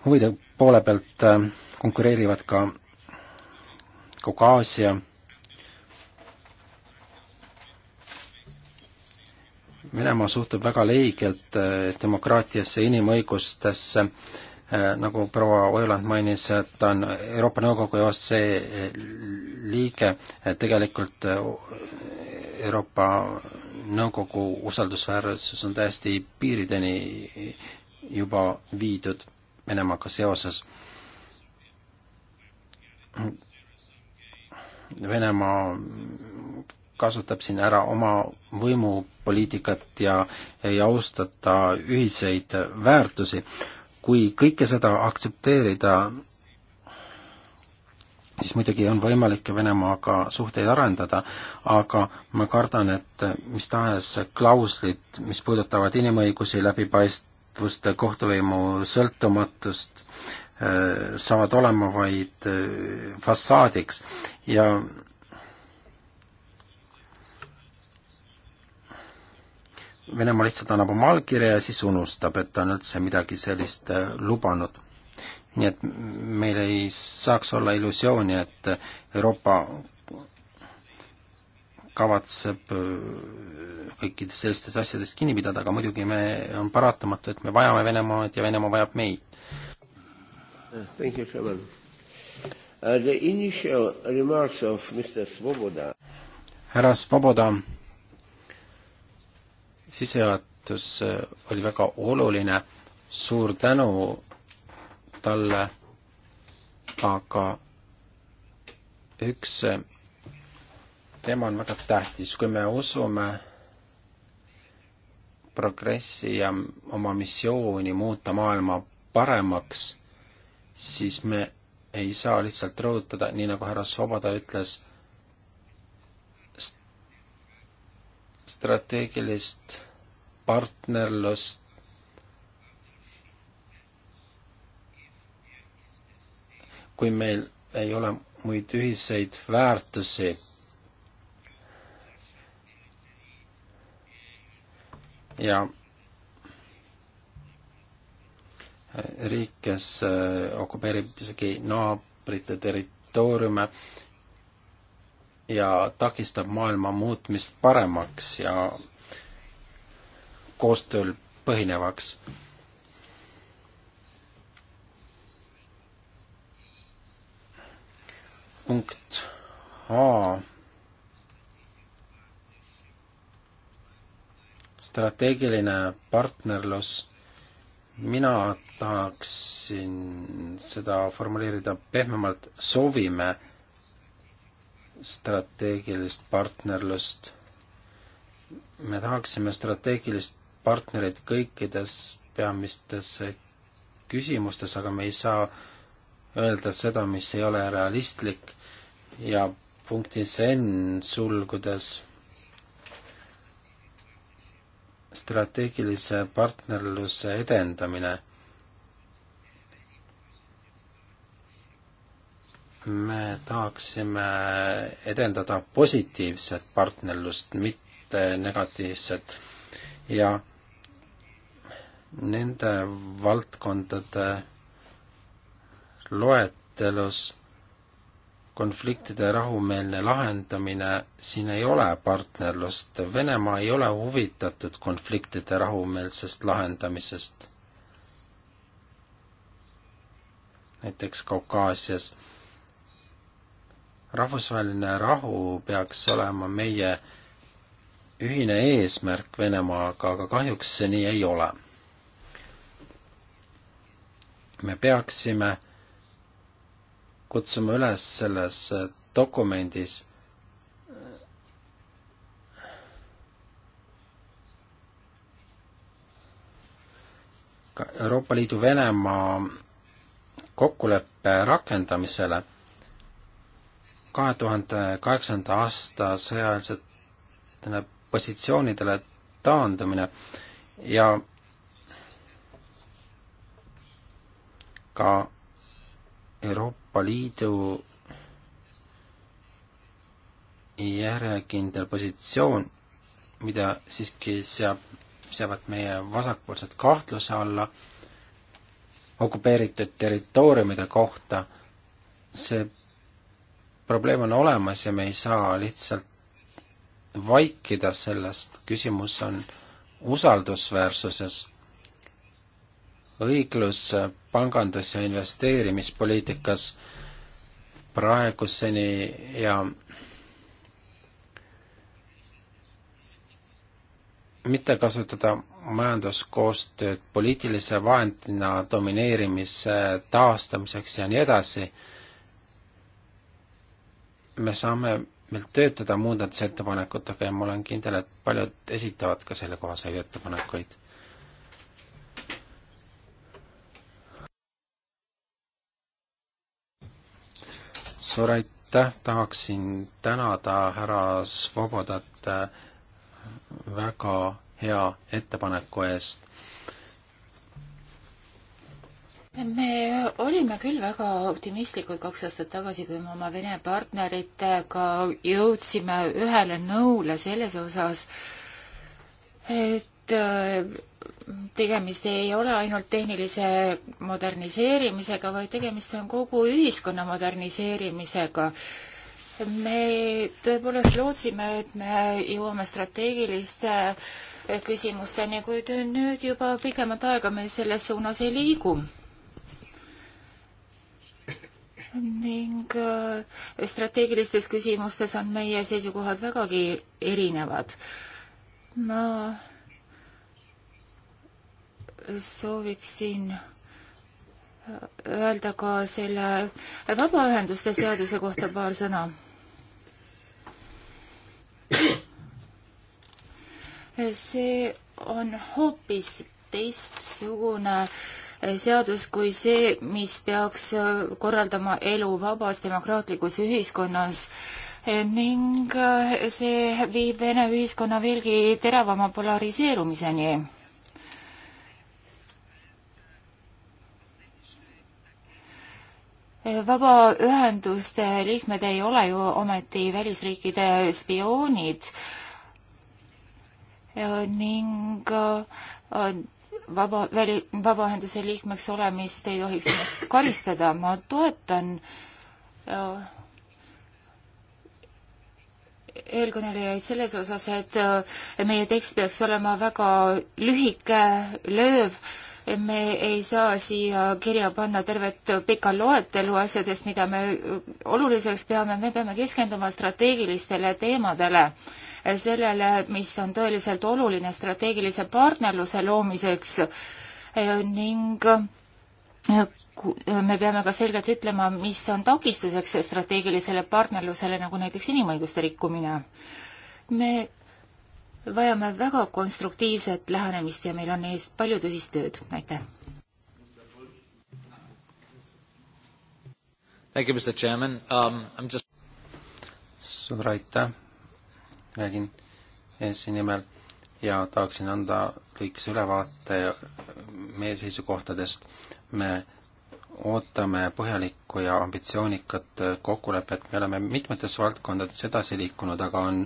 huvide poole pealt äh, konkureerivad ka Kaukaasia, Venemaa suhtub väga leigelt äh, demokraatiasse, inimõigustesse äh,, Äh, nagu proua Ojuland mainis, ta on Euroopa Nõukogu ja OSCE liige, tegelikult äh, Euroopa Nõukogu usaldusväärsus on täiesti piirideni juba viidud Venemaaga seoses. Venemaa kasutab siin ära oma võimupoliitikat ja ei austata ühiseid väärtusi kui kõike seda aktsepteerida, siis muidugi on võimalik Venemaaga suhteid arendada, aga ma kardan, et mis tahes klauslid, mis puudutavad inimõigusi, läbipaistvust, kohtuvõimu sõltumatust, äh, saavad olema vaid äh, fassaadiks ja Venemaa lihtsalt annab oma allkirja ja siis unustab, et ta on üldse midagi sellist äh, lubanud. nii et meil ei saaks olla illusiooni, et Euroopa kavatseb äh, kõikidest sellistest asjadest kinni pidada, aga muidugi me, on paratamatu, et me vajame Venemaad ja Venemaa vajab meid. Uh, thank you, Shaban. Uh, the initial remarks of Mr Svoboda. härra Svoboda sissejuhatus äh, oli väga oluline, suur tänu talle, aga üks äh, teema on väga tähtis, kui me usume progressi ja oma missiooni muuta maailma paremaks, siis me ei saa lihtsalt rõhutada, nii nagu härra Sobada ütles, strateegilist partnerlust kui meil ei ole muid ühiseid väärtusi, ja riik, kes eh, okupeerib isegi naabrite territooriume, ja takistab maailma muutmist paremaks ja koostööl põhinevaks. punkt A. strateegiline partnerlus mina tahaksin seda formuleerida pehmemalt, soovime strateegilist partnerlust. me tahaksime strateegilist partnerit kõikides peamistes küsimustes, aga me ei saa öelda seda, mis ei ole realistlik ja punktis N sulgudes strateegilise partnerluse edendamine me tahaksime edendada positiivset partnerlust, mitte negatiivset ja nende valdkondade loetelus konfliktide rahumeelne lahendamine, siin ei ole partnerlust, Venemaa ei ole huvitatud konfliktide rahumeelsest lahendamisest. näiteks Kaukaasias rahvusvaheline rahu peaks olema meie ühine eesmärk Venemaaga, aga kahjuks see nii ei ole. me peaksime kutsuma üles selles dokumendis Euroopa Liidu Venemaa kokkuleppe rakendamisele kahe tuhande kaheksanda aasta sõjaväelisele positsioonidele taandumine ja ka Euroopa Liidu järjekindel positsioon, mida siiski seab, seavad meie vasakpoolsed kahtluse alla okupeeritud territooriumide kohta, see probleem on olemas ja me ei saa lihtsalt vaikida sellest, küsimus on usaldusväärsuses. õiglus pangandus- ja investeerimispoliitikas praeguseni ja mitte kasutada majanduskoostööd poliitilise vahendina domineerimise taastamiseks ja nii edasi me saame veel töötada muudatusettepanekutega ja ma olen kindel, et paljud esitavad ka sellekohaseid ettepanekuid. suur aitäh, tahaksin tänada härra Svobodat äh, väga hea ettepaneku eest me olime küll väga optimistlikud kaks aastat tagasi, kui me oma Vene partneritega jõudsime ühele nõule selles osas, et äh, tegemist ei ole ainult tehnilise moderniseerimisega, vaid tegemist on kogu ühiskonna moderniseerimisega me tõepoolest lootsime, et me jõuame strateegiliste küsimusteni, kuid nüüd juba pikemat aega me selles suunas ei liigu ning äh, strateegilistes küsimustes on meie seisukohad vägagi erinevad. ma sooviksin äh, öelda ka selle vabaühenduste seaduse kohta paar sõna. see on hoopis teistsugune äh, seadus kui see, mis peaks äh, korraldama elu vabas demokraatlikus ühiskonnas eh, ning äh, see viib Vene ühiskonna veelgi teravama polariseerumiseni eh, vabaühenduste liikmed ei ole ju ometi välisriikide spioonid eh, ning äh, vaba, väli, vabaühenduse liikmeks olemist ei tohiks karistada, ma toetan äh, eelkõnelejaid selles osas, et äh, meie tekst peaks olema väga lühike, lööv, me ei saa siia kirja panna tervet pika loetelu asjadest, mida me äh, oluliseks peame, me peame keskenduma strateegilistele teemadele sellele, mis on tõeliselt oluline strateegilise partnerluse loomiseks äh, ning äh, äh, me peame ka selgelt ütlema, mis on takistuseks strateegilisele partnerlusele, nagu näiteks inimõiguste rikkumine. me vajame väga konstruktiivset lähenemist ja meil on ees palju tõsist tööd, aitäh! Thank you, Mr Chairman um,. I m just suur aitäh, räägin EAS-i nimel ja tahaksin anda lühikese ülevaate meie seisukohtadest. me ootame põhjalikku ja ambitsioonikat kokkulepet, me oleme mitmetes valdkondades edasi liikunud, aga on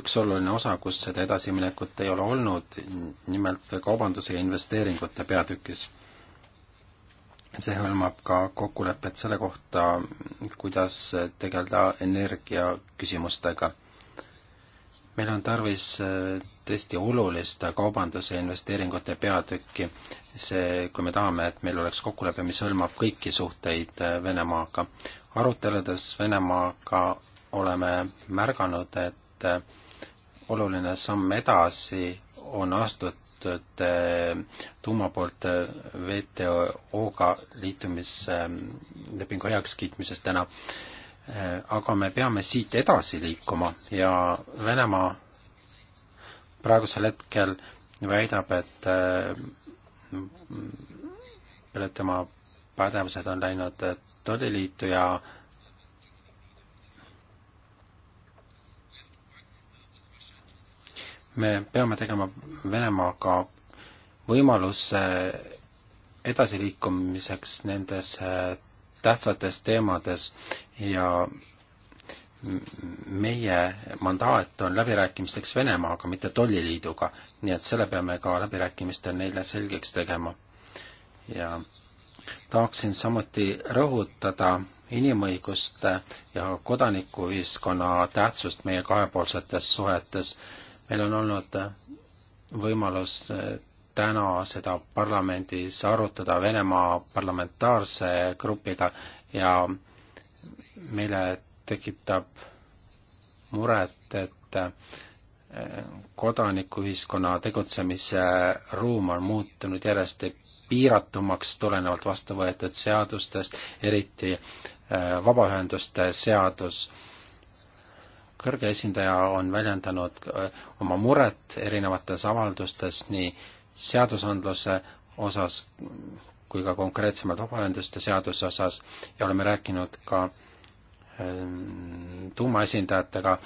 üks oluline osa, kus seda edasiminekut ei ole olnud, nimelt kaubanduse ja investeeringute peatükis. see hõlmab ka kokkulepet selle kohta, kuidas tegeleda energiaküsimustega meil on tarvis äh, tõesti olulist kaubanduse investeeringute peatükki, see, kui me tahame, et meil oleks kokkulepe, mis hõlmab kõiki suhteid äh, Venemaaga. aruteludes Venemaaga oleme märganud, et äh, oluline samm edasi on astutud tuuma poolt WTO-ga liitumislepingu heakskiitmisest täna Äh, aga me peame siit edasi liikuma ja Venemaa praegusel hetkel väidab, et äh, et tema pädevused on läinud tolliliitu ja me peame tegema Venemaaga võimaluse edasiliikumiseks nendes äh, tähtsates teemades ja meie mandaat on läbirääkimisteks Venemaaga, mitte tolliliiduga, nii et selle peame ka läbirääkimistel neile selgeks tegema. ja tahaksin samuti rõhutada inimõiguste ja kodanikuühiskonna tähtsust meie kahepoolsetes suhetes. meil on olnud võimalus täna seda parlamendis arutada Venemaa parlamentaarse grupiga ja meile tekitab muret, et eh, kodanikuühiskonna tegutsemise ruum on muutunud järjest piiratumaks tulenevalt vastu võetud seadustest, eriti eh, vabaühenduste seadus. kõrge esindaja on väljendanud eh, oma muret erinevates avaldustes nii seadusandluse osas kui ka konkreetsemalt vabaühenduste seaduse osas ja oleme rääkinud ka ehm, tuumaesindajatega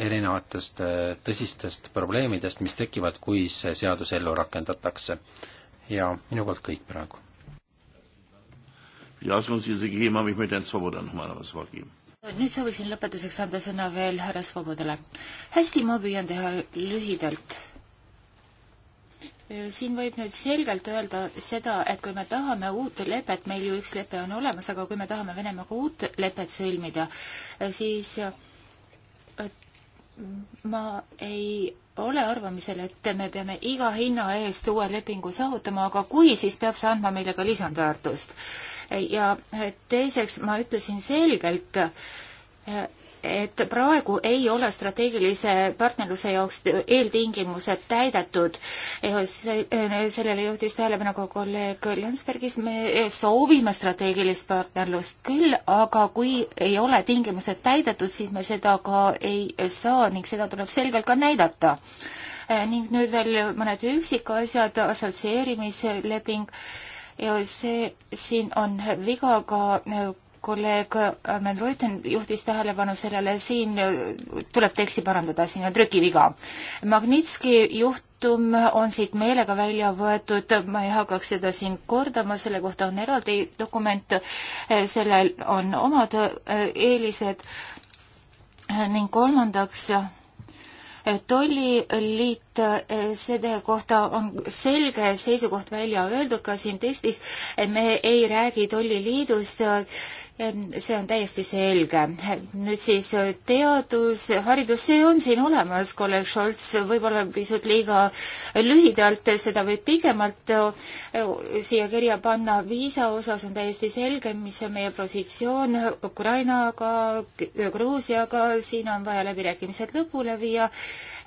erinevatest eh, tõsistest probleemidest, mis tekivad, kui see seadus ellu rakendatakse. ja minu poolt kõik praegu. nüüd sooviksin lõpetuseks anda sõna veel härra Svobodale. hästi, ma püüan teha lühidalt siin võib nüüd selgelt öelda seda, et kui me tahame uut lepet, meil ju üks lepe on olemas, aga kui me tahame Venemaaga uut lepet sõlmida, siis ma ei ole arvamisel, et me peame iga hinna eest uue lepingu saavutama, aga kui, siis peab see andma meile ka lisandväärtust. ja teiseks ma ütlesin selgelt, et praegu ei ole strateegilise partnerluse jaoks eeltingimused täidetud. Äh, sellele juhtis tähelepanu ka kolleeg Landsbergis, me soovime strateegilist partnerlust küll, aga kui ei ole tingimused täidetud, siis me seda ka ei saa ning seda tuleb selgelt ka näidata äh, ning nüüd veel mõned üksikasjad, assotsieerimisleping ja see siin on viga ka äh, kolleeg Armen Reuten juhtis tähelepanu sellele, siin tuleb teksti parandada, siin on trükiviga. Magnitski juhtum on siit meelega välja võetud, ma ei hakkaks seda siin kordama, selle kohta on eraldi dokument, sellel on omad eelised ning kolmandaks, tolliliit et eh, selle kohta on selge seisukoht välja öeldud ka siin tekstis, et me ei räägi tolliliidust, see on täiesti selge. nüüd siis eh, teadus, haridus, see on siin olemas, kolleeg Scholz, võib-olla pisut liiga lühidalt, seda võib pikemalt eh, siia kirja panna. viisa osas on täiesti selge, mis on meie positsioon Ukrainaga, Gruusiaga, siin on vaja läbirääkimised lõpule viia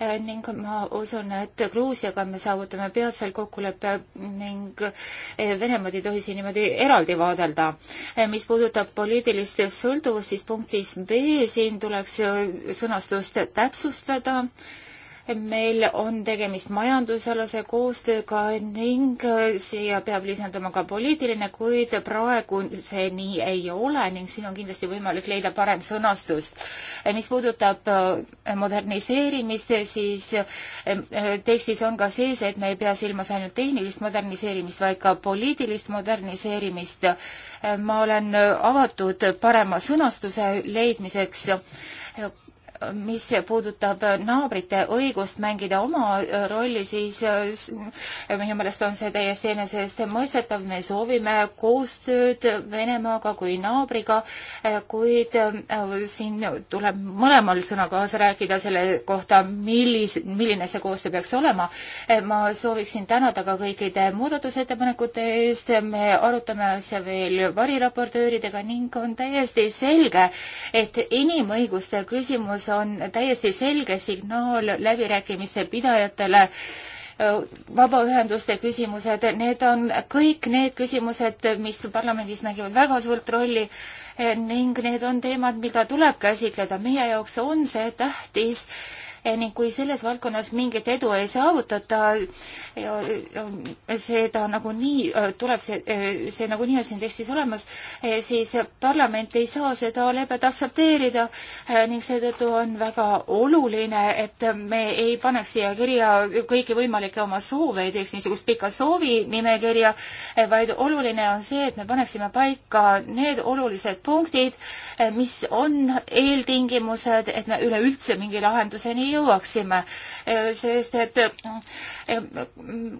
Eh, ning ma usun, et Gruusiaga me saavutame peatselt kokkuleppe ning eh, Venemaad ei tohi siin niimoodi eraldi vaadelda. Eh, mis puudutab poliitilist sõltuvust, siis punktis B siin tuleks sõnastust täpsustada meil on tegemist majandusalase koostööga ning äh, siia peab lisanduma ka poliitiline, kuid praegu see nii ei ole ning siin on kindlasti võimalik leida parem sõnastust. Äh, mis puudutab äh, moderniseerimist, siis tekstis on ka sees, et me ei pea silmas ainult tehnilist moderniseerimist, vaid ka poliitilist moderniseerimist. ma olen avatud parema sõnastuse leidmiseks mis puudutab naabrite õigust mängida oma rolli, siis äh, minu meelest on see täiesti enesestmõistetav, me soovime koostööd Venemaaga kui naabriga, äh, kuid äh, siin tuleb mõlemal sõna kaasa rääkida selle kohta, millis-, milline see koostöö peaks olema. ma sooviksin tänada ka kõikide muudatusettepanekute eest, me arutame asja veel variraportööridega ning on täiesti selge, et inimõiguste küsimus on täiesti selge signaal läbirääkimiste pidajatele vabaühenduste küsimused, need on kõik need küsimused, mis parlamendis mängivad väga suurt rolli ning need on teemad, mida tuleb käsitleda. meie jaoks on see tähtis Eh, ning kui selles valdkonnas mingit edu ei saavutata, eh, eh, seda nagunii tuleb see, see nagunii on siin tekstis olemas, siis parlament ei saa seda lepet aktsepteerida ning seetõttu on väga oluline, et me ei paneks siia kirja kõiki võimalikke oma soove, ei teeks niisugust pikka soovinimekirja, vaid oluline on see, et me paneksime paika need olulised punktid, mis on eeltingimused, et me üleüldse mingi lahenduseni jõuaksime, e, sest et e,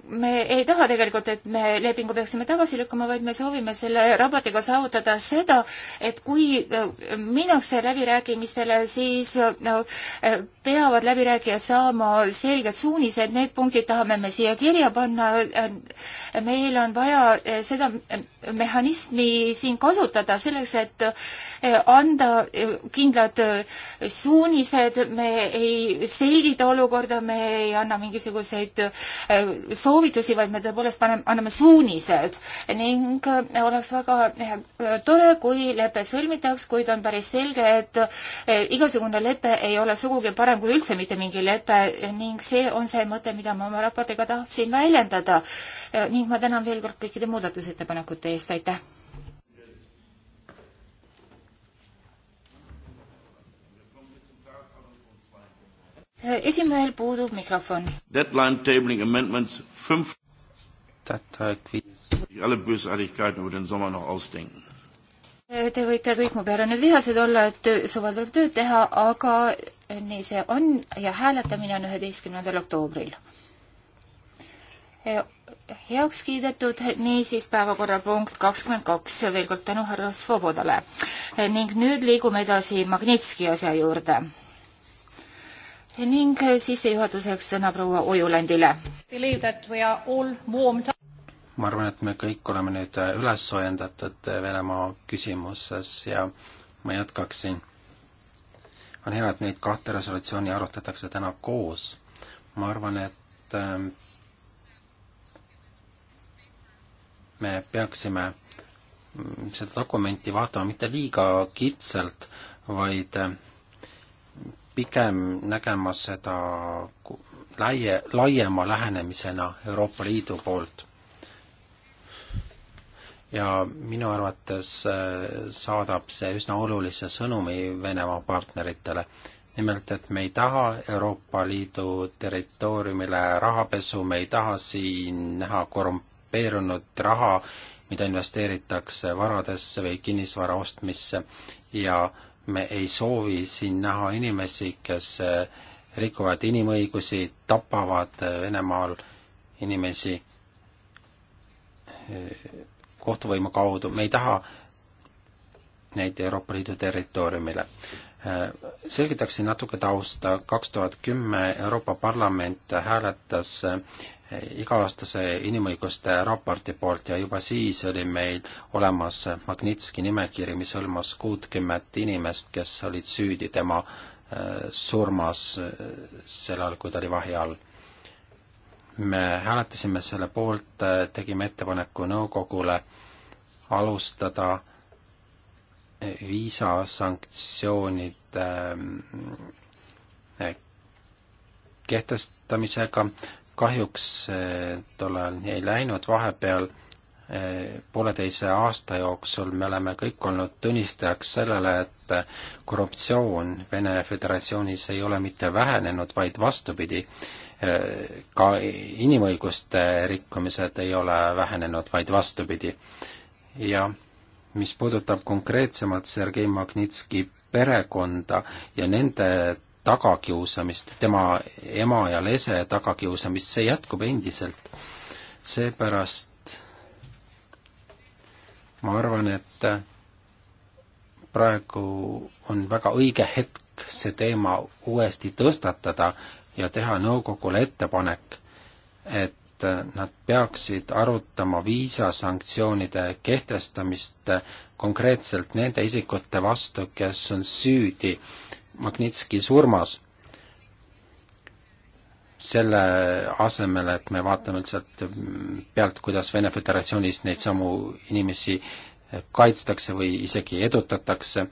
me ei taha tegelikult, et me lepingu peaksime tagasi lükkama, vaid me soovime selle raportiga saavutada seda, et kui e, minnakse läbirääkimistele, siis no, peavad läbirääkijad saama selged suunised, need punktid tahame me siia kirja panna. meil on vaja seda mehhanismi siin kasutada selleks, et anda kindlad suunised, me ei selgita olukorda, me ei anna mingisuguseid äh, soovitusi, vaid me tõepoolest paneme, anname suunised ning äh, oleks väga äh, tore, kui lepe sõlmitaks, kuid on päris selge, et igasugune lepe ei ole sugugi parem kui üldse mitte mingi lepe ning see on see mõte, mida ma oma raportiga tahtsin väljendada. ning ma tänan veel kord kõikide muudatusettepanekute eest, aitäh! esimehel puudub mikrofon. Deadline tabling amendments fünf. tähtaeg viis. Alle bösartigkeiten über den Sommer noch ausdenken. Te võite kõik mu peale nüüd vihased olla, et suvel tuleb tööd teha, aga nii see on ja hääletamine on üheteistkümnendal oktoobril. heaks kiidetud, niisiis päevakorrapunkt kakskümmend kaks, veel kord tänu härra Svobodale. ning nüüd liigume edasi Magnitski asja juurde ning eh, sissejuhatuseks sõna proua Ojulandile. ma arvan, et me kõik oleme nüüd eh, üles soojendatud eh, Venemaa küsimuses ja ma jätkaksin. on hea, et neid kahte resolutsiooni arutatakse täna koos. ma arvan, et me peaksime mm, seda dokumenti vaatama mitte liiga kitsalt, vaid pigem nägema seda laie, laiema lähenemisena Euroopa Liidu poolt. ja minu arvates äh, saadab see üsna olulise sõnumi Venemaa partneritele. nimelt, et me ei taha Euroopa Liidu territooriumile rahapesu, me ei taha siin näha korrumpeerunud raha, mida investeeritakse varadesse või kinnisvara ostmisse ja me ei soovi siin näha inimesi, kes eh, rikuvad inimõigusi, tapavad eh, Venemaal inimesi eh, kohtuvõimu kaudu, me ei taha neid Euroopa Liidu territooriumile. Selgitaksin natuke tausta, kaks tuhat kümme Euroopa Parlament hääletas iga-aastase inimõiguste raporti poolt ja juba siis oli meil olemas Magnitski nimekiri, mis hõlmas kuutkümmet inimest, kes olid süüdi tema äh, surmas äh, sel ajal, kui ta oli vahi all. me hääletasime selle poolt, äh, tegime ettepaneku nõukogule alustada viisasanktsioonide kehtestamisega, kahjuks eh, tol ajal nii ei läinud, vahepeal eh, pooleteise aasta jooksul me oleme kõik olnud tunnistajaks sellele, et eh, korruptsioon Vene Föderatsioonis ei ole mitte vähenenud, vaid vastupidi, ka inimõiguste rikkumised ei ole vähenenud, vaid vastupidi. ja mis puudutab konkreetsemalt Sergei Magnitski perekonda ja nende tagakiusamist, tema ema ja lese tagakiusamist, see jätkub endiselt. seepärast ma arvan, et praegu on väga õige hetk see teema uuesti tõstatada ja teha nõukogule ettepanek, et nad peaksid arutama viisasanktsioonide kehtestamist konkreetselt nende isikute vastu, kes on süüdi äh, Magnitski surmas, selle asemel, et me vaatame lihtsalt pealt, kuidas Vene Föderatsioonis neid samu inimesi kaitstakse või isegi edutatakse,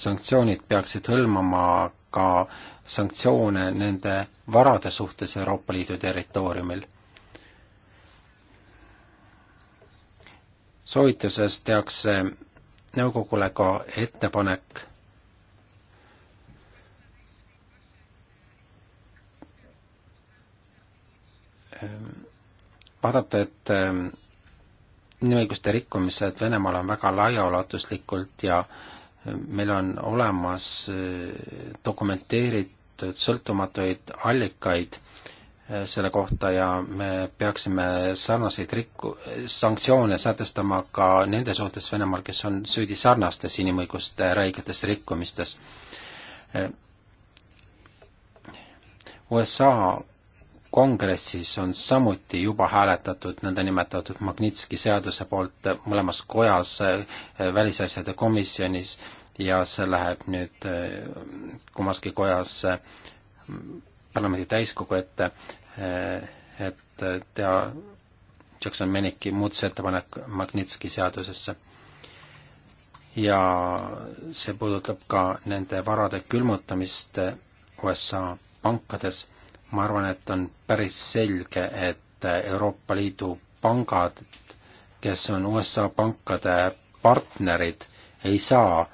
sanktsioonid peaksid hõlmama ka sanktsioone nende varade suhtes Euroopa Liidu territooriumil. soovituses tehakse nõukogule ka ettepanek ehm, vaadata, et ehm, inimõiguste rikkumised Venemaal on väga laiaulatuslikult ja ehm, meil on olemas dokumenteeritud sõltumatuid allikaid Äh, selle kohta ja me peaksime sarnaseid rikku-, sanktsioone sätestama ka nende suhtes Venemaal, kes on süüdi sarnastes inimõiguste räigetes rikkumistes. Äh, USA kongressis on samuti juba hääletatud nõndanimetatud Magnitski seaduse poolt mõlemas kojas, äh, välisasjade komisjonis ja see läheb nüüd kummaski kojas parlamendi täiskogu ette, et teha Jackson Meniki muudatusettepanek Magnitski seadusesse. ja see puudutab ka nende varade külmutamist USA pankades. ma arvan, et on päris selge, et Euroopa Liidu pangad, kes on USA pankade partnerid, ei saa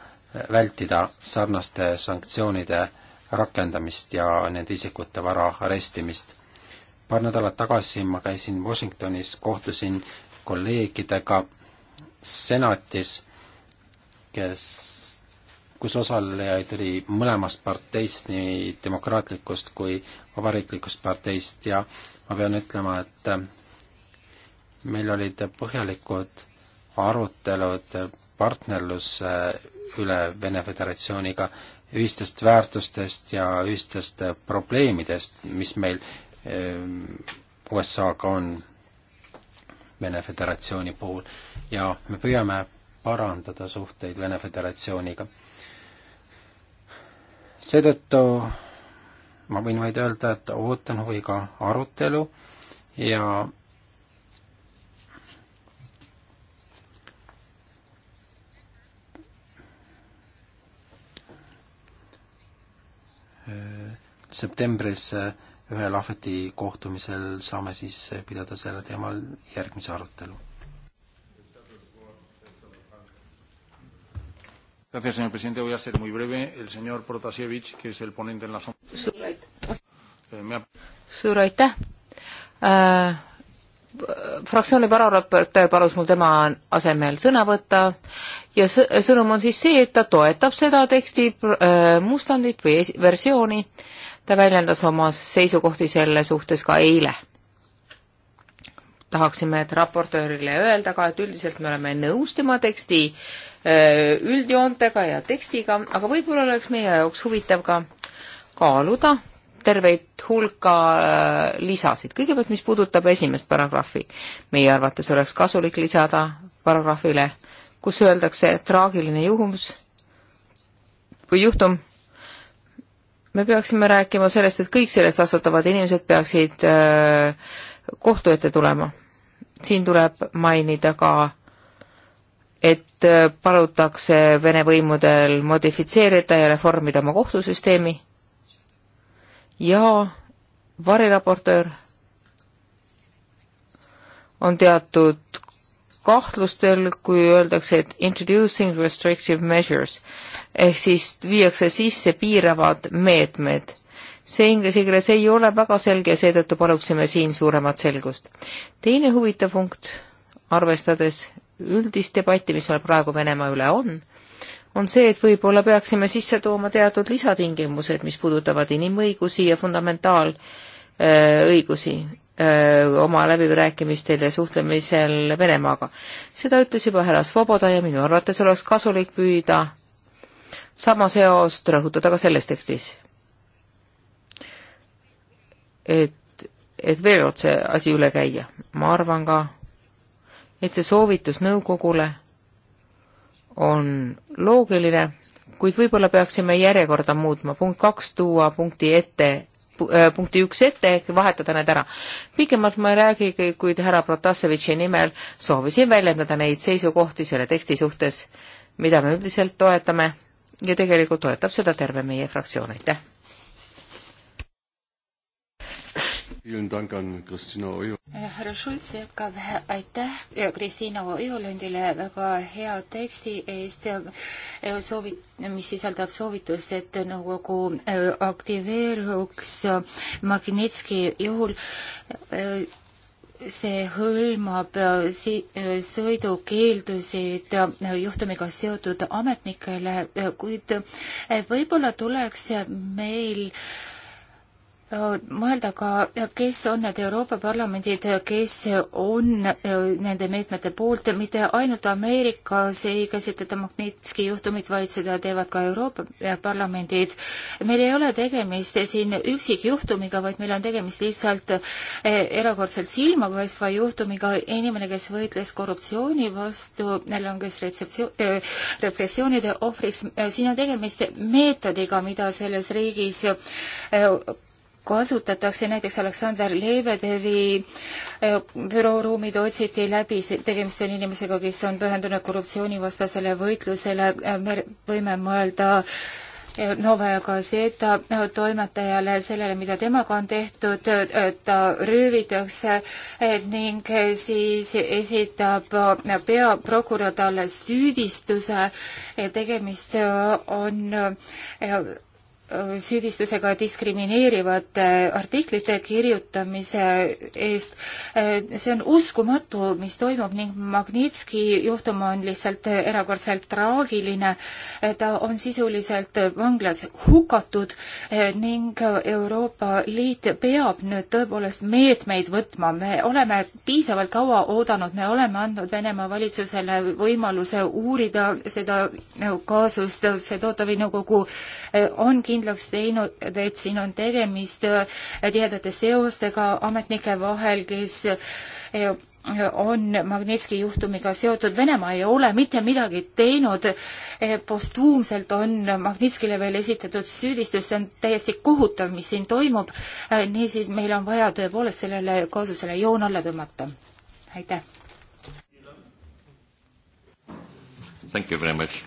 vältida sarnaste sanktsioonide rakendamist ja nende isikute vara arestimist paar nädalat tagasi ma käisin Washingtonis, kohtusin kolleegidega senatis, kes, kus osalejaid oli mõlemast parteist, nii demokraatlikust kui vabariiklikust parteist ja ma pean ütlema, et äh, meil olid põhjalikud arutelud partnerluse üle Vene Föderatsiooniga, ühistest väärtustest ja ühistest probleemidest, mis meil Ehm, USA-ga on Vene Föderatsiooni puhul ja me püüame parandada suhteid Vene Föderatsiooniga. seetõttu ma võin vaid öelda, et ootan huviga arutelu ja ehm, septembris äh, ühel ahveti kohtumisel saame siis pidada sellel teemal järgmise arutelu. Gracias, señor presidente. Voy a ser muy breve. El señor Protasevich, que es el ponente en la sombra. Eh, Suur aitäh äh,! fraktsiooni vararaportöör palus mul tema asemel sõna võtta ja sõnum on siis see, et ta toetab seda teksti äh, mustandit või versiooni äh, ta väljendas oma seisukohti selle suhtes ka eile. tahaksime, et raportöörile öelda ka, et üldiselt me oleme nõus tema teksti äh, üldjoontega ja tekstiga, aga võib-olla oleks meie jaoks huvitav ka kaaluda terveid hulka äh, lisasid. kõigepealt, mis puudutab esimest paragrahvi, meie arvates oleks kasulik lisada paragrahvile, kus öeldakse traagiline juhus või juhtum me peaksime rääkima sellest, et kõik sellest vastutavad inimesed peaksid äh, kohtu ette tulema. siin tuleb mainida ka, et äh, palutakse Vene võimudel modifitseerida ja reformida oma kohtusüsteemi ja variraportöör on teatud kahtlustel, kui öeldakse, et introducing restrictive measures ehk siis viiakse sisse piiravad meetmed. see inglise keeles ei ole väga selge, seetõttu paluksime siin suuremat selgust. teine huvitav punkt, arvestades üldist debatti, mis meil praegu Venemaa üle on, on see, et võib-olla peaksime sisse tooma teatud lisatingimused, mis puudutavad inimõigusi ja fundamentaal äh, õigusi öö, oma läbirääkimistel ja suhtlemisel Venemaaga. seda ütles juba härra Svoboda ja minu arvates oleks kasulik püüda sama seost rõhutada ka selles tekstis. et, et veel kord see asi üle käia. ma arvan ka, et see soovitus nõukogule on loogiline kuid võib-olla peaksime järjekorda muutma, punkt kaks tuua punkti ette, äh, punkti üks ette ehk vahetada need ära. pikemalt ma ei räägigi, kuid härra Protasevitši nimel soovisin väljendada neid seisukohti selle teksti suhtes, mida me üldiselt toetame ja tegelikult toetab seda terve meie fraktsioon, aitäh! Äh, härra Schulz jätkab, aitäh Kristiina Ojulendile väga hea teksti eest ja äh, soovi, mis sisaldab soovitust, et nõukogu äh, aktiveeruks Magnitski juhul see hõlmab sõidukeeldusid juhtumiga seotud ametnikele, kuid võib-olla tuleks meil äh, Äh, mõelda ka, kes on need Euroopa Parlamendid, kes on äh, nende meetmete poolt, mitte ainult Ameerikas ei käsitleta Magnitski juhtumit, vaid seda teevad ka Euroopa äh, Parlamendid. meil ei ole tegemist siin üksikjuhtumiga, vaid meil on tegemist lihtsalt erakordselt silmapaistva juhtumiga, inimene, kes võitles korruptsiooni vastu, langes retseptsioon äh,, repressioonide ohvriks, siin on tegemist meetodiga, mida selles riigis äh, kasutatakse, näiteks Aleksander Lebedevi eh, bürooruumid otsiti läbi, tegemist on inimesega, kes on pühendunud korruptsioonivastasele võitlusele, eh, me võime mõelda eh, Novaja Gazeta toimetajale, sellele, mida temaga on tehtud, ta röövitakse ning siis esitab peaprokurör talle süüdistuse, tegemist on süüdistusega diskrimineerivate artiklite kirjutamise eest. see on uskumatu, mis toimub ning Magnitski juhtum on lihtsalt erakordselt traagiline. ta on sisuliselt vanglas hukatud ning Euroopa Liit peab nüüd tõepoolest meetmeid võtma. me oleme piisavalt kaua oodanud, me oleme andnud Venemaa valitsusele võimaluse uurida seda kaasust. Fedotovi nõukogu on kindlasti kindlaks teinud, et siin on tegemist äh, tihedate seostega ametnike vahel, kes äh, on Magnitski juhtumiga seotud, Venemaa ei ole mitte midagi teinud, äh, postuumselt on Magnitskile veel esitatud süüdistus, see on täiesti kohutav, mis siin toimub, niisiis meil on vaja tõepoolest sellele kaasusele joon alla tõmmata. aitäh! Thank you very much.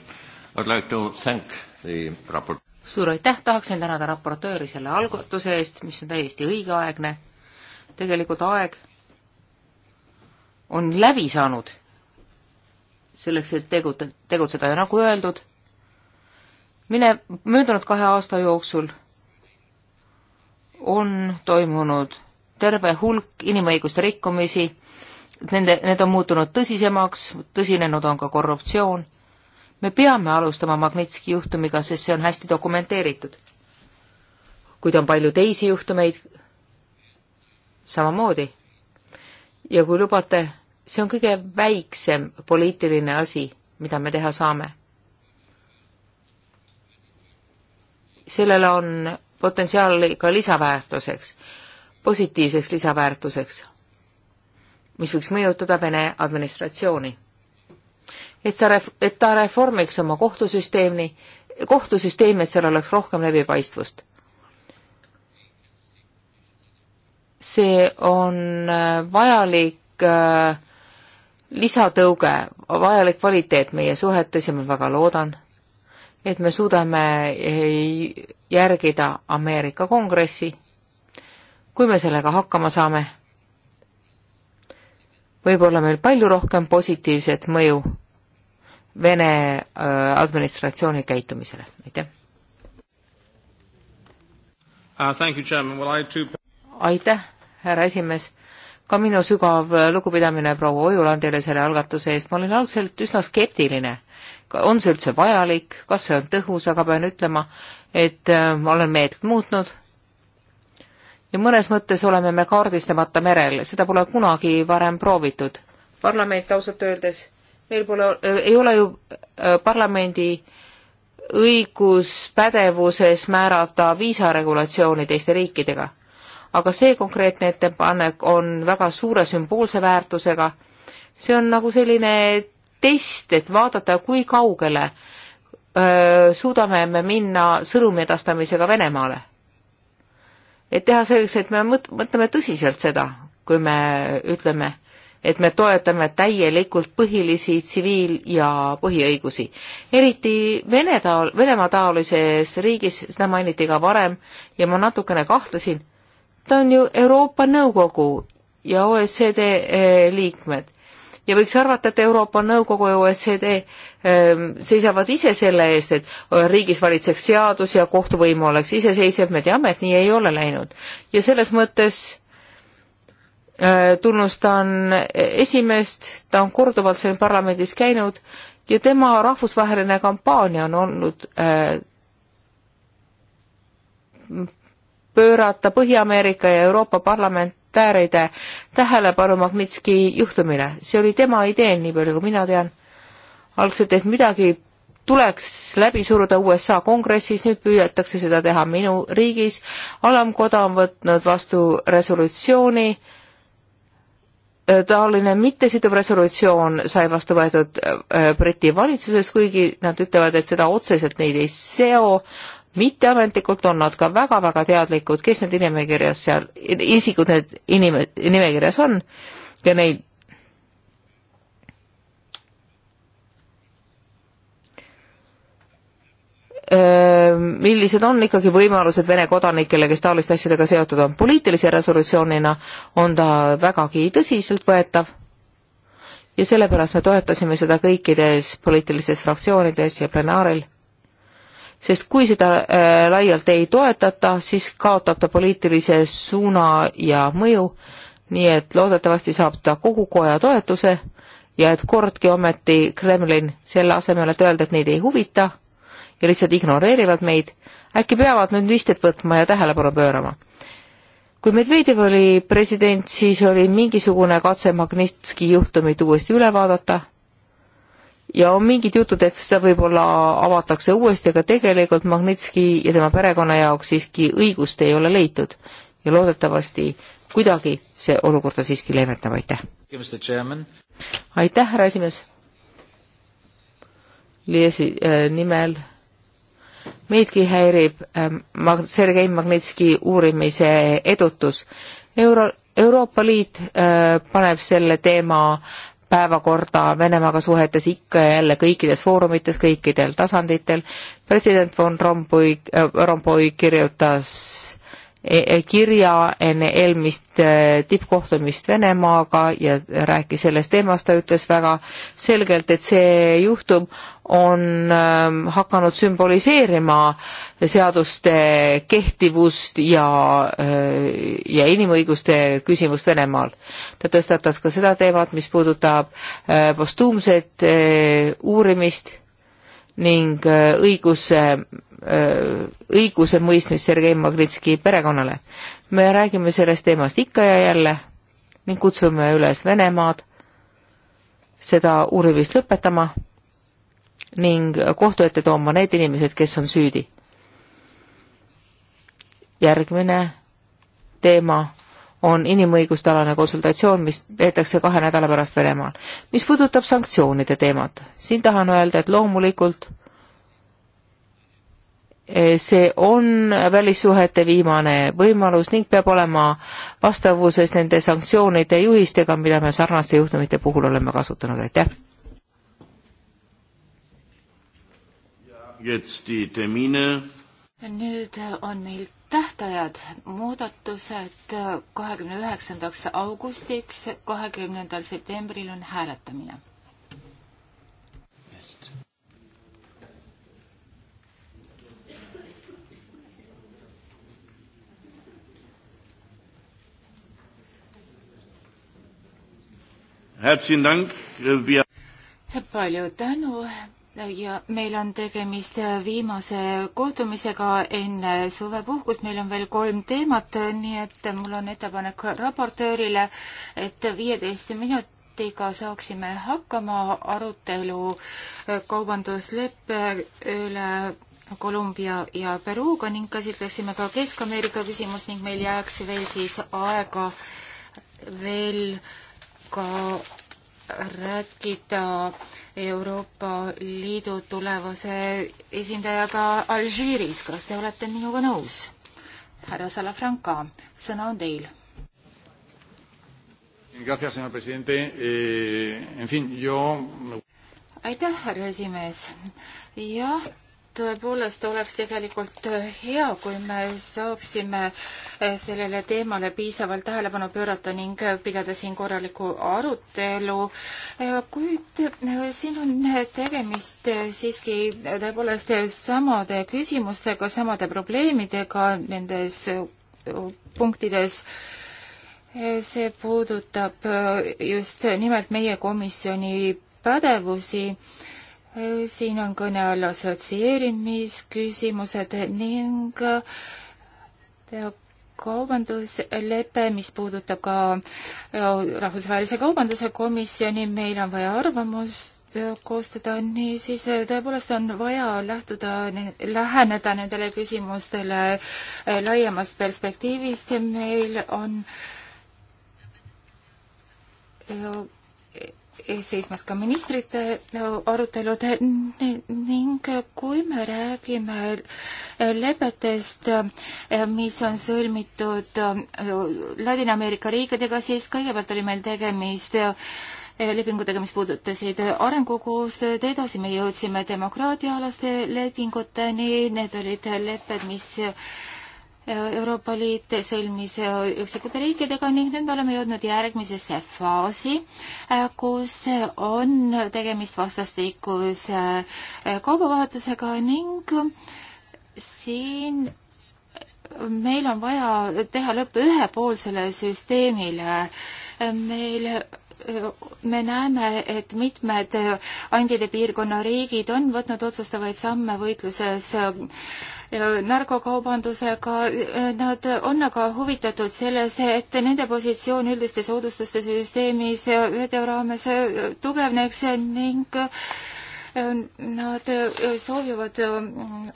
I would like to thank the rapport- suur aitäh, tahaksin tänada raportööri selle algatuse eest, mis on täiesti õigeaegne. tegelikult aeg on läbi saanud selleks, et tegut-, tegutseda ja nagu öeldud, mine, möödunud kahe aasta jooksul on toimunud terve hulk inimõiguste rikkumisi, nende, need on muutunud tõsisemaks, tõsinenud on ka korruptsioon me peame alustama Magnitski juhtumiga, sest see on hästi dokumenteeritud. kuid on palju teisi juhtumeid samamoodi. ja kui lubate, see on kõige väiksem poliitiline asi, mida me teha saame. sellel on potentsiaali ka lisaväärtuseks, positiivseks lisaväärtuseks, mis võiks mõjutada Vene administratsiooni et sa, et ta reformiks oma kohtusüsteemi, kohtusüsteemi, et seal oleks rohkem läbipaistvust. see on äh, vajalik äh, lisatõuge, vajalik kvaliteet meie suhetes ja ma väga loodan, et me suudame eh, järgida Ameerika Kongressi, kui me sellega hakkama saame. võib olla meil palju rohkem positiivset mõju Vene äh, administratsiooni käitumisele, aitäh uh,. aitäh, härra esimees ka minu sügav lugupidamine proua Ojulandile selle algatuse eest, ma olin algselt üsna skeptiline. on see üldse vajalik, kas see on tõhus, aga pean ütlema, et äh, ma olen meelt muutnud. ja mõnes mõttes oleme me kaardistamata merel, seda pole kunagi varem proovitud. parlament ausalt öeldes meil pole, äh, ei ole ju äh, parlamendi õiguspädevuses määrata viisaregulatsiooni teiste riikidega. aga see konkreetne ettepanek on väga suure sümboolse väärtusega, see on nagu selline test, et vaadata, kui kaugele öö, äh, suudame me minna sõnumi edastamisega Venemaale. et teha selleks, et me mõt-, mõtleme tõsiselt seda, kui me ütleme, et me toetame täielikult põhilisi tsiviil- ja põhiõigusi. eriti Vene taol-, Venemaa taolises riigis, seda mainiti ka varem ja ma natukene kahtlesin, ta on ju Euroopa Nõukogu ja OECD eh, liikmed. ja võiks arvata, et Euroopa Nõukogu ja OECD ehm, seisavad ise selle eest, et riigis valitseks seadus ja kohtuvõim oleks iseseisev, me teame, et nii ei ole läinud. ja selles mõttes Äh, tunnustan esimeest, ta on korduvalt siin parlamendis käinud ja tema rahvusvaheline kampaania on olnud äh, pöörata Põhja-Ameerika ja Euroopa parlamentääride tähelepanu Magnitski juhtumile. see oli tema idee, nii palju kui mina tean. algselt, et midagi tuleks läbi suruda USA kongressis, nüüd püüetakse seda teha minu riigis. alamkoda on võtnud vastu resolutsiooni äh, taoline mittesiduv resolutsioon sai vastu võetud äh, Briti valitsuses, kuigi nad ütlevad, et seda otseselt neid ei seo, mitteametlikult on nad ka väga-väga teadlikud, kes need nimekirjas seal, isikud need inim-, nimekirjas on ja neid millised on ikkagi võimalused Vene kodanikele, kes taoliste asjadega seotud on. poliitilise resolutsioonina on ta vägagi tõsiseltvõetav ja sellepärast me toetasime seda kõikides poliitilistes fraktsioonides ja plenaaril. sest kui seda äh, laialt ei toetata, siis kaotab ta poliitilise suuna ja mõju, nii et loodetavasti saab ta kogu koja toetuse ja et kordki ometi Kremlin selle asemel, et öelda, et neid ei huvita, ja lihtsalt ignoreerivad meid, äkki peavad nüüd istet võtma ja tähelepanu pöörama. kui Medvedjev oli president, siis oli mingisugune katse Magnitski juhtumit uuesti üle vaadata ja on mingid jutud, et seda võib-olla avatakse uuesti, aga tegelikult Magnitski ja tema perekonna jaoks siiski õigust ei ole leitud ja loodetavasti kuidagi see olukorda siiski leevendab, aitäh. aitäh, härra esimees. Liesi äh, nimel meidki häirib ähm, mag-, Sergei Magnitski uurimise edutus. Euro, Euroopa Liit öö, äh, paneb selle teema päevakorda Venemaaga suhetes ikka ja jälle kõikides foorumites, kõikidel tasanditel. president von Rompuy äh,, Rompuy kirjutas E, e, kirja enne eelmist e, tippkohtumist Venemaaga ja rääkis sellest teemast, ta ütles väga selgelt, et see juhtum on ähm, hakanud sümboliseerima seaduste kehtivust ja, äh, ja inimõiguste küsimust Venemaal. ta tõstatas ka seda teemat, mis puudutab äh, postuumset äh, uurimist ning õiguse Äh, õigusemõistmist Sergei Magnitski perekonnale. me räägime sellest teemast ikka ja jälle ning kutsume üles Venemaad seda uurimist lõpetama ning kohtu ette tooma need inimesed, kes on süüdi. järgmine teema on inimõiguste alane konsultatsioon, mis peetakse kahe nädala pärast Venemaal. mis puudutab sanktsioonide teemat, siin tahan öelda, et loomulikult Eh, see on välissuhete viimane võimalus ning peab olema vastavuses nende sanktsioonide juhistega, mida me sarnaste juhtumite puhul oleme kasutanud, aitäh. nüüd on meil tähtajad, muudatused kahekümne üheksandaks augustiks, kahekümnendal septembril on hääletamine palju tänu ja meil on tegemist viimase kohtumisega enne suvepuhkust, meil on veel kolm teemat, nii et mul on ettepanek raportöörile, et viieteist minutiga saaksime hakkama arutelu kaubandusleppe üle Kolumbia ja Peruga ning käsitleksime ka Kesk-Ameerika küsimust ning meil jääks veel siis aega veel äh, ka rääkida Euroopa Liidu tulevase esindajaga Alžiiris. kas te olete minuga nõus? härra Salafranca, sõna on teil. Eh, aitäh, härra esimees. jah tõepoolest oleks tegelikult hea, kui me saaksime eh, sellele teemale piisavalt tähelepanu pöörata ning pidada siin korralikku arutelu, eh, kuid eh, siin on tegemist siiski tõepoolest samade küsimustega, samade probleemidega nendes punktides see puudutab just nimelt meie komisjoni pädevusi siin on kõne all assotsieerimisküsimused ning äh, kaubanduslepe, mis puudutab ka äh, Rahvusvahelise Kaubanduse Komisjoni, meil on vaja arvamust äh, koostada, niisiis tõepoolest on vaja lähtuda, läheneda nendele küsimustele laiemast perspektiivist ja meil on ees seismas ka ministrite arutelud ning kui me räägime lepetest, mis on sõlmitud Ladina-Ameerika riikidega, siis kõigepealt oli meil tegemist lepingutega, mis puudutasid arengukoostööd, edasi me jõudsime demokraatiaalaste lepinguteni, need olid lepped, mis Euroopa Liit sõlmis äh, üksikute riikidega ning nüüd me oleme jõudnud järgmisesse faasi, äh, kus on tegemist vastastikuse äh, kaubavahetusega ning siin meil on vaja teha lõpp ühepoolsele süsteemile. meil me näeme, et mitmed Andide piirkonna riigid on võtnud otsustavaid samme võitluses äh, narkokaubandusega, nad on aga huvitatud selles, et nende positsioon üldiste soodustuste süsteemis äh, ÜDO raames äh, tugevneks ning Nad äh, soovivad äh,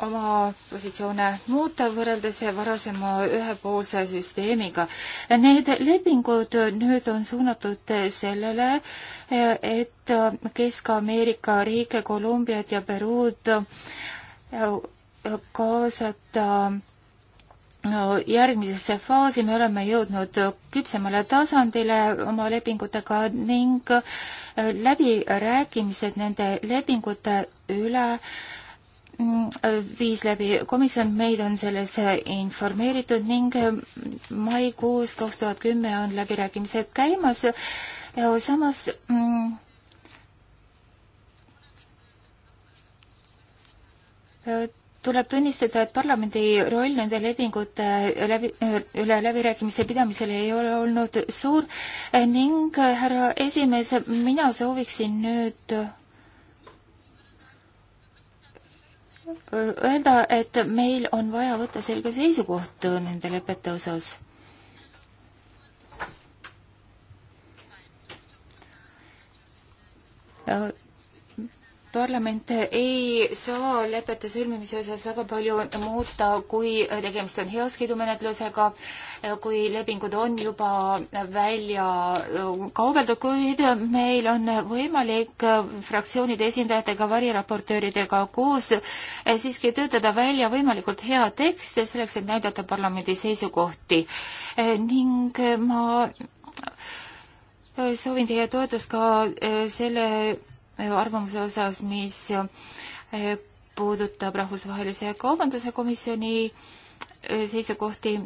oma positsioone muuta võrreldes varasema ühepoolse süsteemiga. Need lepingud nüüd on suunatud sellele, äh, et Kesk-Ameerika riike Kolumbiat ja Peruud kaasata no järgmisesse faasi me oleme jõudnud küpsemale tasandile oma lepingutega ning äh, läbirääkimised nende lepingute üle mm, viis läbi komisjon, meid on selles äh, informeeritud ning äh, maikuus kaks tuhat kümme on läbirääkimised käimas. samas mm, tuleb tunnistada, et parlamendi roll nende lepingute läbi, üle läbirääkimiste pidamisel ei ole olnud suur ning härra esimees, mina sooviksin nüüd öelda, et meil on vaja võtta selge seisukoht nende lepete osas. Uh, parlament ei saa lepete sõlmimise osas väga palju muuta, kui tegemist on heakskiidumenetlusega, kui lepingud on juba välja kaubeldud, kuid meil on võimalik fraktsioonide esindajatega, variraportööridega koos siiski töötada välja võimalikult hea tekst selleks, et näidata parlamendi seisukohti ning ma soovin teie toetust ka selle Äh, arvamuse osas, mis äh, puudutab Rahvusvahelise Kaubanduse Komisjoni äh, seisukohti.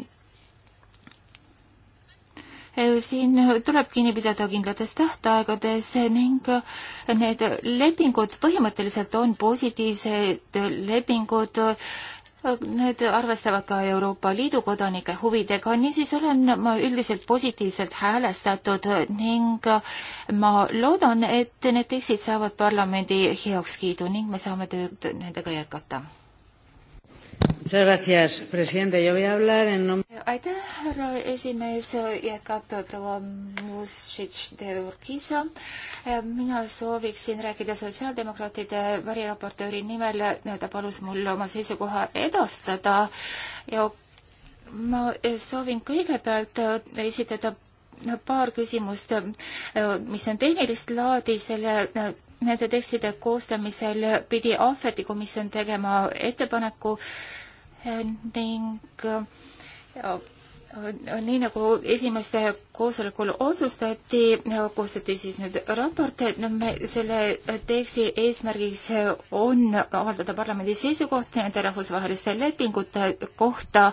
siin tuleb kinni pidada kindlatest tähtaegades ning need lepingud põhimõtteliselt on positiivsed lepingud Need arvestavad ka Euroopa Liidu kodanike huvidega, niisiis olen ma üldiselt positiivselt häälestatud ning ma loodan, et need tekstid saavad parlamendi heakskiidu ning me saame tööd nendega jätkata aitäh, härra esimees, jätkab proua Musšitš-Deurkisa. mina sooviksin rääkida sotsiaaldemokraatide variraportööri nimel, ta palus mul oma seisukoha edastada ja ma soovin kõigepealt esitada paar küsimust, mis on tehnilist laadi selle nende tekstide koostamisel pidi Ahveti komisjon tegema ettepaneku eh, ning eh, nii nagu esimeste koosolekul otsustati, eh, koostati siis nüüd raport, et noh, me selle teksti eesmärgiks on avaldada parlamendi seisukoht nende rahvusvaheliste lepingute kohta.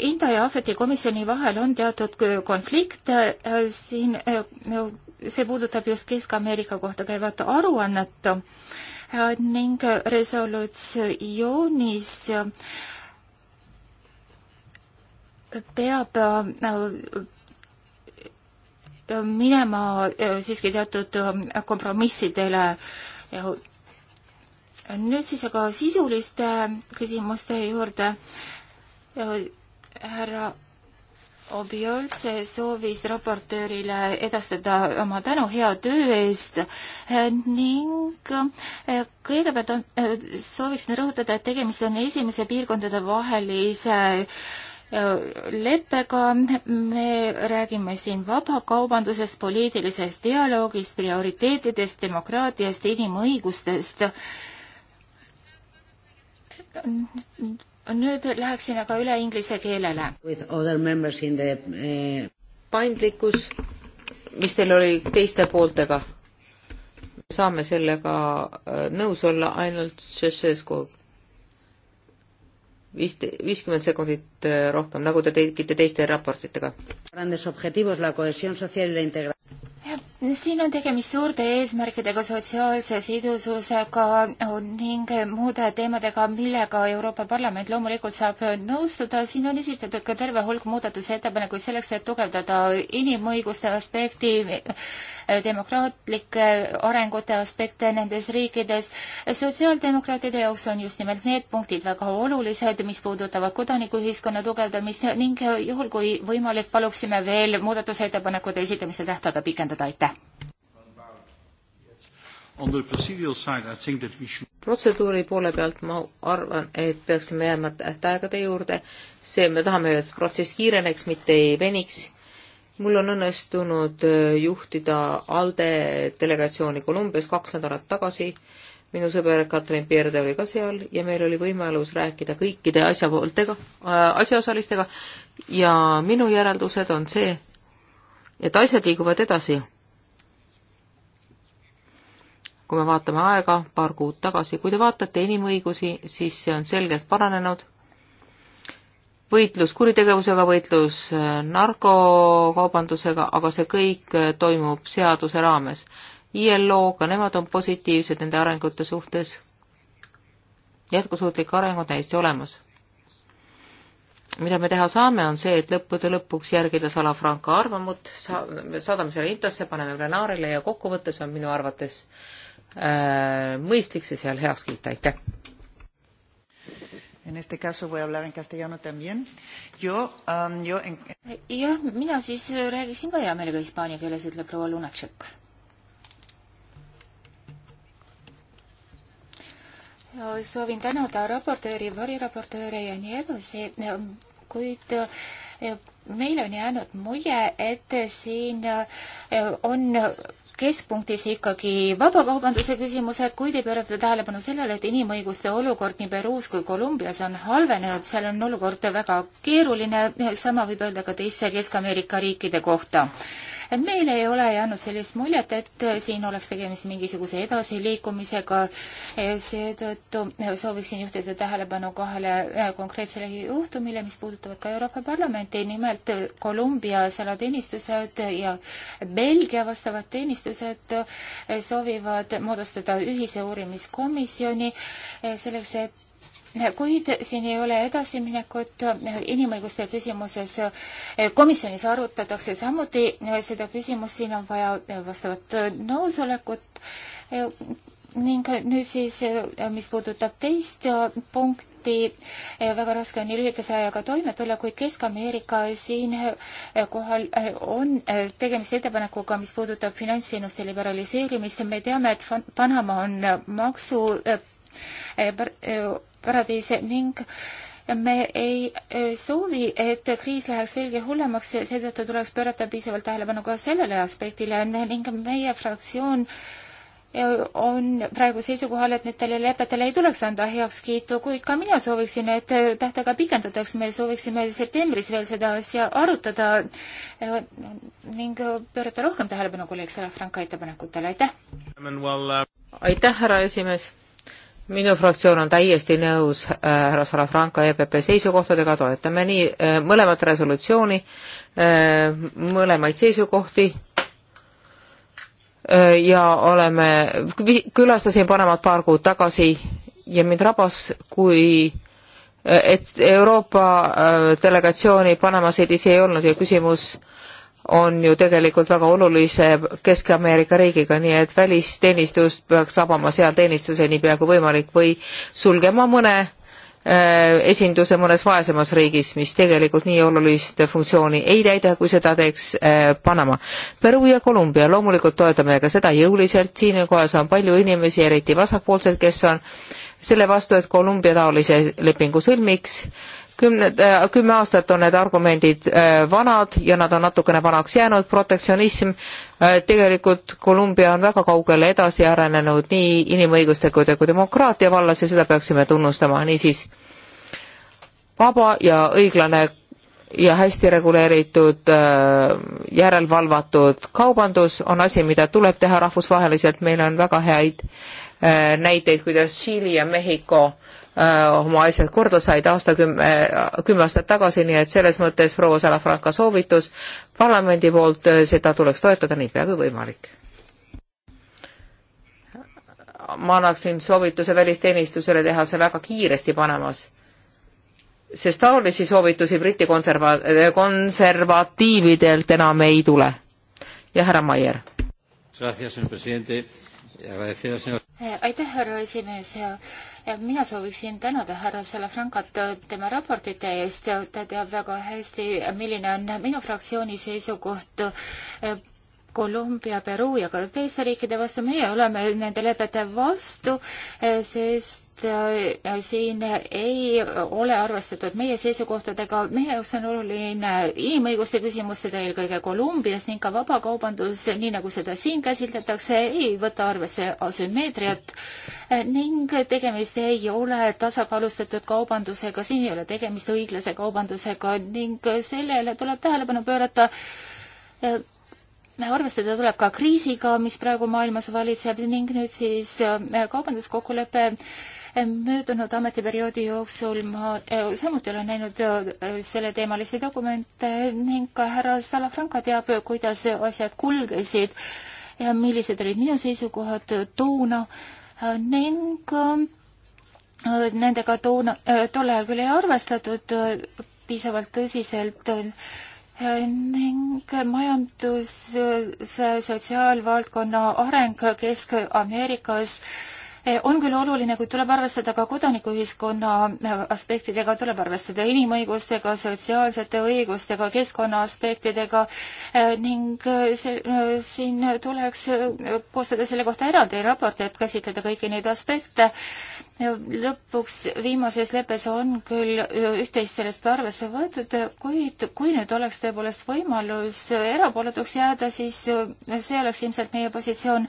Inda ja Ahveti komisjoni vahel on teatud konflikt, siin see puudutab just Kesk-Ameerika kohta käivat aruannet äh, ning resolutsioonis äh, peab äh, minema siiski teatud kompromissidele nüüd siis aga sisuliste küsimuste juurde. härra Obiolse soovis raportöörile edastada oma tänu hea töö eest eh, ning eh, kõigepealt on, eh, sooviksin rõhutada, et tegemist on esimese piirkondade vahelise leppega me räägime siin vabakaubandusest, poliitilisest dialoogist, prioriteetidest, demokraatiast, inimõigustest nüüd läheksin aga üle inglise keelele. Eh... paindlikkus, mis teil oli teiste pooltega? saame sellega eh, nõus olla ainult Šešesku. vist, viiskümmend sekundit eh, rohkem, nagu te tegite teiste raportitega siin on tegemist suurte eesmärkidega sotsiaalse sidususega ning muude teemadega, millega Euroopa Parlament loomulikult saab nõustuda. siin on esitatud ka terve hulk muudatusettepanekuid selleks, et tugevdada inimõiguste aspekti, demokraatlike arengute aspekte nendes riikides. sotsiaaldemokraatide jaoks on just nimelt need punktid väga olulised, mis puudutavad kodanikuühiskonna tugevdamist ning juhul, kui võimalik, paluksime veel muudatusettepanekute esitamise tähtaega pikendada, aitäh! protseduuri poole pealt ma arvan, et peaksime jääma tähtaegade juurde. see, me tahame, et protsess kiireneks, mitte ei veniks. mul on õnnestunud äh, juhtida ALDE delegatsiooni Kolumbias kaks nädalat tagasi. minu sõber Katrin Pierde oli ka seal ja meil oli võimalus rääkida kõikide asjapooltega, äh, asjaosalistega ja minu järeldused on see, et asjad liiguvad edasi kui me vaatame aega paar kuud tagasi, kui te vaatate inimõigusi, siis see on selgelt paranenud. võitlus kuritegevusega, võitlus äh, narkokaubandusega, aga see kõik äh, toimub seaduse raames. ILO, ka nemad on positiivsed nende arengute suhtes. jätkusuutlik areng on täiesti olemas. mida me teha saame, on see, et lõppude lõpuks järgida Salafranca arvamut, sa-, saadame selle intosse, paneme plenaarile ja kokkuvõttes on minu arvates äh, Äh, mõistlik see seal heaks kiita, aitäh. En este caso voy a hablar en castellano también. Yo, um, yo en... jah, mina siis räägiksin ka hea meelega hispaania keeles, ütleb proua Lunatšek. soovin tänada raportööri, variraportööre ja nii edasi, kuid meil on jäänud mulje, et siin äh, on keskpunktis ikkagi vabakaubanduse küsimused, kuid ei pöörata tähelepanu sellele, et inimõiguste olukord nii Peruus kui Kolumbias on halvenenud, seal on olukord väga keeruline, sama võib öelda ka teiste Kesk-Ameerika riikide kohta meil ei ole jäänud sellist muljet, et äh, siin oleks tegemist mingisuguse edasiliikumisega, seetõttu äh, sooviksin juhtida tähelepanu kahele äh, konkreetsele juhtumile, mis puudutavad ka Euroopa Parlamenti, nimelt Kolumbia salateenistused ja Belgia vastavad teenistused soovivad moodustada ühise uurimiskomisjoni selleks, et kuid siin ei ole edasiminekut inimõiguste küsimuses. komisjonis arutatakse samuti seda küsimust, siin on vaja vastavat nõusolekut ning nüüd siis, mis puudutab teist punkti, väga raske on nii lühikese ajaga toime tulla, kuid Kesk-Ameerika siinkohal on tegemist ettepanekuga, mis puudutab finantsteenuste liberaliseerimist. me teame, et Panama on maksu eh, paradiise ning me ei e, soovi, et kriis läheks veelgi hullemaks, seetõttu tuleks pöörata piisavalt tähelepanu ka sellele aspektile ning meie fraktsioon e, on praegu seisukohal, et nendele lepetele ei tuleks anda heakskiitu, kuid ka mina sooviksin, et tähtaega pikendataks, me sooviksime septembris veel seda asja arutada e, ning pöörata rohkem tähelepanu kolleeg Salafranca ettepanekutele, aitäh! aitäh, härra esimees! minu fraktsioon on täiesti nõus äh, härra äh, Salafranca EPP seisukohtadega, toetame nii äh, mõlemat resolutsiooni äh,, mõlemaid seisukohti äh, ja oleme, külastasin Panamaad paar kuud tagasi ja mind rabas, kui äh, et Euroopa äh, delegatsiooni Panama seedis ei olnud ja küsimus äh, on ju tegelikult väga olulise Kesk-Ameerika riigiga, nii et välisteenistust peaks avama seal teenistuse niipea kui võimalik või sulgema mõne äh, esinduse mõnes vaesemas riigis, mis tegelikult nii olulist funktsiooni ei täida, kui seda teeks äh, Panama. Peru ja Kolumbia, loomulikult toetame ka seda jõuliselt, siinkohas on palju inimesi, eriti vasakpoolsed, kes on selle vastu, et Kolumbia taolise lepingu sõlmiks kümned, äh, kümme aastat on need argumendid äh, vanad ja nad on natukene vanaks jäänud, protektsionism, äh, tegelikult Kolumbia on väga kaugele edasi arenenud nii inimõiguste kui ka demokraatia vallas ja seda peaksime tunnustama, niisiis vaba ja õiglane ja hästi reguleeritud järelvalvatud kaubandus on asi, mida tuleb teha rahvusvaheliselt, meil on väga häid näiteid, kuidas Tšiili ja Mehhiko äh, Äh, oma asjad korda said aastakümme, äh, kümme aastat tagasi, nii et selles mõttes proua Salafranca soovitus parlamendi poolt, äh, seda tuleks toetada niipea kui võimalik. ma annaksin soovituse välisteenistusele teha see väga kiiresti panemas, sest taolisi soovitusi Briti konserva-, konservatiividelt enam ei tule. ja härra Maier. Eh, aitäh, härra esimees ja mina sooviksin tänada härra Salafrankat tema raportite eest ja ta teab väga hästi, milline on minu fraktsiooni seisukoht eh, Kolumbia, Peruu ja ka teiste riikide vastu, meie oleme nende lepete vastu, eh, sest et äh, siin ei ole arvestatud meie seisukohtadega. meie jaoks on oluline inimõiguste küsimused eelkõige Kolumbias ning ka vabakaubandus, nii nagu seda siin käsitletakse, ei võta arvesse asümmeetriat ning tegemist ei ole tasakaalustatud kaubandusega, siin ei ole tegemist õiglase kaubandusega ning sellele tuleb tähelepanu pöörata äh, arvestada tuleb ka kriisiga, mis praegu maailmas valitseb ning nüüd siis äh, kaubanduskokkulepe möödunud ametiperioodi jooksul ma äh, samuti olen näinud äh, selleteemalisi dokumente ning ka härra Salafranca teab, kuidas asjad kulgesid ja millised olid minu seisukohad toona ning äh, nendega toona, tol ajal küll ei arvestatud piisavalt tõsiselt ning majandus, sotsiaalvaldkonna areng Kesk-Ameerikas äh, Eh, on küll oluline, kuid tuleb arvestada ka kodanikuühiskonna eh, aspektidega, tuleb arvestada inimõigustega, sotsiaalsete õigustega, keskkonna aspektidega eh, ning see, siin tuleks koostada selle kohta eraldi raport, et käsitleda kõiki neid aspekte lõpuks viimases leppes on küll üht-teist sellest arvesse võetud, kuid kui nüüd oleks tõepoolest võimalus erapooletuks jääda, siis see oleks ilmselt meie positsioon.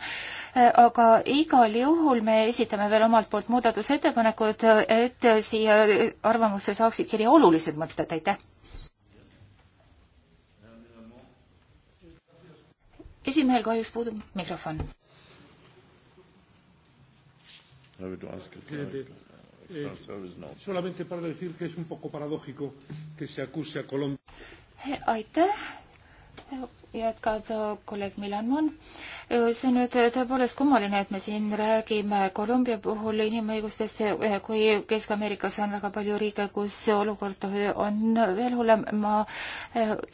aga igal juhul me esitame veel omalt poolt muudatusettepanekud, et siia arvamusse saaksid kirja olulised mõtted, aitäh! esimehel kahjuks puudub mikrofon Presidente, eh, solamente para decir que es un poco paradójico que se acuse a Colombia. aitäh jätkab äh, kolleeg Milan Mon. Äh, see on nüüd äh, tõepoolest kummaline, et me siin räägime Kolumbia puhul inimõigustest, kui Kesk-Ameerikas on väga palju riike, kus olukord on veel hullem. ma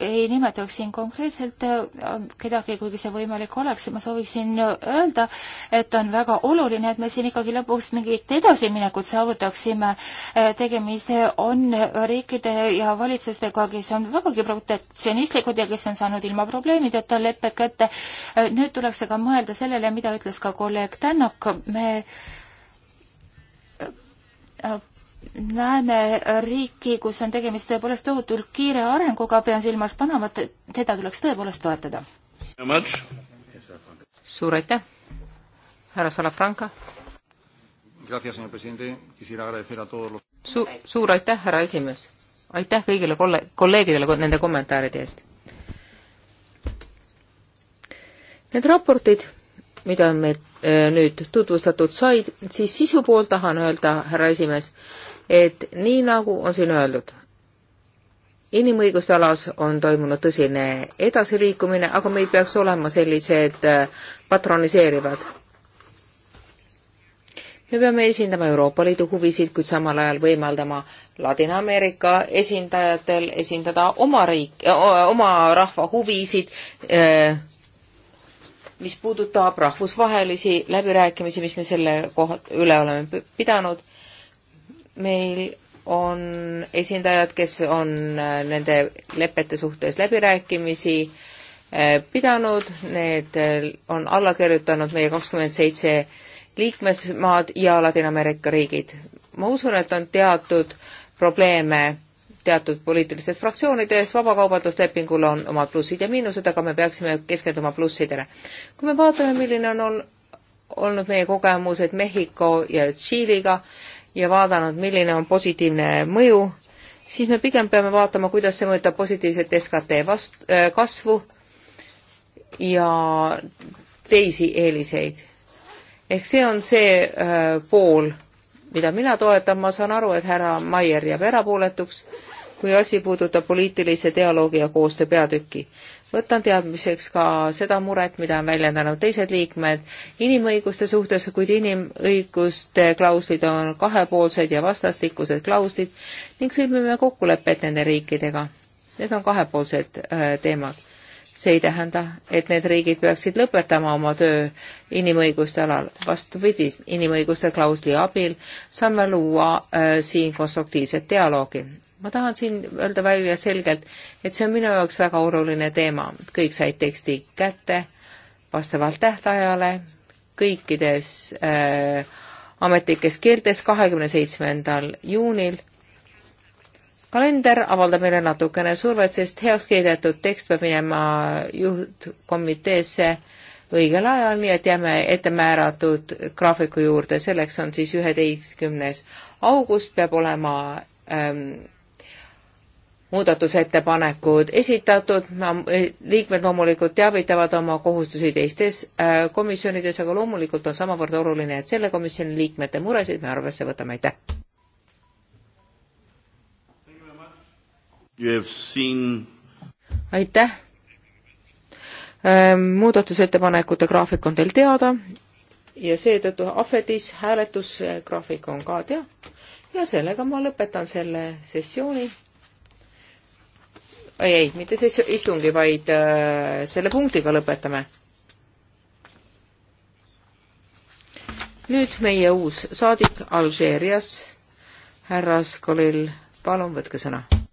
ei nimetaks siin konkreetselt kedagi, kuigi see võimalik oleks. ma sooviksin öelda, et on väga oluline, et me siin ikkagi lõpuks mingit edasiminekut saavutaksime. tegemist on riikide ja valitsustega, kes on vägagi protektsionistlikud ja kes on saanud ilma probleemi probleemideta lepped kätte. Äh, nüüd tuleks aga mõelda sellele, mida ütles ka kolleeg Tänak, me äh, äh, näeme riiki, kus on tegemist tõepoolest tohutult kiire arenguga, pean silmas Panamat, teda tuleks tõepoolest toetada. suur aitäh, härra Salafranca. Su-, suur aitäh, härra esimees. aitäh kõigile kolle-, kolleegidele nende kommentaaride eest. Need raportid, mida me äh, nüüd tutvustatud said, siis sisu poolt tahan öelda, härra esimees, et nii nagu on siin öeldud, inimõiguste alas on toimunud tõsine edasiliikumine, aga meil peaks olema sellised äh, patroniseerivad. me peame esindama Euroopa Liidu huvisid, kuid samal ajal võimaldama Ladina-Ameerika esindajatel esindada oma riik, äh, oma rahva huvisid öö, mis puudutab rahvusvahelisi läbirääkimisi, mis me selle koha üle oleme pidanud. meil on esindajad, kes on äh, nende lepete suhtes läbirääkimisi äh, pidanud, need äh, on alla kirjutanud meie kakskümmend seitse liikmesmaad ja Ladina-Ameerika riigid. ma usun, et on teatud probleeme teatud poliitilistes fraktsioonides, vabakaubanduslepingul on omad plussid ja miinused, aga me peaksime keskenduma plussidele. kui me vaatame, milline on ol-, olnud meie kogemused Mehhiko ja Tšiiliga ja vaadanud, milline on positiivne mõju, siis me pigem peame vaatama, kuidas see mõjutab positiivset SKT vast-, äh, kasvu ja teisi eeliseid. ehk see on see öö, äh, pool, mida mina toetan, ma saan aru, et härra Maier jääb erapooletuks kui asi puudutab poliitilise dialoogi ja koostöö peatüki. võtan teadmiseks ka seda muret, mida on väljendanud teised liikmed inimõiguste suhtes, kuid inimõiguste klauslid on kahepoolsed ja vastastikused klauslid ning sõlmime kokkulepped nende riikidega. Need on kahepoolsed äh, teemad. see ei tähenda, et need riigid peaksid lõpetama oma töö inimõiguste alal. vastupidi, inimõiguste klausli abil saame luua äh, siin konstruktiivset dialoogi ma tahan siin öelda välja selgelt, et see on minu jaoks väga oluline teema, kõik said teksti kätte vastavalt tähtajale, kõikides äh, ametlikes keeltes kahekümne seitsmendal juunil. kalender avaldab meile natukene survet, sest heaks kiidetud tekst peab minema juhtkomiteesse õigel ajal, nii et jääme ettemääratud graafiku juurde, selleks on siis üheteistkümnes august peab olema ähm, muudatusettepanekud esitatud, eh, liikmed loomulikult teavitavad oma kohustusi teistes äh, komisjonides, aga loomulikult on samavõrd oluline, et selle komisjoni liikmete muresid me arvesse võtame, aitäh! Seen... aitäh! Ähm, muudatusettepanekute graafik on teil teada ja seetõttu ahvedis hääletusgraafik on ka teada ja sellega ma lõpetan selle sessiooni ei, mitte siis istungi, vaid äh, selle punktiga lõpetame. nüüd meie uus saadik Alžeerias, härra Skolil, palun võtke sõna